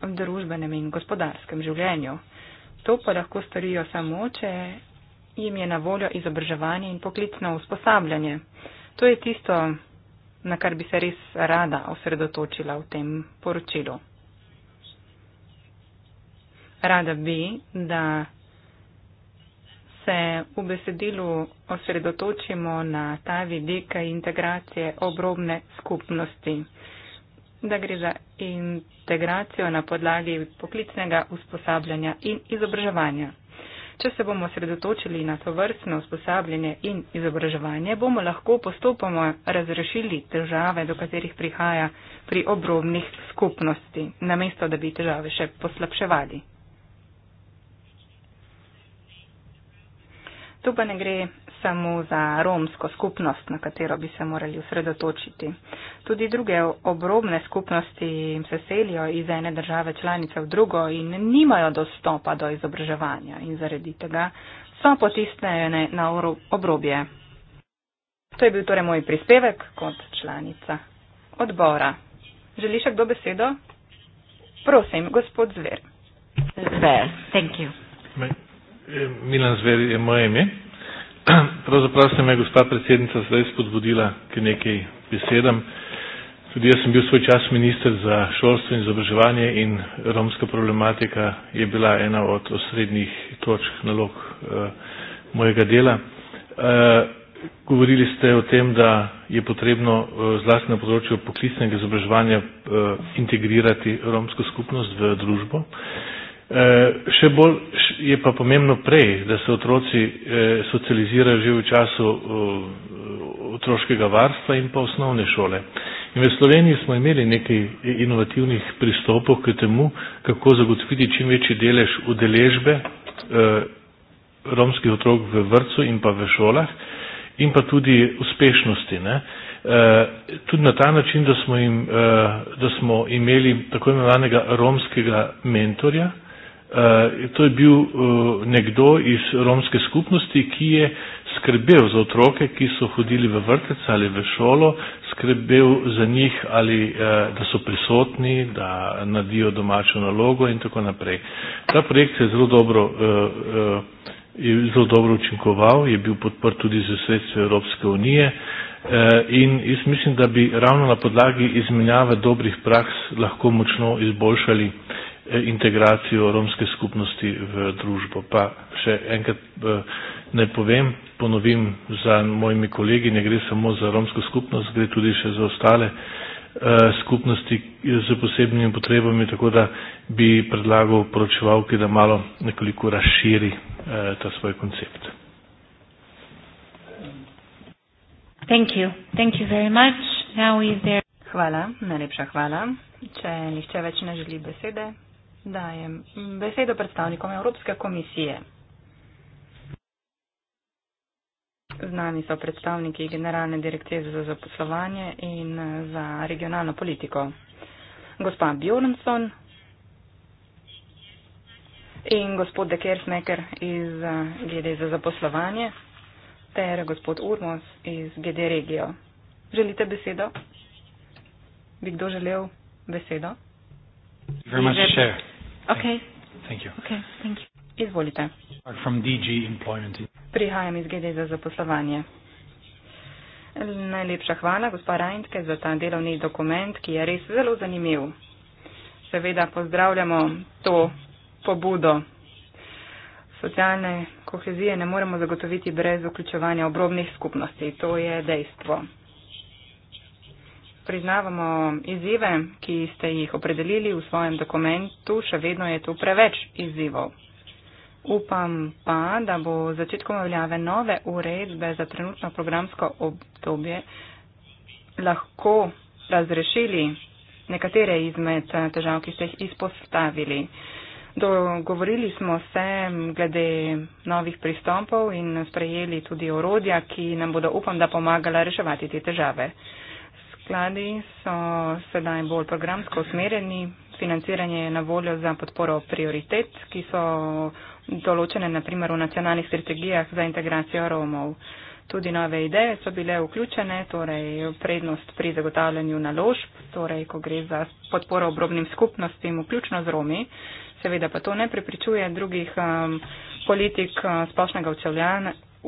v družbenem in gospodarskem življenju. To pa lahko storijo samo, če jim je na voljo izobraževanje in poklicno usposabljanje. To je tisto, na kar bi se res rada osredotočila v tem poročilu. Rada bi, da se v besedilu osredotočimo na ta vidik integracije obrobne skupnosti. Da gre za integracijo na podlagi poklicnega usposabljanja in izobraževanja. Če se bomo osredotočili na to vrstno usposabljanje in izobraževanje, bomo lahko postopoma razrešili težave, do katerih prihaja pri obrobnih skupnosti, namesto da bi težave še poslapševali. Tu pa ne gre samo za romsko skupnost, na katero bi se morali osredotočiti. Tudi druge obrobne skupnosti se selijo iz ene države članice v drugo in nimajo dostopa do izobraževanja in zaradi tega so potisnjene na obrobje. To je bil torej moj prispevek kot članica odbora. Želi še kdo besedo? Prosim, gospod Zver. Zver, thank you. Me. Eh, Milan Zver je moje ime. Pravzaprav se me gospa predsednica zdaj spodbudila k nekaj besedam. Tudi jaz sem bil svoj čas minister za šolstvo in izobraževanje in romska problematika je bila ena od osrednjih točk nalog uh, mojega dela. Uh, govorili ste o tem, da je potrebno uh, zlasti na področju poklicnega izobraževanja uh, integrirati romsko skupnost v družbo. Uh, Eh, še bolj je pa pomembno prej, da se otroci eh, socializirajo že v času eh, otroškega varstva in pa osnovne šole. In v Sloveniji smo imeli nekaj inovativnih pristopov k temu, kako zagotoviti čim večji delež udeležbe romskih otrok v vrtu in pa v šolah in pa tudi uspešnosti. Ne? Tudi na ta način, da smo, jim, da smo imeli tako imenovanega romskega mentorja, Eh, to je bil eh, nekdo iz romske skupnosti, ki je skrbel za otroke, ki so hodili v vrtec ali v šolo, skrbel za njih, ali, eh, da so prisotni, da nadijo domačo nalogo in tako naprej. Ta projekt je zelo dobro, je zelo dobro učinkoval, je bil podprt tudi z sredstvi Evropske unije. In jaz mislim, da bi ravno na podlagi izmenjave dobrih praks lahko močno izboljšali uh, integracijo romske skupnosti v družbo. Pa še enkrat eh, ne povem, ponovim za mojimi kolegi, ne gre samo za romsko skupnost, gre tudi še za ostale eh, skupnosti z posebnimi potrebami, tako da bi predlagal poročevalki, da malo nekoliko razširi eh, ta svoj koncept. Thank you. Thank you very much. Now is there... Hvala, najlepša hvala. Če nihče več ne želi besede, Dajem besedo predstavnikom Evropske komisije. Z nami so predstavniki Generalne direkcije za zaposlovanje in za regionalno politiko. Gospa Bjornson in gospod De Kersmeker iz eh, GD za zaposlovanje ter gospod Urmos iz GD regijo. Želite besedo? Bi kdo želel besedo? Very much, Chair. Okay. Thank you. Okay, thank you. Izvolite. From DG Employment. Prihajam iz GD za zaposlovanje. Najlepša hvala, gospod Rajnke, za ta delovni dokument, ki je res zelo zanimiv. Seveda pozdravljamo to pobudo. Socialne kohezije ne moremo zagotoviti brez vključevanja obrobnih skupnosti. To je dejstvo priznavamo izzive, ki ste jih opredelili v svojem dokumentu, še vedno je tu preveč izzivov. Upam pa, da bo začetkom veljave nove uredbe za trenutno programsko obdobje lahko razrešili nekatere izmed eh, težav, ki ste jih izpostavili. Dogovorili smo se glede novih pristopov in sprejeli tudi orodja, ki nam bodo upam, da pomagala reševati te težave skladi so sedaj bolj programsko usmerjeni. Financiranje je na voljo za podporo prioritet, ki so določene naprimer v nacionalnih strategijah za integracijo Romov. Tudi nove ideje so bile vključene, torej prednost pri zagotavljanju naložb, torej ko gre za podporo obrobnim skupnostim, vključno z Romi. Seveda pa to ne prepričuje drugih um, politik uh, splošnega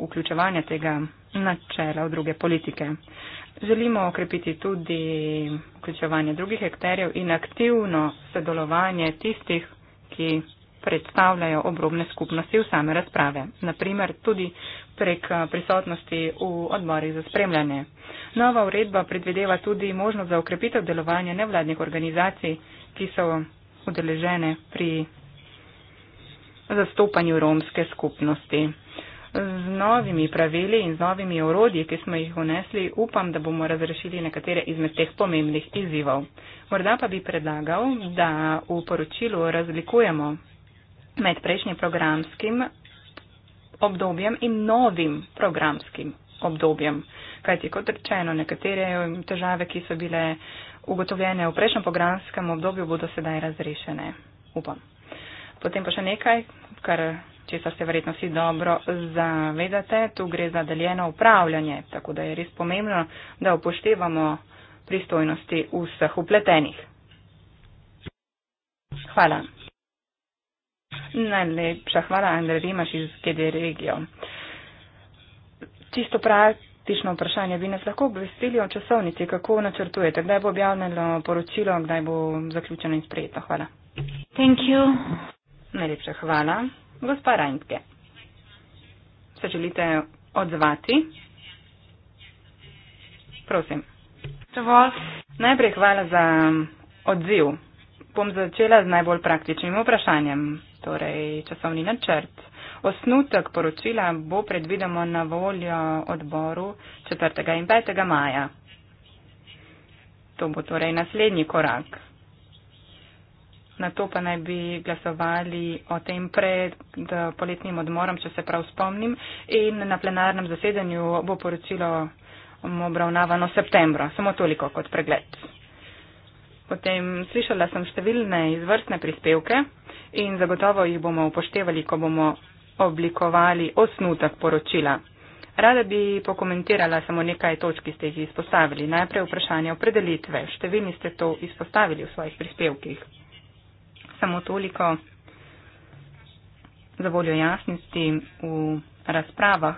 vključevanja tega načela v druge politike. Uh, Želimo okrepiti tudi vključevanje drugih akterjev in aktivno sodelovanje tistih, ki predstavljajo obrobne skupnosti v same razprave, naprimer tudi prek eh, prisotnosti v odborih za spremljanje. Nova uredba predvideva tudi možnost za okrepitev delovanja nevladnih organizacij, ki so udeležene pri zastopanju romske skupnosti z novimi pravili in z novimi orodji, ki smo jih unesli, upam, da bomo razrešili nekatere izmed teh pomembnih izzivov. Morda pa bi predlagal, da v poročilu razlikujemo med prejšnjim programskim obdobjem in novim programskim obdobjem. Kajti, kot rečeno, nekatere težave, ki so bile ugotovljene v prejšnjem programskem obdobju, bodo sedaj razrešene. Upam. Potem pa še nekaj, kar česar se verjetno vsi dobro zavedate, tu gre za deljeno upravljanje, tako da je res pomembno, da upoštevamo pristojnosti vseh upletenih. Hvala. Najlepša hvala, Andrej Rimaš iz GD Regijo. Čisto praktično vprašanje bi nas lahko obvestili o časovnici, kako načrtujete, kdaj bo objavljeno poročilo, kdaj bo zaključeno in sprejeto. Hvala. Thank you. Najlepša hvala. Gospa Rajnske, se želite odzvati? Prosim. Najprej hvala za odziv. Bom začela z najbolj praktičnim vprašanjem, torej časovni načrt. Osnutek poročila bo predvidemo na voljo odboru 4. in 5. maja. To bo torej naslednji korak na to pa naj bi glasovali o tem pred eh, poletnim odmorom, če se prav spomnim, in na plenarnem zasedanju bo poročilo obravnavano septembra, samo toliko kot pregled. Potem slišala sem številne izvrstne prispevke in zagotovo jih bomo upoštevali, ko bomo oblikovali osnutek poročila. Rada bi pokomentirala samo nekaj točk, ki ste jih izpostavili. Najprej vprašanje opredelitve. Številni ste to izpostavili v svojih prispevkih samo toliko za voljo jasnosti v razpravah.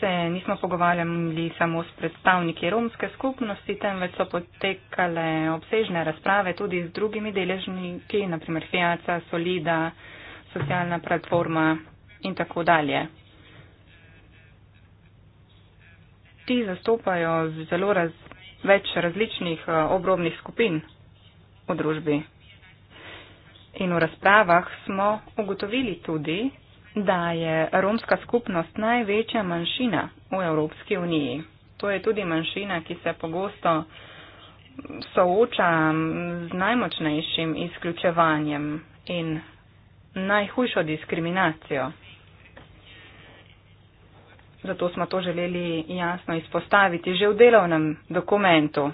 Se nismo pogovarjali samo s predstavniki romske skupnosti, temveč so potekale obsežne razprave tudi z drugimi deležniki, naprimer Fiaca, Solida, socialna platforma in tako dalje. Ti zastopajo zelo raz, več različnih eh, obrobnih skupin v družbi. In v razpravah smo ugotovili tudi, da je romska skupnost največja manjšina v Evropski uniji. To je tudi manjšina, ki se pogosto sooča z najmočnejšim izključevanjem in najhujšo diskriminacijo. Zato smo to želeli jasno izpostaviti že v delovnem dokumentu.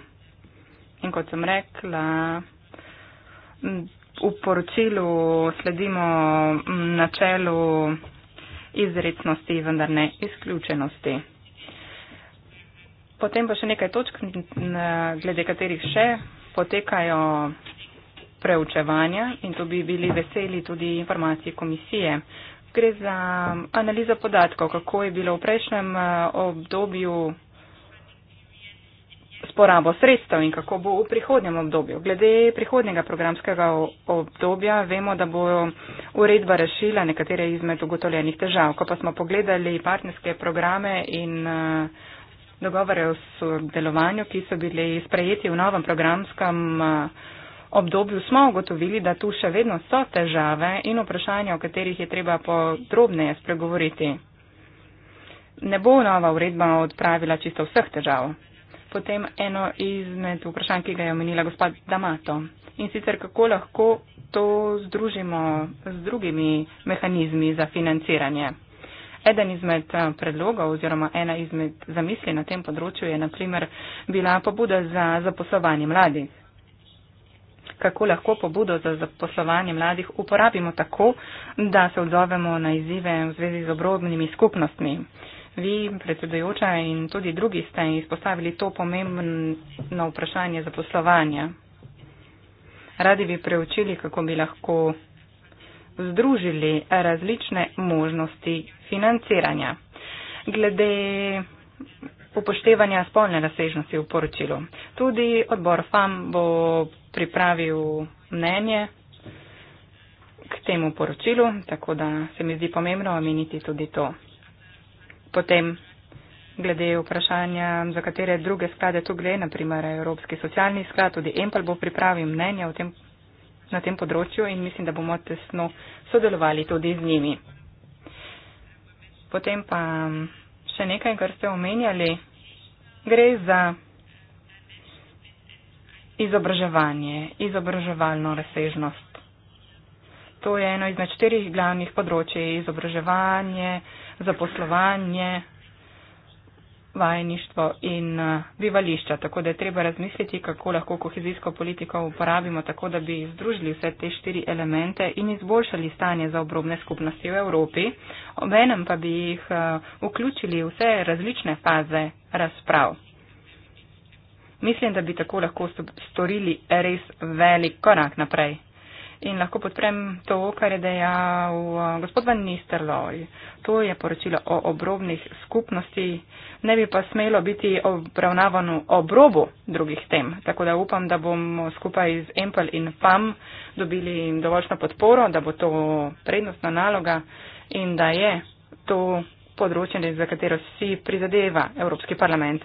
In kot sem rekla, V poročilu sledimo načelu izrecnosti, vendar ne izključenosti. Potem pa še nekaj točk, glede katerih še potekajo preučevanja in to bi bili veseli tudi informacije komisije. Gre za analizo podatkov, kako je bilo v prejšnjem eh, obdobju s porabo sredstev in kako bo v prihodnjem obdobju. Glede prihodnjega programskega obdobja vemo, da bo uredba rešila nekatere izmed ugotovljenih težav. Ko pa smo pogledali partnerske programe in eh, dogovore o sodelovanju, ki so bili sprejeti v novem programskem eh, obdobju, smo ugotovili, da tu še vedno so težave in vprašanja, o katerih je treba podrobneje spregovoriti. Ne bo nova uredba odpravila čisto vseh težav potem eno izmed vprašanj, ki ga je omenila gospod Damato. In sicer kako lahko to združimo z drugimi mehanizmi za financiranje. Eden izmed eh, predlogov oziroma ena izmed zamisli na tem področju je naprimer bila pobuda za zaposlovanje mladih. Kako lahko pobudo za zaposlovanje mladih uporabimo tako, da se odzovemo na izzive v zvezi z obrobnimi skupnostmi? Uh, Vi, predsedujoča in tudi drugi ste izpostavili to pomembno vprašanje zaposlovanja. Radi bi preučili, kako bi lahko združili različne možnosti financiranja. Glede upoštevanja spolne razsežnosti v poročilu. Tudi odbor FAM bo pripravil mnenje k temu poročilu, tako da se mi zdi pomembno omeniti tudi to potem glede vprašanja, za katere druge sklade tu gre, naprimer Evropski socialni sklad, tudi Empel bo pripravil mnenje o tem, na tem področju in mislim, da bomo tesno sodelovali tudi z njimi. Potem pa še nekaj, kar ste omenjali. Gre za izobraževanje, izobraževalno razsežnost. To je eno izmed štirih glavnih področji izobraževanje, zaposlovanje, vajništvo in eh, bivališča. Tako da je treba razmisliti, kako lahko kohezijsko politiko uporabimo tako, da bi združili vse te štiri elemente in izboljšali stanje za obrobne skupnosti v Evropi. Obenem pa bi jih eh, vključili vse različne faze razprav. Mislim, da bi tako lahko storili res velik korak naprej in lahko podprem to, kar je dejal eh, gospod Van Nisterloj. To je poročilo o obrobnih skupnosti, ne bi pa smelo biti obravnavano obrobu drugih tem. Tako da upam, da bomo skupaj z Empel in FAM dobili dovoljšno podporo, da bo to prednostna naloga in da je to področje, za katero si prizadeva Evropski parlament.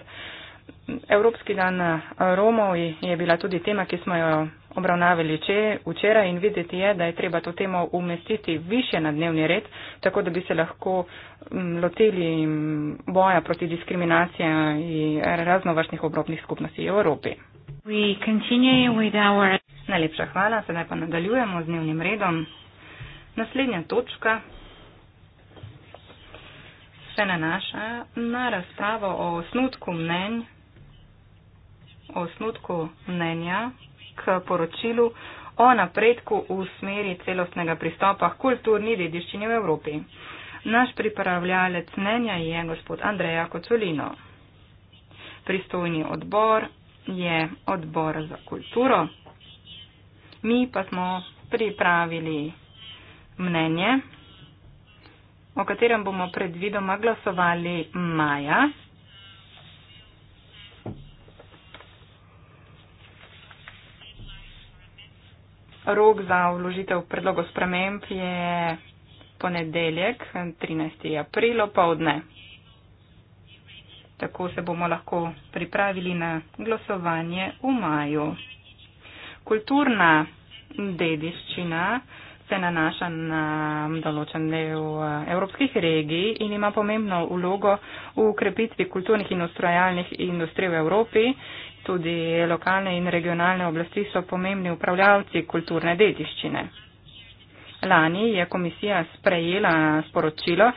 Evropski dan eh, Romov je bila tudi tema, ki smo jo obravnavili včeraj in videti je, da je treba to temo umestiti više na dnevni red, tako da bi se lahko mm, lotili boja proti diskriminaciji in raznovrstnih obrobnih skupnosti v Evropi. Our... Najlepša hvala, sedaj pa nadaljujemo z dnevnim redom. Naslednja točka se nanaša na razpravo o osnutku mnenj, o osnutku mnenja k poročilu o napredku v smeri celostnega pristopa k kulturni dediščini v Evropi. Naš pripravljalec mnenja je gospod Andreja Kocolino. Pristojni odbor je odbor za kulturo. Mi pa smo pripravili mnenje, o katerem bomo predvidoma glasovali maja. Rok za vložitev predlogo sprememb je ponedeljek, 13. april, pa odne. Tako se bomo lahko pripravili na glasovanje v maju. Kulturna dediščina se nanaša na določen del eh, evropskih regij in ima pomembno vlogo v ukrepitvi kulturnih in ustrojalnih industrij v Evropi Tudi lokalne in regionalne oblasti so pomembni upravljavci kulturne dediščine. Lani je komisija sprejela sporočilo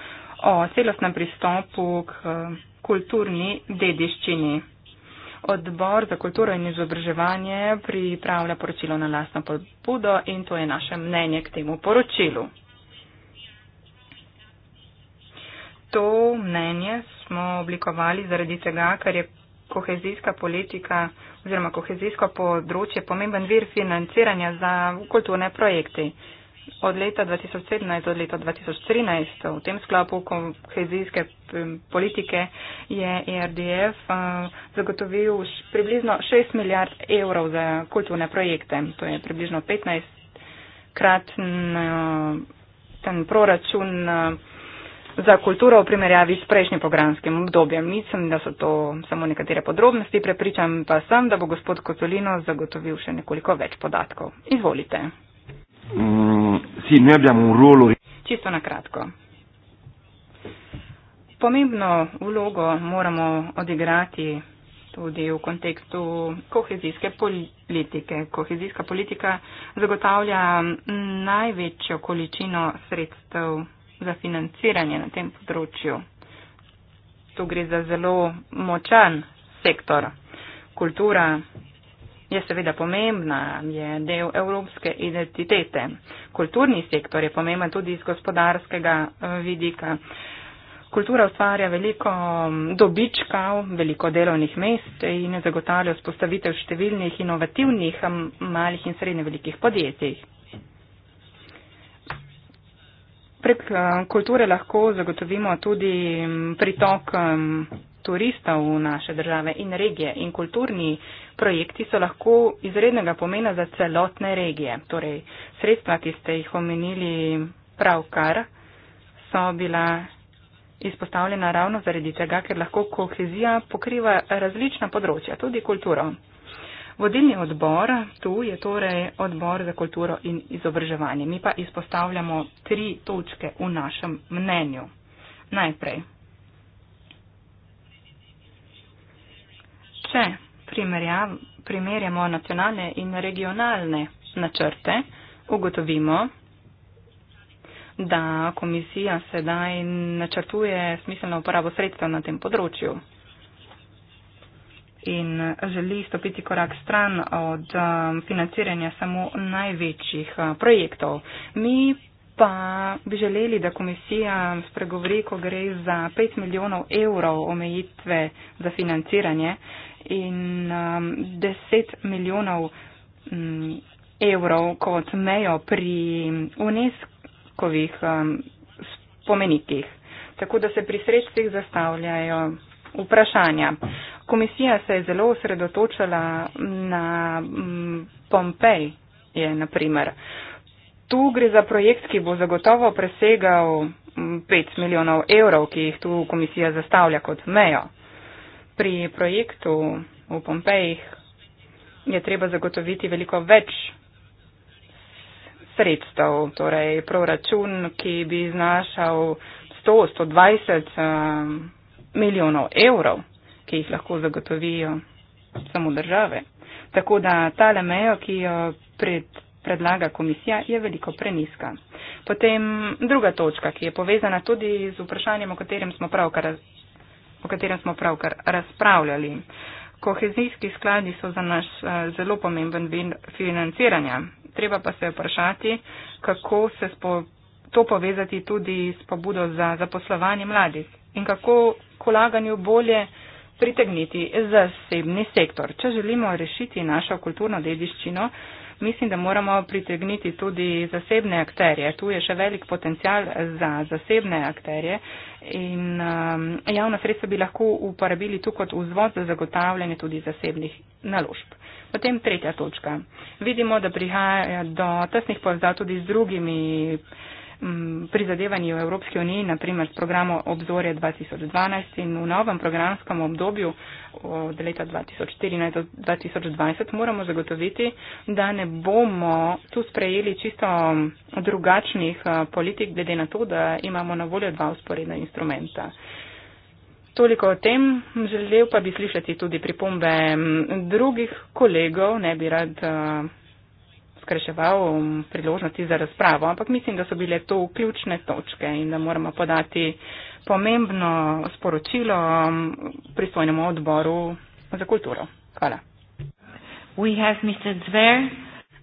o celostnem pristopu k eh, kulturni dediščini. Odbor za kulturo in izobraževanje pripravlja poročilo na lastno podbudo in to je naše mnenje k temu poročilu. To mnenje smo oblikovali zaradi tega, ker je kohezijska politika oziroma kohezijsko področje pomemben vir financiranja za kulturne projekte. Od leta 2017 do leta 2013 v tem sklopu kohezijske politike je ERDF zagotovil približno 6 milijard evrov za kulturne projekte. To je približno 15 kratni proračun za kulturo v primerjavi s prejšnjim programskim obdobjem. Mislim, da so to samo nekatere podrobnosti, prepričam pa sem, da bo gospod Kozolino zagotovil še nekoliko več podatkov. Izvolite. Mm, Čisto na kratko. Pomembno vlogo moramo odigrati tudi v kontekstu kohezijske politike. Kohezijska politika zagotavlja največjo količino sredstev za financiranje na tem področju. Tu gre za zelo močan sektor. Kultura je seveda pomembna, je del evropske identitete. Kulturni sektor je pomemben tudi iz gospodarskega eh, vidika. Kultura ustvarja veliko mm, dobička, veliko delovnih mest in zagotavlja spostavitev številnih inovativnih mm, malih in srednje velikih podjetij. Prek eh, kulture lahko zagotovimo tudi mm, pritok mm, turistov v naše države in regije in kulturni projekti so lahko izrednega pomena za celotne regije. Torej, sredstva, ki ste jih omenili pravkar, so bila izpostavljena ravno zaradi tega, ker lahko kohezija pokriva različna področja, tudi kulturo. Vodilni odbor, tu je torej odbor za kulturo in izobraževanje. Mi pa izpostavljamo tri točke v našem mnenju. Najprej, če primerjamo nacionalne in regionalne načrte, ugotovimo, da komisija sedaj načrtuje smiselno uporabo sredstva na tem področju in želi stopiti korak stran od um, financiranja samo največjih uh, projektov. Mi pa bi želeli, da komisija spregovori, ko gre za 5 milijonov evrov omejitve za financiranje in 10 um, milijonov mm, evrov kot mejo pri UNESCO-vih um, spomenikih. Tako da se pri sredstvih zastavljajo vprašanja. Komisija se je zelo osredotočala na mm, Pompej, je naprimer. Tu gre za projekt, ki bo zagotovo presegal 5 mm, milijonov evrov, ki jih tu komisija zastavlja kot mejo. Pri projektu v Pompejih je treba zagotoviti veliko več sredstev, torej proračun, ki bi znašal 100-120 eh, milijonov evrov ki jih lahko zagotovijo samo države. Tako da tale mejo, ki jo pred, predlaga komisija, je veliko preniska. Potem druga točka, ki je povezana tudi z vprašanjem, o katerem smo pravkar, o katerem smo pravkar razpravljali. Kohezijski skladi so za nas eh, zelo pomemben vir financiranja. Treba pa se vprašati, kako se spo, to povezati tudi s pobudo za zaposlovanje mladih in kako kolaganju bolje pritegniti zasebni sektor. Če želimo rešiti našo kulturno dediščino, mislim, da moramo pritegniti tudi zasebne akterje. Tu je še velik potencial za zasebne akterje in um, javna sredstva bi lahko uporabili tu kot vzvod za zagotavljanje tudi zasebnih naložb. Potem tretja točka. Vidimo, da prihaja do tesnih povezav tudi z drugimi prizadevanji v Evropski uniji, naprimer s programom Obzorje 2012 in v novem programskem obdobju od leta 2014 do 2020 moramo zagotoviti, da ne bomo tu sprejeli čisto drugačnih politik, glede na to, da imamo na voljo dva usporedna instrumenta. Toliko o tem, želel pa bi slišati tudi pripombe drugih kolegov, ne bi rad skraševal um, priložnosti za razpravo, ampak mislim, da so bile to ključne točke in da moramo podati pomembno sporočilo um, pristojnemu odboru za kulturo. Hvala.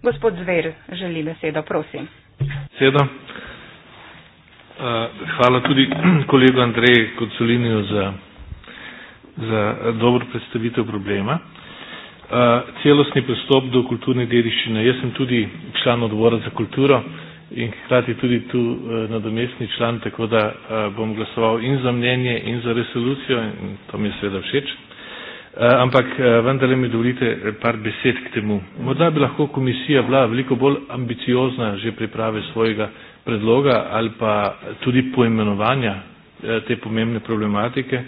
Gospod Zver, želi besedo, prosim. Sedo. Eh, hvala tudi kolegu Andreju Kocolinju za, za eh, dobro predstavitev problema. Eh, celostni pristop do kulturne dediščine. Jaz sem tudi član odbora za kulturo in hkrati tudi tu eh, nadomestni član, tako da eh, bom glasoval in za mnenje in za resolucijo in to mi je seveda všeč. Ampak vendarle mi dovolite par besed k temu. Morda bi lahko komisija bila veliko bolj ambiciozna že priprave svojega predloga ali pa tudi poimenovanja te pomembne problematike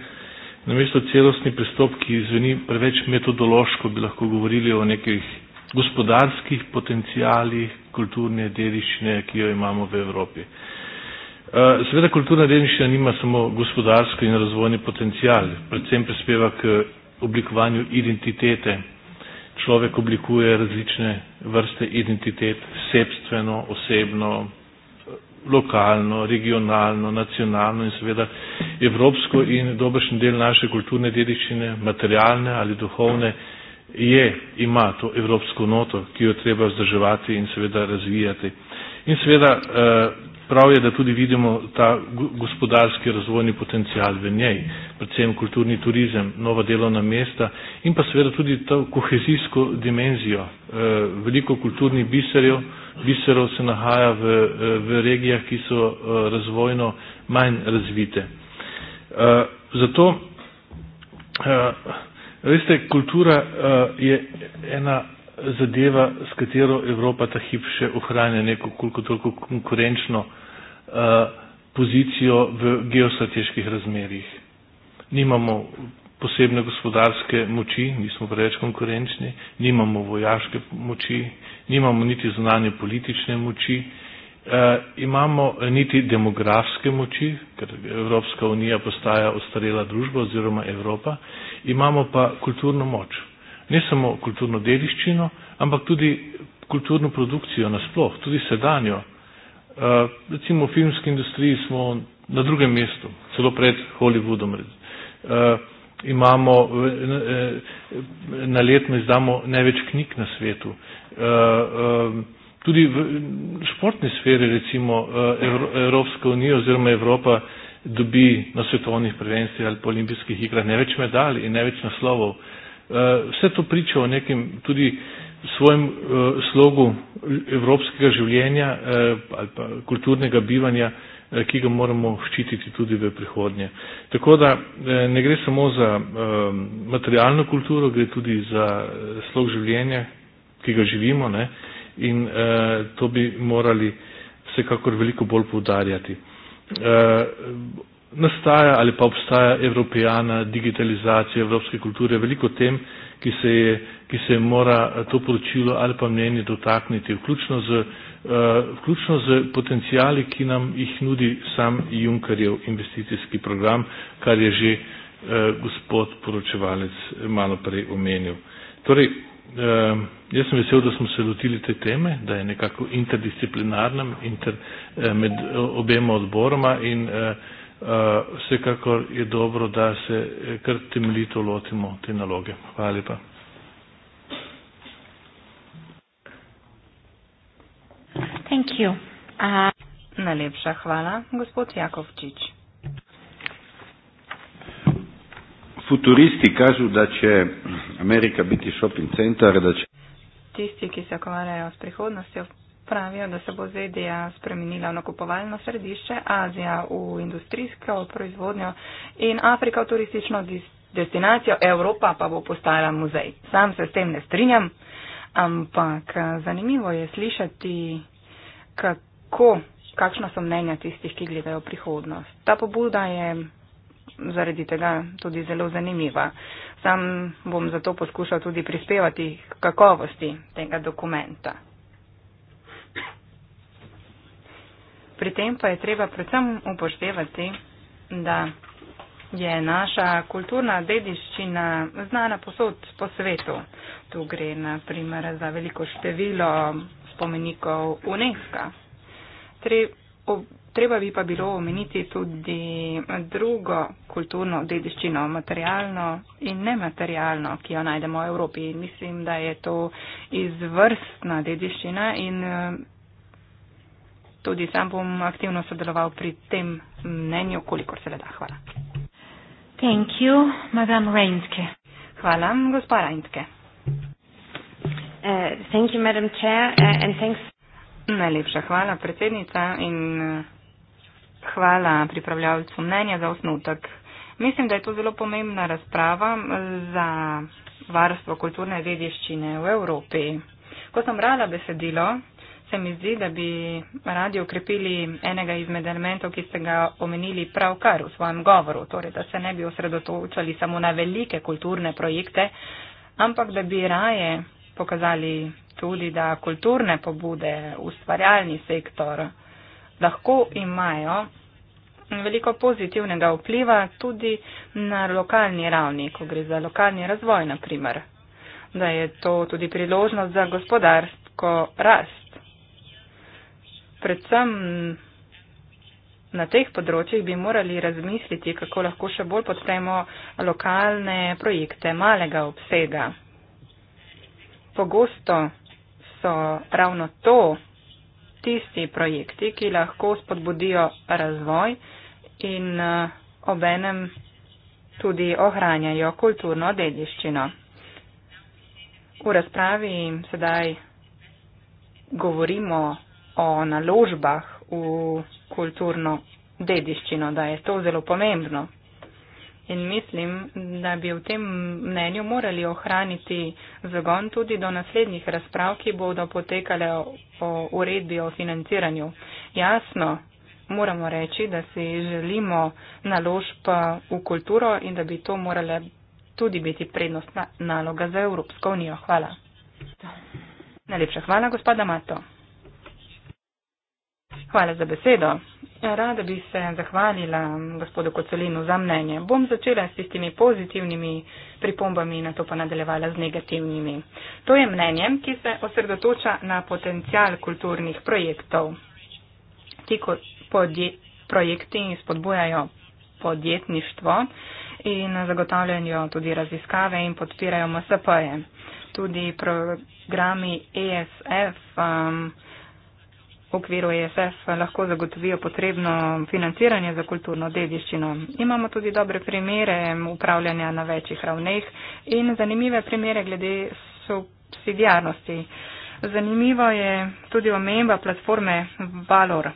namesto celostni pristop, ki zveni preveč metodološko, bi lahko govorili o nekih gospodarskih potencijalih kulturne dediščine, ki jo imamo v Evropi. Eh, seveda kulturna dediščina nima samo gospodarski in razvojni potencijal, predvsem prispeva k oblikovanju identitete. Človek oblikuje različne vrste identitet, sebstveno, osebno, lokalno, regionalno, nacionalno in seveda evropsko in dobršen del naše kulturne dediščine, materialne ali duhovne, je, ima to evropsko noto, ki jo treba vzdrževati in seveda razvijati. In seveda eh, prav je, da tudi vidimo ta gospodarski razvojni potencial v njej, predvsem kulturni turizem, nova delovna mesta in pa seveda tudi to kohezijsko dimenzijo, eh, veliko kulturnih biserjev, biserov se nahaja v, eh, v regijah, ki so eh, razvojno manj razvite. Eh, zato, veste, kultura je ena zadeva, s katero Evropa ta hip še ohranja neko koliko toliko konkurenčno pozicijo v geostrateških razmerjih. Nimamo posebne gospodarske moči, nismo preveč konkurenčni, nimamo vojaške moči, nimamo niti zunanje politične moči, eh, imamo niti demografske moči, ker Evropska unija postaja ostarela družba oziroma Evropa, imamo pa kulturno moč. Ne samo kulturno dediščino, ampak tudi kulturno produkcijo nasploh, tudi sedanjo. Eh, recimo v filmski industriji smo na drugem mestu, celo pred Hollywoodom. Eh, imamo, e, na letno izdamo največ knjig na svetu. E, e, tudi v športni sferi recimo Evropska unija oziroma Evropa dobi na svetovnih prvenstvih ali po olimpijskih igrah največ medalj in največ naslovov. Vse to priča o nekem tudi svojem slogu evropskega življenja ali pa kulturnega bivanja, Eh, ki ga moramo ščititi tudi v prihodnje. Tako da eh, ne gre samo za eh, materialno kulturo, gre tudi za slog življenja, ki ga živimo ne? in to bi morali vsekakor veliko bolj poudarjati. Nastaja ali pa obstaja evropejana digitalizacija evropske kulture, veliko tem, ki se, je, ki se mora to poročilo ali pa mnenje dotakniti, vključno z Eh, vključno z potencijali, ki nam jih nudi sam Junkerjev investicijski program, kar je že eh, gospod poročevalec malo prej omenil. Torej, eh, jaz sem vesel, da smo se lotili te teme, da je nekako interdisciplinarnem inter, med obema odboroma in vsekakor je dobro, da se kar temeljito lotimo te naloge. Hvala lepa. Thank you. Uh, Najlepša hvala, gospod Jakovčič. Futuristi kažu da će Amerika biti shopping centar, da će... Tisti, ki se okvarjajo s prihodnostjo, pravijo, da se bo ZDA spremenila v nakupovalno središče, Azija v industrijsko proizvodnjo in Afrika v turistično destinacijo, Evropa pa bo postala muzej. Sam se s tem ne strinjam, ampak eh, zanimivo je slišati kako, kakšna so mnenja tistih, ki gledajo prihodnost. Ta pobuda je zaradi tega tudi zelo zanimiva. Sam bom zato poskušal tudi prispevati k kakovosti tega dokumenta. Pri tem pa je treba predvsem upoštevati, da je naša kulturna dediščina znana posod po svetu. Tu gre naprimer za veliko število spomenikov UNESCO. Treba bi pa bilo omeniti tudi drugo kulturno dediščino, materialno in nematerialno, ki jo najdemo v Evropi. Mislim, da je to izvrstna dediščina in eh, tudi sam bom aktivno sodeloval pri tem mnenju, kolikor se le da. Hvala. Thank you, Madame Reinske. Hvala, gospa Reinske. Uh, thank you, madam chair, uh, and thanks. Najlepša hvala, predsednica, in uh, hvala pripravljavcu mnenja za osnutek. Mislim, da je to zelo pomembna razprava za varstvo kulturne dediščine v Evropi. Ko sem brala besedilo, se mi zdi, da bi radi ukrepili enega izmed elementov, ki ste ga omenili pravkar v svojem govoru, torej da se ne bi osredotočali samo na velike kulturne projekte, ampak da bi raje pokazali tudi, da kulturne pobude, ustvarjalni sektor lahko imajo veliko pozitivnega vpliva tudi na lokalni ravni, ko gre za lokalni razvoj, na primer, da je to tudi priložnost za gospodarsko rast. Predvsem na teh področjih bi morali razmisliti, kako lahko še bolj podpremo lokalne projekte malega obsega pogosto so ravno to tisti projekti, ki lahko spodbudijo razvoj in eh, obenem tudi ohranjajo kulturno dediščino. V razpravi sedaj govorimo o naložbah v kulturno dediščino, da je to zelo pomembno. In mislim, da bi v tem mnenju morali ohraniti zagon tudi do naslednjih razprav, ki bodo potekale o uredbi o financiranju. Jasno, moramo reči, da si želimo naložb eh, v kulturo in da bi to morale tudi biti prednostna naloga za Evropsko unijo. Hvala. Najlepša hvala, gospoda Mato. Hvala za besedo. Rada bi se zahvalila gospodu Kocelinu za mnenje. Bom začela s tistimi pozitivnimi pripombami in na to pa nadaljevala z negativnimi. To je mnenje, ki se osredotoča na potencial kulturnih projektov. Ti projekti spodbujajo podjetništvo in zagotavljajo tudi raziskave in podpirajo MSP-je. Tudi programi ESF. Um, v okviru ESF lahko zagotovijo potrebno financiranje za kulturno dediščino. Imamo tudi dobre primere upravljanja na večjih ravneh in zanimive primere glede subsidijarnosti. Zanimiva je tudi omemba platforme Valor,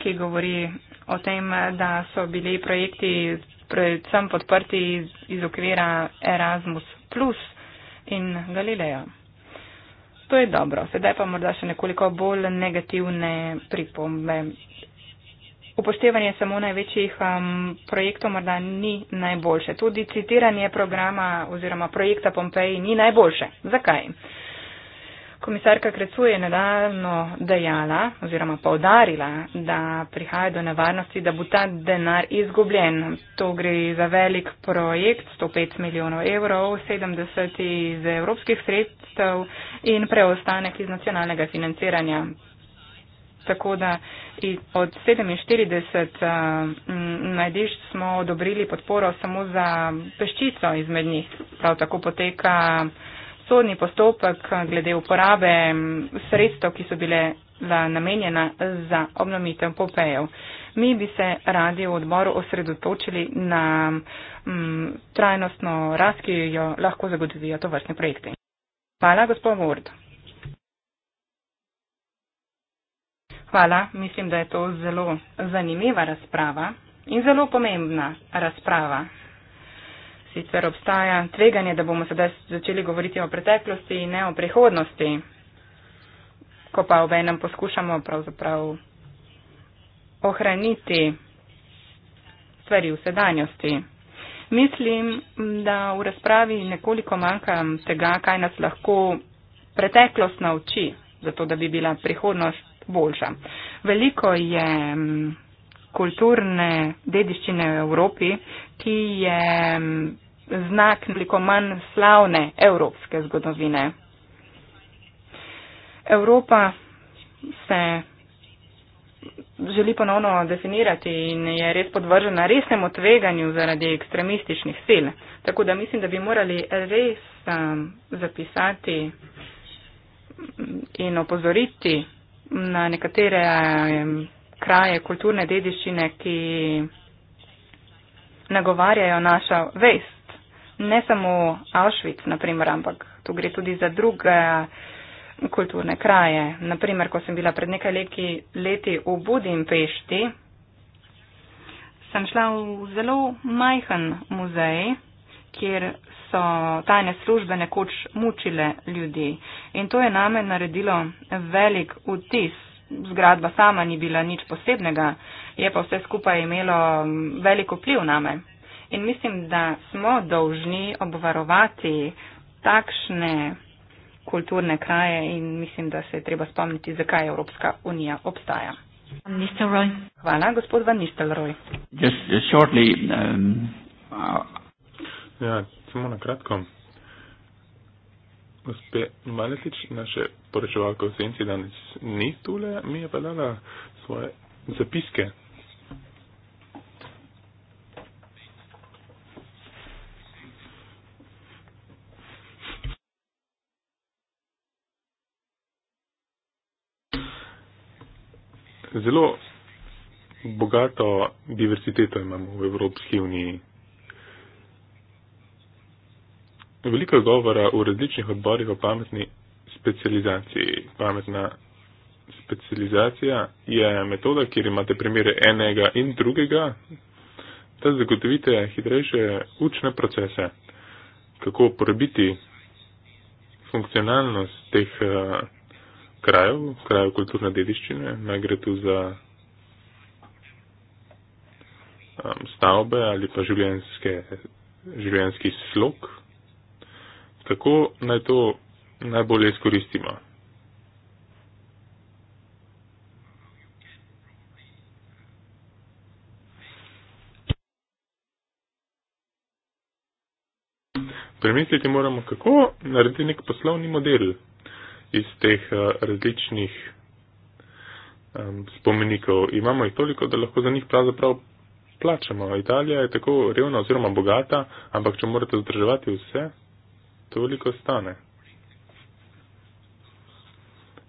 ki govori o tem, da so bili projekti predvsem podprti iz, iz okvira Erasmus in Galileja. To je dobro. Sedaj pa morda še nekoliko bolj negativne pripombe. Upoštevanje samo največjih um, projektov morda ni najboljše. Tudi citiranje programa oziroma projekta Pompeji ni najboljše. Zakaj? Komisarka Krecu je nedavno dejala oziroma povdarila, da prihaja do nevarnosti, da bo ta denar izgubljen. To gre za velik projekt, 105 milijonov evrov, 70 iz evropskih sredstev in preostanek iz nacionalnega financiranja. Tako da od 47 eh, najdiš smo odobrili podporo samo za peščico izmed njih. Prav tako poteka sodni postopek eh, glede uporabe mm, sredstev, ki so bile eh, namenjena za obnovitev popejev. Mi bi se radi v odboru osredotočili na m, mm, trajnostno rast, ki jo lahko zagotovijo to vrstne projekte. Hvala, gospod Ward. Hvala, mislim, da je to zelo zanimiva razprava in zelo pomembna razprava sicer obstaja tveganje, da bomo sedaj začeli govoriti o preteklosti in ne o prihodnosti, ko pa obe nam poskušamo pravzaprav ohraniti stvari v sedanjosti. Mislim, da v razpravi nekoliko manjka tega, kaj nas lahko preteklost nauči, zato da bi bila prihodnost boljša. Veliko je mm, kulturne dediščine v Evropi, ki je mm, znak veliko manj slavne evropske zgodovine. Evropa se želi ponovno definirati in je res podvržena resnemu tveganju zaradi ekstremističnih sil. Tako da mislim, da bi morali res um, zapisati mm, in opozoriti na nekatere um, kraje kulturne dediščine, ki nagovarjajo našo vest. Ne samo Auschwitz, naprimer, ampak tu gre tudi za druge kulturne kraje. Naprimer, ko sem bila pred nekaj leti, leti v Budimpešti, sem šla v zelo majhen muzej, kjer so tajne službe nekoč mučile ljudi. In to je name naredilo velik vtis zgradba sama ni bila nič posebnega, je pa vse skupaj imelo mm, veliko pliv na me. In mislim, da smo dolžni obvarovati takšne kulturne kraje in mislim, da se je treba spomniti, zakaj Evropska unija obstaja. Hvala, gospod Van Nistelrooy. Just, just shortly, um, uh, ja, samo na kratko gospe Maletič, naše poročevalko v senci danes ni tule, mi je pa dala svoje zapiske. Zelo bogato diversiteto imamo v Evropski uniji. veliko je govora v različnih odborih o pametni specializaciji. Pametna specializacija je metoda, kjer imate primere enega in drugega, da zagotovite hitrejše učne procese, kako uporabiti funkcionalnost teh eh, krajev, krajev kulturne dediščine, naj gre tu za stavbe ali pa življenjski slog, kako naj to najbolje izkoristimo? Premisliti moramo, kako narediti nek poslovni model iz teh eh, različnih spomenikov. Imamo jih toliko, da lahko za njih pravzaprav plačamo. Italija je tako revna oziroma bogata, ampak če morate zdrževati vse, toliko stane.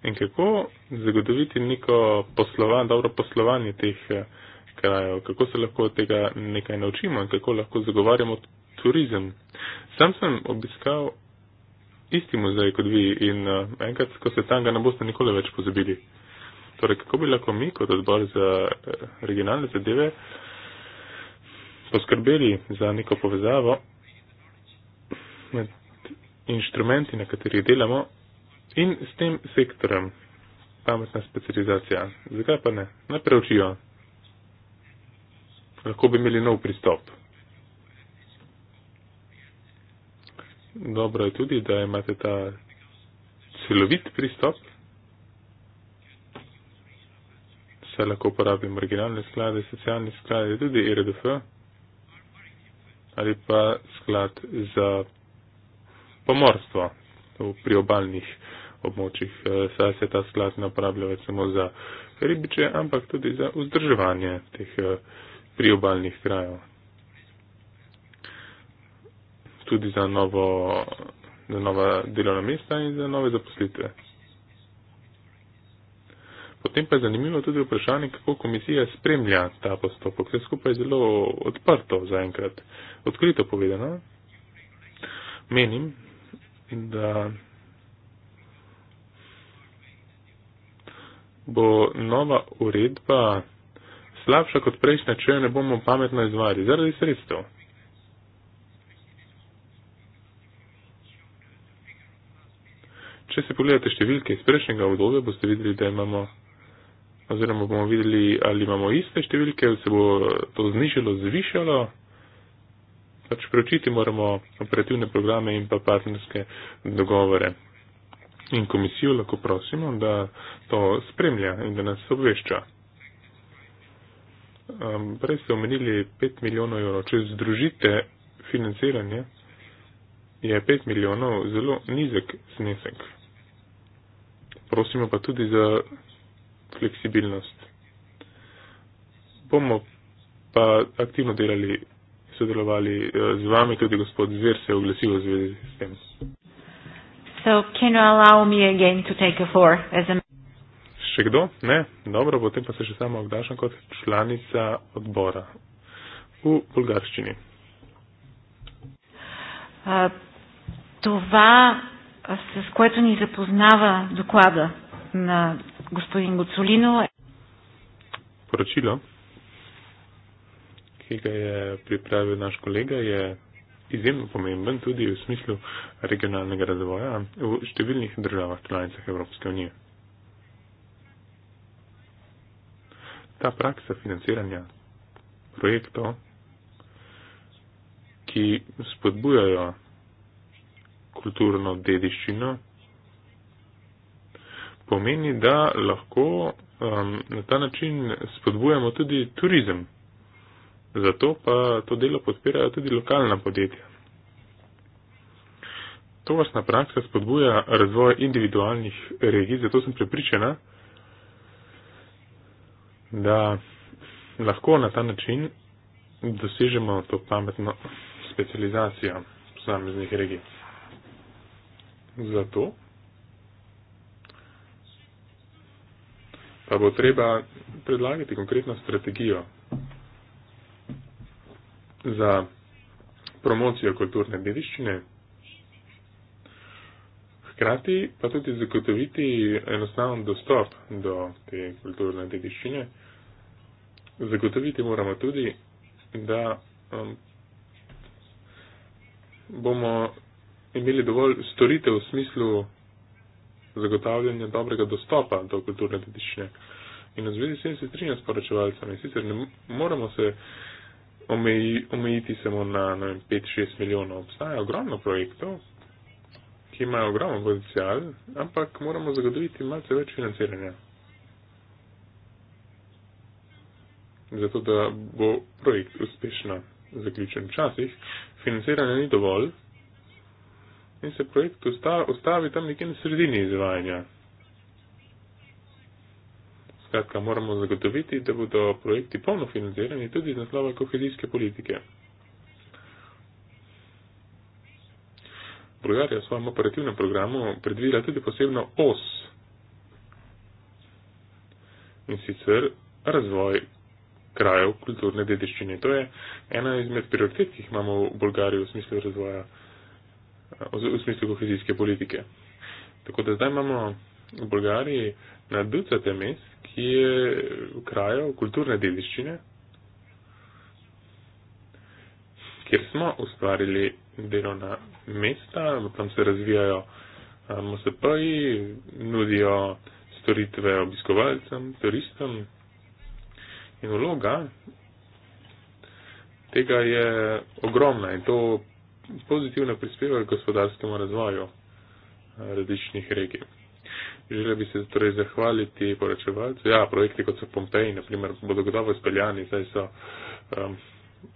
In kako zagotoviti neko poslovan, dobro poslovanje teh eh, krajev, kako se lahko od tega nekaj naučimo in kako lahko zagovarjamo turizem. Sam sem obiskal isti muzej kot vi in eh, enkrat, ko se tam ga ne boste nikoli več pozabili. Torej, kako bi lahko mi kot odbor za eh, regionalne zadeve poskrbeli za neko povezavo med inštrumenti, na katerih delamo, in s tem sektorem, pametna specializacija. Zakaj pa ne? Najprej učijo. Lahko bi imeli nov pristop. Dobro je tudi, da imate ta celovit pristop. Vse lahko uporabim originalne sklade, socialne sklade, tudi e RDF ali pa sklad za pomorstvo v priobalnih območjih. E, saj se ta sklad ne uporablja več samo za ribiče, ampak tudi za vzdrževanje teh e, priobalnih krajev. Tudi za, novo, za nova delovna mesta in za nove zaposlitve. Potem pa je zanimivo tudi vprašanje, kako komisija spremlja ta postopek. Vse skupaj je zelo odprto zaenkrat. Odkrito povedano, menim, in da bo nova uredba slabša kot prejšnja, če jo ne bomo pametno izvajali zaradi sredstev. Če si pogledate številke iz prejšnjega obdobja, boste videli, da imamo oziroma bomo videli, ali imamo iste številke, ali se bo to znižalo, zvišalo pač preučiti moramo operativne programe in pa partnerske dogovore. In komisijo lahko prosimo, da to spremlja in da nas obvešča. Um, prej ste omenili 5 milijonov evrov. Če združite financiranje, je 5 milijonov zelo nizek znesek. Prosimo pa tudi za fleksibilnost. Bomo pa aktivno delali sodelovali eh, z vami, tudi gospod Zir se je oglasil v zvezi s tem. So, še kdo? Ne? Dobro, potem pa se še samo obdašam kot članica odbora v bulgarščini. Uh, това, с което ни запознава доклада на господин Гоцолино е... Поръчило ki ga je pripravil naš kolega, je izjemno pomemben tudi v smislu regionalnega razvoja v številnih državah članicah Evropske unije. Ta praksa financiranja projektov, ki spodbujajo kulturno dediščino, pomeni, da lahko um, na ta način spodbujamo tudi turizem. Zato pa to delo podpirajo tudi lokalna podjetja. To vrstna praksa spodbuja razvoj individualnih regij, zato sem prepričana, da lahko na ta način dosežemo to pametno specializacijo posameznih regij. Zato pa bo treba predlagati konkretno strategijo za promocijo kulturne dediščine, hkrati pa tudi zagotoviti enostaven dostop do te kulturne dediščine. Zagotoviti moramo tudi, da um, bomo imeli dovolj storitev v smislu zagotavljanja dobrega dostopa do kulturne dediščine. In v zvezi s tem se strinjam s poročevalcem in sicer ne moramo se omeji, omejiti samo na 5-6 milijonov. Obstaja ogromno projektov, ki imajo ogromno potencial, ampak moramo zagotoviti malce več financiranja. Zato, da bo projekt uspešno zaključen. Včasih financiranja ni dovolj in se projekt ustavi tam nekje na sredini izvajanja. Skratka, moramo zagotoviti, da bodo projekti polno financirani tudi iz naslova kohezijske politike. Bulgarija v svojem operativnem programu predvidela tudi posebno os in sicer razvoj krajev kulturne dediščine. To je ena izmed prioritet, ki jih imamo v Bulgariji v smislu razvoja, eh, v smislu kohezijske politike. Tako da zdaj imamo v Bulgariji na ducate mest, ki je krajal kulturne dediščine, kjer smo ustvarili delovna mesta, tam se razvijajo MSP-ji, nudijo storitve obiskovalcem, turistom in vloga tega je ogromna in to pozitivno prispeva k gospodarskemu razvoju različnih regij. Želel bi se torej zahvaliti poročevalcu. Ja, projekti kot so Pompeji, naprimer, bodo gotovo izpeljani, saj so um,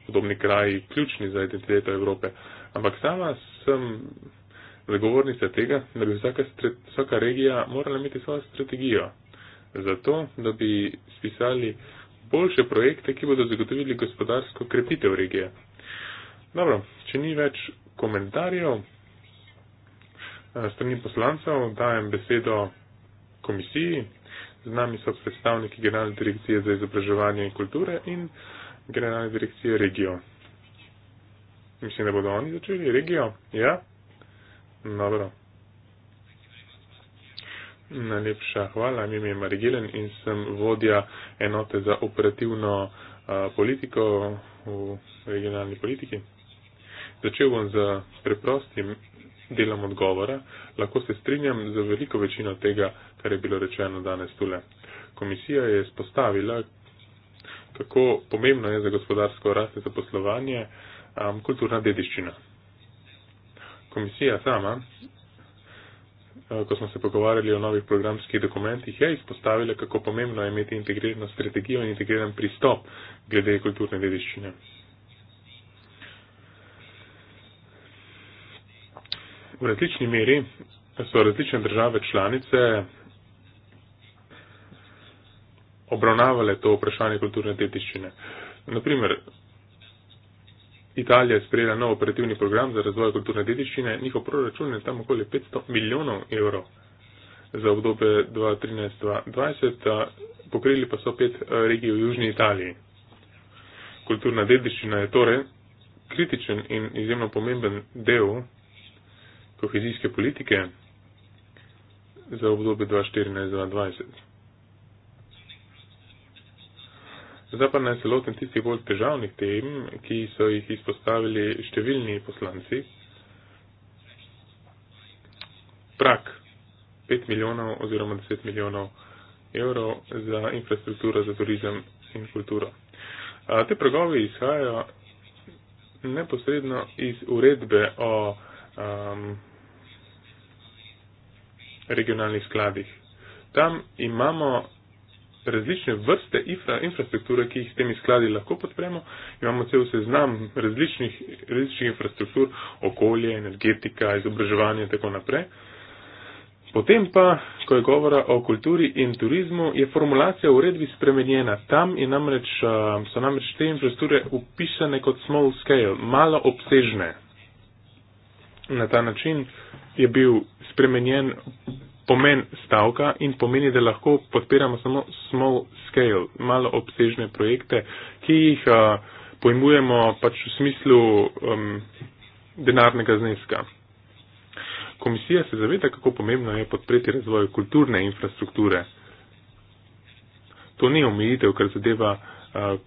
podobni kraji ključni za identiteto Evrope. Ampak sama sem zagovornica tega, da bi vsaka, vsaka regija morala imeti svojo strategijo. Zato, da bi spisali boljše projekte, ki bodo zagotovili gospodarsko krepitev regije. Dobro, če ni več komentarjev eh, strani poslancev, dajem besedo komisiji. Z nami so predstavniki Generalne direkcije za izobraževanje in kulture in Generalne direkcije Regijo. Mislim, da bodo oni začeli. Regijo? Ja? Dobro. Najlepša hvala. Mi je Marigilen in sem vodja enote za operativno uh, politiko v regionalni politiki. Začel bom z preprostim delom odgovora. Lahko se strinjam za veliko večino tega, kar je bilo rečeno danes tule. Komisija je spostavila, kako pomembno je za gospodarsko rast in zaposlovanje um, kulturna dediščina. Komisija sama, uh, ko smo se pogovarjali o novih programskih dokumentih, je izpostavila, kako pomembno je imeti integrirano strategijo in integriran pristop glede kulturne dediščine. V različni meri so različne države članice obravnavale to vprašanje kulturne dediščine. Naprimer, Italija je sprejela nov operativni program za razvoj kulturne dediščine, njihov proračun je tam okoli 500 milijonov evrov za obdobje 2013-2020, pokrili pa so pet eh, regij v Južni Italiji. Kulturna dediščina je torej kritičen in izjemno pomemben del kohezijske politike za obdobje 2014-2020. Zdaj pa naj se lotim tistih bolj težavnih tem, ki so jih izpostavili številni poslanci. Prak 5 milijonov oziroma 10 milijonov evrov za infrastrukturo, za turizem in kulturo. A, te pragovi izhajajo neposredno iz uredbe o um, regionalnih skladih. Tam imamo različne vrste infra, infrastrukture, ki jih s temi skladi lahko podpremo. Imamo cel seznam različnih, različnih infrastruktur, okolje, energetika, izobraževanje in tako naprej. Potem pa, ko je govora o kulturi in turizmu, je formulacija v uredbi spremenjena. Tam je namreč, so namreč te infrastrukture upisane kot small scale, malo obsežne. Na ta način je bil spremenjen pomen stavka in pomeni, da lahko podpiramo samo small scale, malo obsežne projekte, ki jih a, pojmujemo pač v smislu um, denarnega zneska. Komisija se zaveda, kako pomembno je podpreti razvoj kulturne infrastrukture. To ni omejitev, kar zadeva a,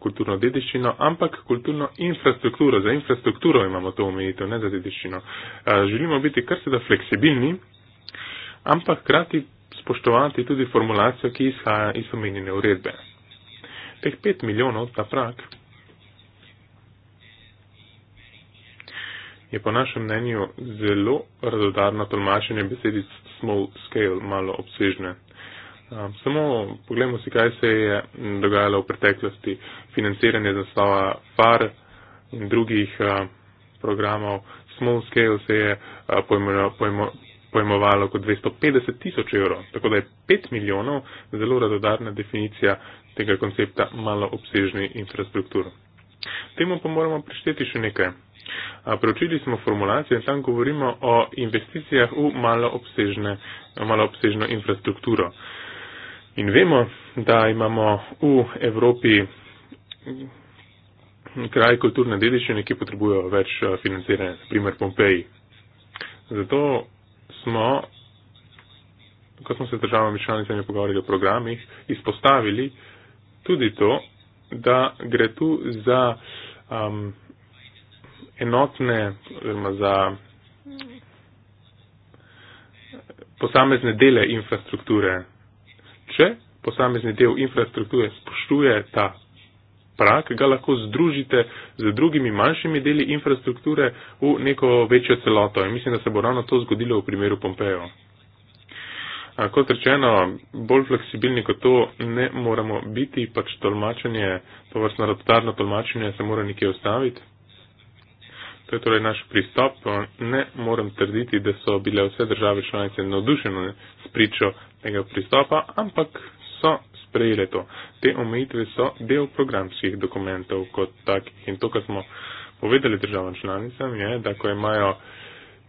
kulturno dediščino, ampak kulturno infrastrukturo. Za infrastrukturo imamo to omejitev, ne za dediščino. A, želimo biti kar se da fleksibilni ampak krati spoštovati tudi formulacijo, ki izhaja iz omenjene uredbe. Teh pet milijonov ta prak je po našem mnenju zelo razodarno tolmačenje besedic small scale, malo obsežne. Ehm, samo pogledamo si, kaj se je dogajalo v preteklosti. Financiranje z naslova FAR in drugih ehm, programov small scale se je ehm, pojmo, pojmo, pojmovalo kot 250 tisoč evrov. Tako da je 5 milijonov zelo radodarna definicija tega koncepta malo obsežni infrastruktur. Temu pa moramo prišteti še nekaj. Preučili smo formulacije in tam govorimo o investicijah v malo, obsežne, malo obsežno infrastrukturo. In vemo, da imamo v Evropi kraj kulturne dediščine, ki potrebujejo več financiranja, naprimer Pompeji. Zato smo, ko smo se z državami članicami pogovarjali o programih, izpostavili tudi to, da gre tu za um, enotne oziroma za posamezne dele infrastrukture. Če posamezni del infrastrukture spoštuje ta prak, ga lahko združite z drugimi manjšimi deli infrastrukture v neko večjo celoto. In mislim, da se bo ravno to zgodilo v primeru Pompejo. Kot rečeno, bolj fleksibilni kot to ne moramo biti, pač tolmačenje, to vrstno radotarno tolmačenje se mora nekje ustaviti. To je torej naš pristop. Ne moram trditi, da so bile vse države članice navdušene s pričo tega pristopa, ampak so sprejeli to. Te omejitve so del programskih dokumentov kot tak in to, kar smo povedali državam članicam, je, da ko imajo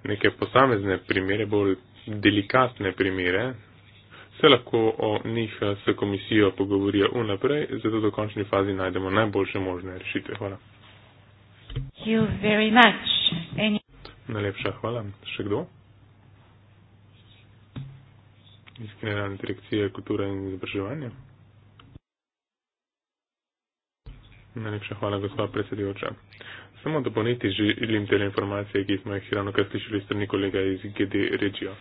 neke posamezne primere, bolj delikatne primere, se lahko o njih s komisijo pogovorijo unaprej, zato do končni fazi najdemo najboljše možne rešitve. Hvala. Any... Najlepša hvala. Še kdo? Iz generalne direkcije kulture in izobraževanja. Najlepša hvala, gospa predsedujoča. Samo dopolniti želim te informacije, ki smo jih ravno kar slišali strani kolega iz GD Regio.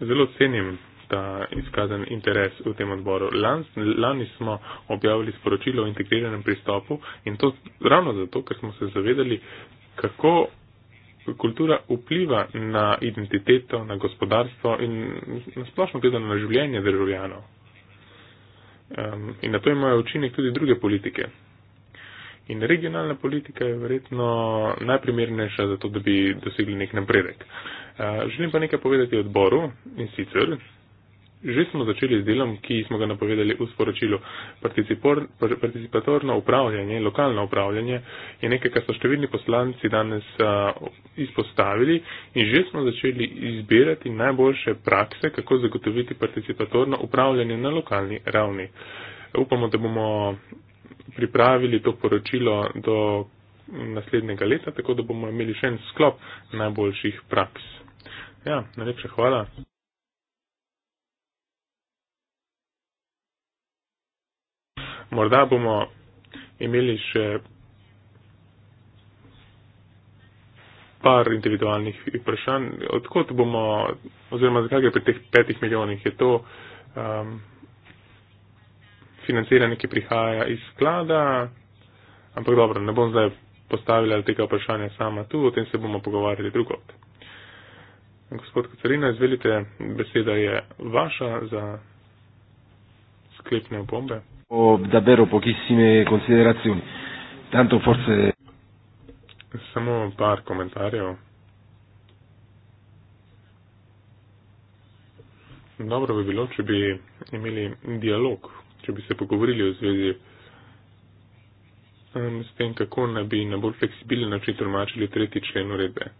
Zelo cenim ta izkazan interes v tem odboru. Lans, lani smo objavili sporočilo o integriranem pristopu in to ravno zato, ker smo se zavedali, kako kultura vpliva na identiteto, na gospodarstvo in na splošno gledano na življenje državljanov. In na to imajo učinek tudi druge politike. In regionalna politika je verjetno najprimernejša za to, da bi dosegli nek napredek. Želim pa nekaj povedati odboru in sicer, že smo začeli z delom, ki smo ga napovedali v sporočilu. Participatorno upravljanje, lokalno upravljanje je nekaj, kar so številni poslanci danes izpostavili in že smo začeli izbirati najboljše prakse, kako zagotoviti participatorno upravljanje na lokalni ravni. Upamo, da bomo pripravili to poročilo do naslednjega leta, tako da bomo imeli še en sklop najboljših praks. Ja, najlepša hvala. morda bomo imeli še par individualnih vprašanj. Odkot bomo, oziroma zakaj gre pri teh petih milijonih, je to um, financiranje, ki prihaja iz sklada, ampak dobro, ne bom zdaj postavila tega vprašanja sama tu, o tem se bomo pogovarjali drugot. Gospod Kacarina, izvelite, beseda je vaša za sklepne opombe ho davvero pochissime considerazioni. Tanto forse. Possiamo fare commentario? Dobro bi bilo, če bi imeli dialog, če bi se pogovorili v zvezi um, s tem, kako naj bi na bolj fleksibilen način tolmačili tretji člen uredbe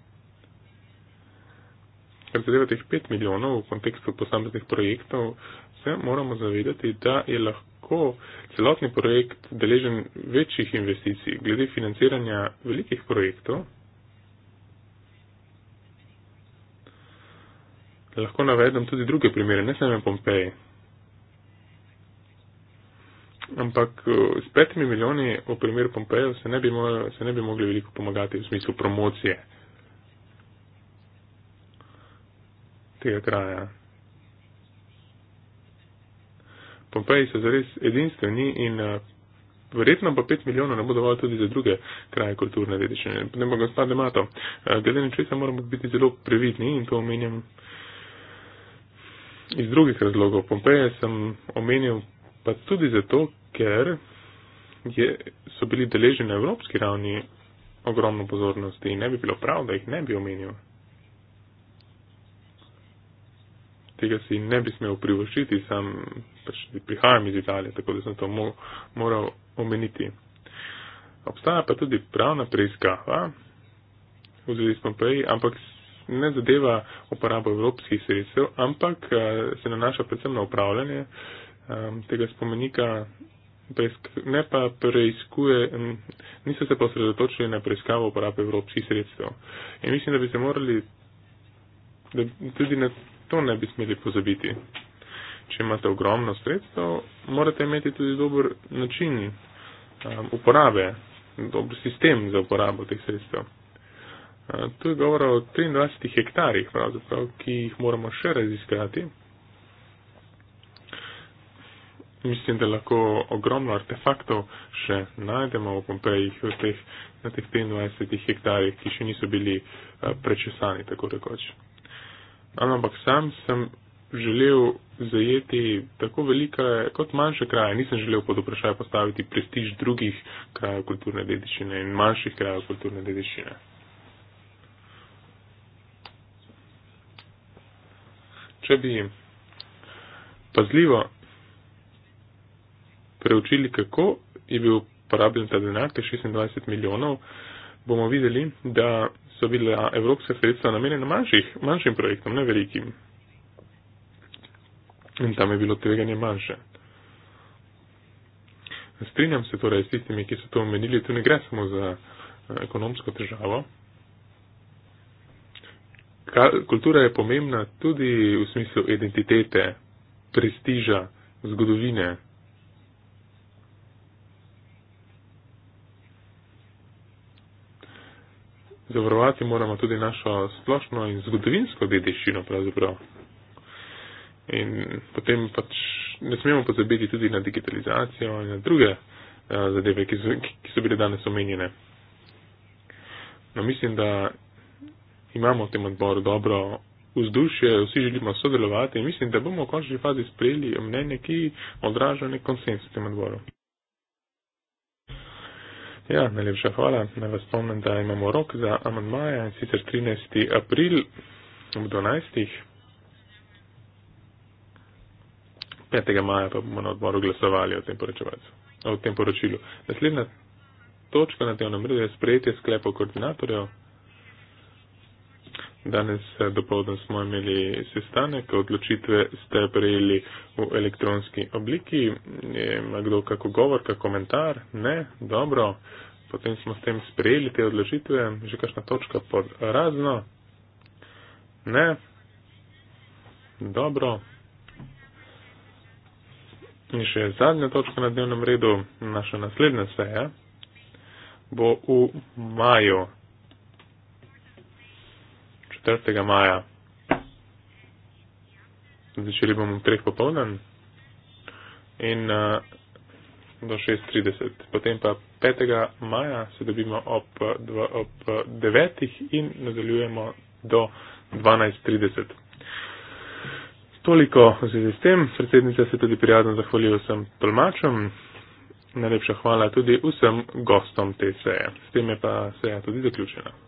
kar zadeva teh 5 milijonov v kontekstu posameznih projektov, se moramo zavedati, da je lahko celotni projekt deležen večjih investicij glede financiranja velikih projektov. Lahko navedem tudi druge primere, ne samo Pompeji. Ampak eh, s petimi milijoni v primeru Pompeja se, se ne bi mogli veliko pomagati v smislu promocije. tega kraja. Pompeji so zares edinstveni in eh, verjetno pa 5 milijonov ne bo dovolj tudi za druge kraje kulturne dediščine. Ne bomo gospod Demato. Eh, glede na česa moramo biti zelo previdni in to omenjam iz drugih razlogov. Pompeje sem omenil pa tudi zato, ker je, so bili deleženi na evropski ravni ogromno pozornosti in ne bi bilo prav, da jih ne bi omenil. tega si ne bi smel privošiti, sam pač prihajam iz Italije, tako da sem to moral omeniti. Obstaja pa tudi pravna preiskava, vzeli smo prej, ampak ne zadeva uporabo evropskih sredstev, ampak eh, se nanaša predvsem na upravljanje ehm, tega spomenika, ne pa preiskuje, niso se pa osredotočili na preiskavo uporabe evropskih sredstev. In mislim, da bi se morali da tudi na To ne bi smeli pozabiti. Če imate ogromno sredstev, morate imeti tudi dober način um, uporabe, dober sistem za uporabo teh sredstev. Uh, tu je govora o 23 hektarjih, ki jih moramo še raziskati. Mislim, da lahko ogromno artefaktov še najdemo v Pompejih v teh, na teh 23 hektarjih, ki še niso bili uh, prečesani, tako rekoč ampak sam sem želel zajeti tako velike kot manjše kraje. Nisem želel pod vprašaj postaviti prestiž drugih krajev kulturne dediščine in manjših krajev kulturne dediščine. Če bi pazljivo preučili, kako je bil uporabljen ta denar, te 26 milijonov, bomo videli, da so bila evropska sredstva namenjena manjših, manjšim projektom, ne velikim. In tam je bilo tveganje manjše. Strinjam se torej s tistimi, ki so to omenili, tu ne gre samo za eh, ekonomsko težavo. Kultura je pomembna tudi v smislu identitete, prestiža, zgodovine. zavarovati moramo tudi našo splošno in zgodovinsko dediščino pravzaprav. In potem pač ne smemo pozabiti tudi na digitalizacijo in na druge uh, zadeve, ki so, ki so bile danes omenjene. No, mislim, da imamo v tem odboru dobro vzdušje, vsi želimo sodelovati in mislim, da bomo v končni fazi sprejeli mnenje, ki odraža nek konsens v tem odboru. Ja, najlepša hvala. Naj vas spomnim, da imamo rok za amandmaje in sicer 13. april ob 12. 5. maja pa bomo na odboru glasovali o tem, o tem poročilu. Naslednja točka na tem namreju je sprejetje sklepov koordinatorjev. Danes eh, dopoldne smo imeli sestanek, odločitve ste prejeli v elektronski obliki. Ima kdo kako govor, kak komentar? Ne? Dobro. Potem smo s tem sprejeli te odločitve. Že kakšna točka pod razno? Ne? Dobro. In še zadnja točka na dnevnem redu, naša naslednja seja, bo v maju 4. maja. Začeli bomo v 3. popoldan in uh, do 6.30. Potem pa 5. maja se dobimo ob, dv, ob 9. in nadaljujemo do 12.30. Toliko v zvezi s tem. Predsednica se tudi prijazno zahvaljuje vsem tolmačem. Najlepša hvala tudi vsem gostom te seje. S tem je pa seja tudi zaključena.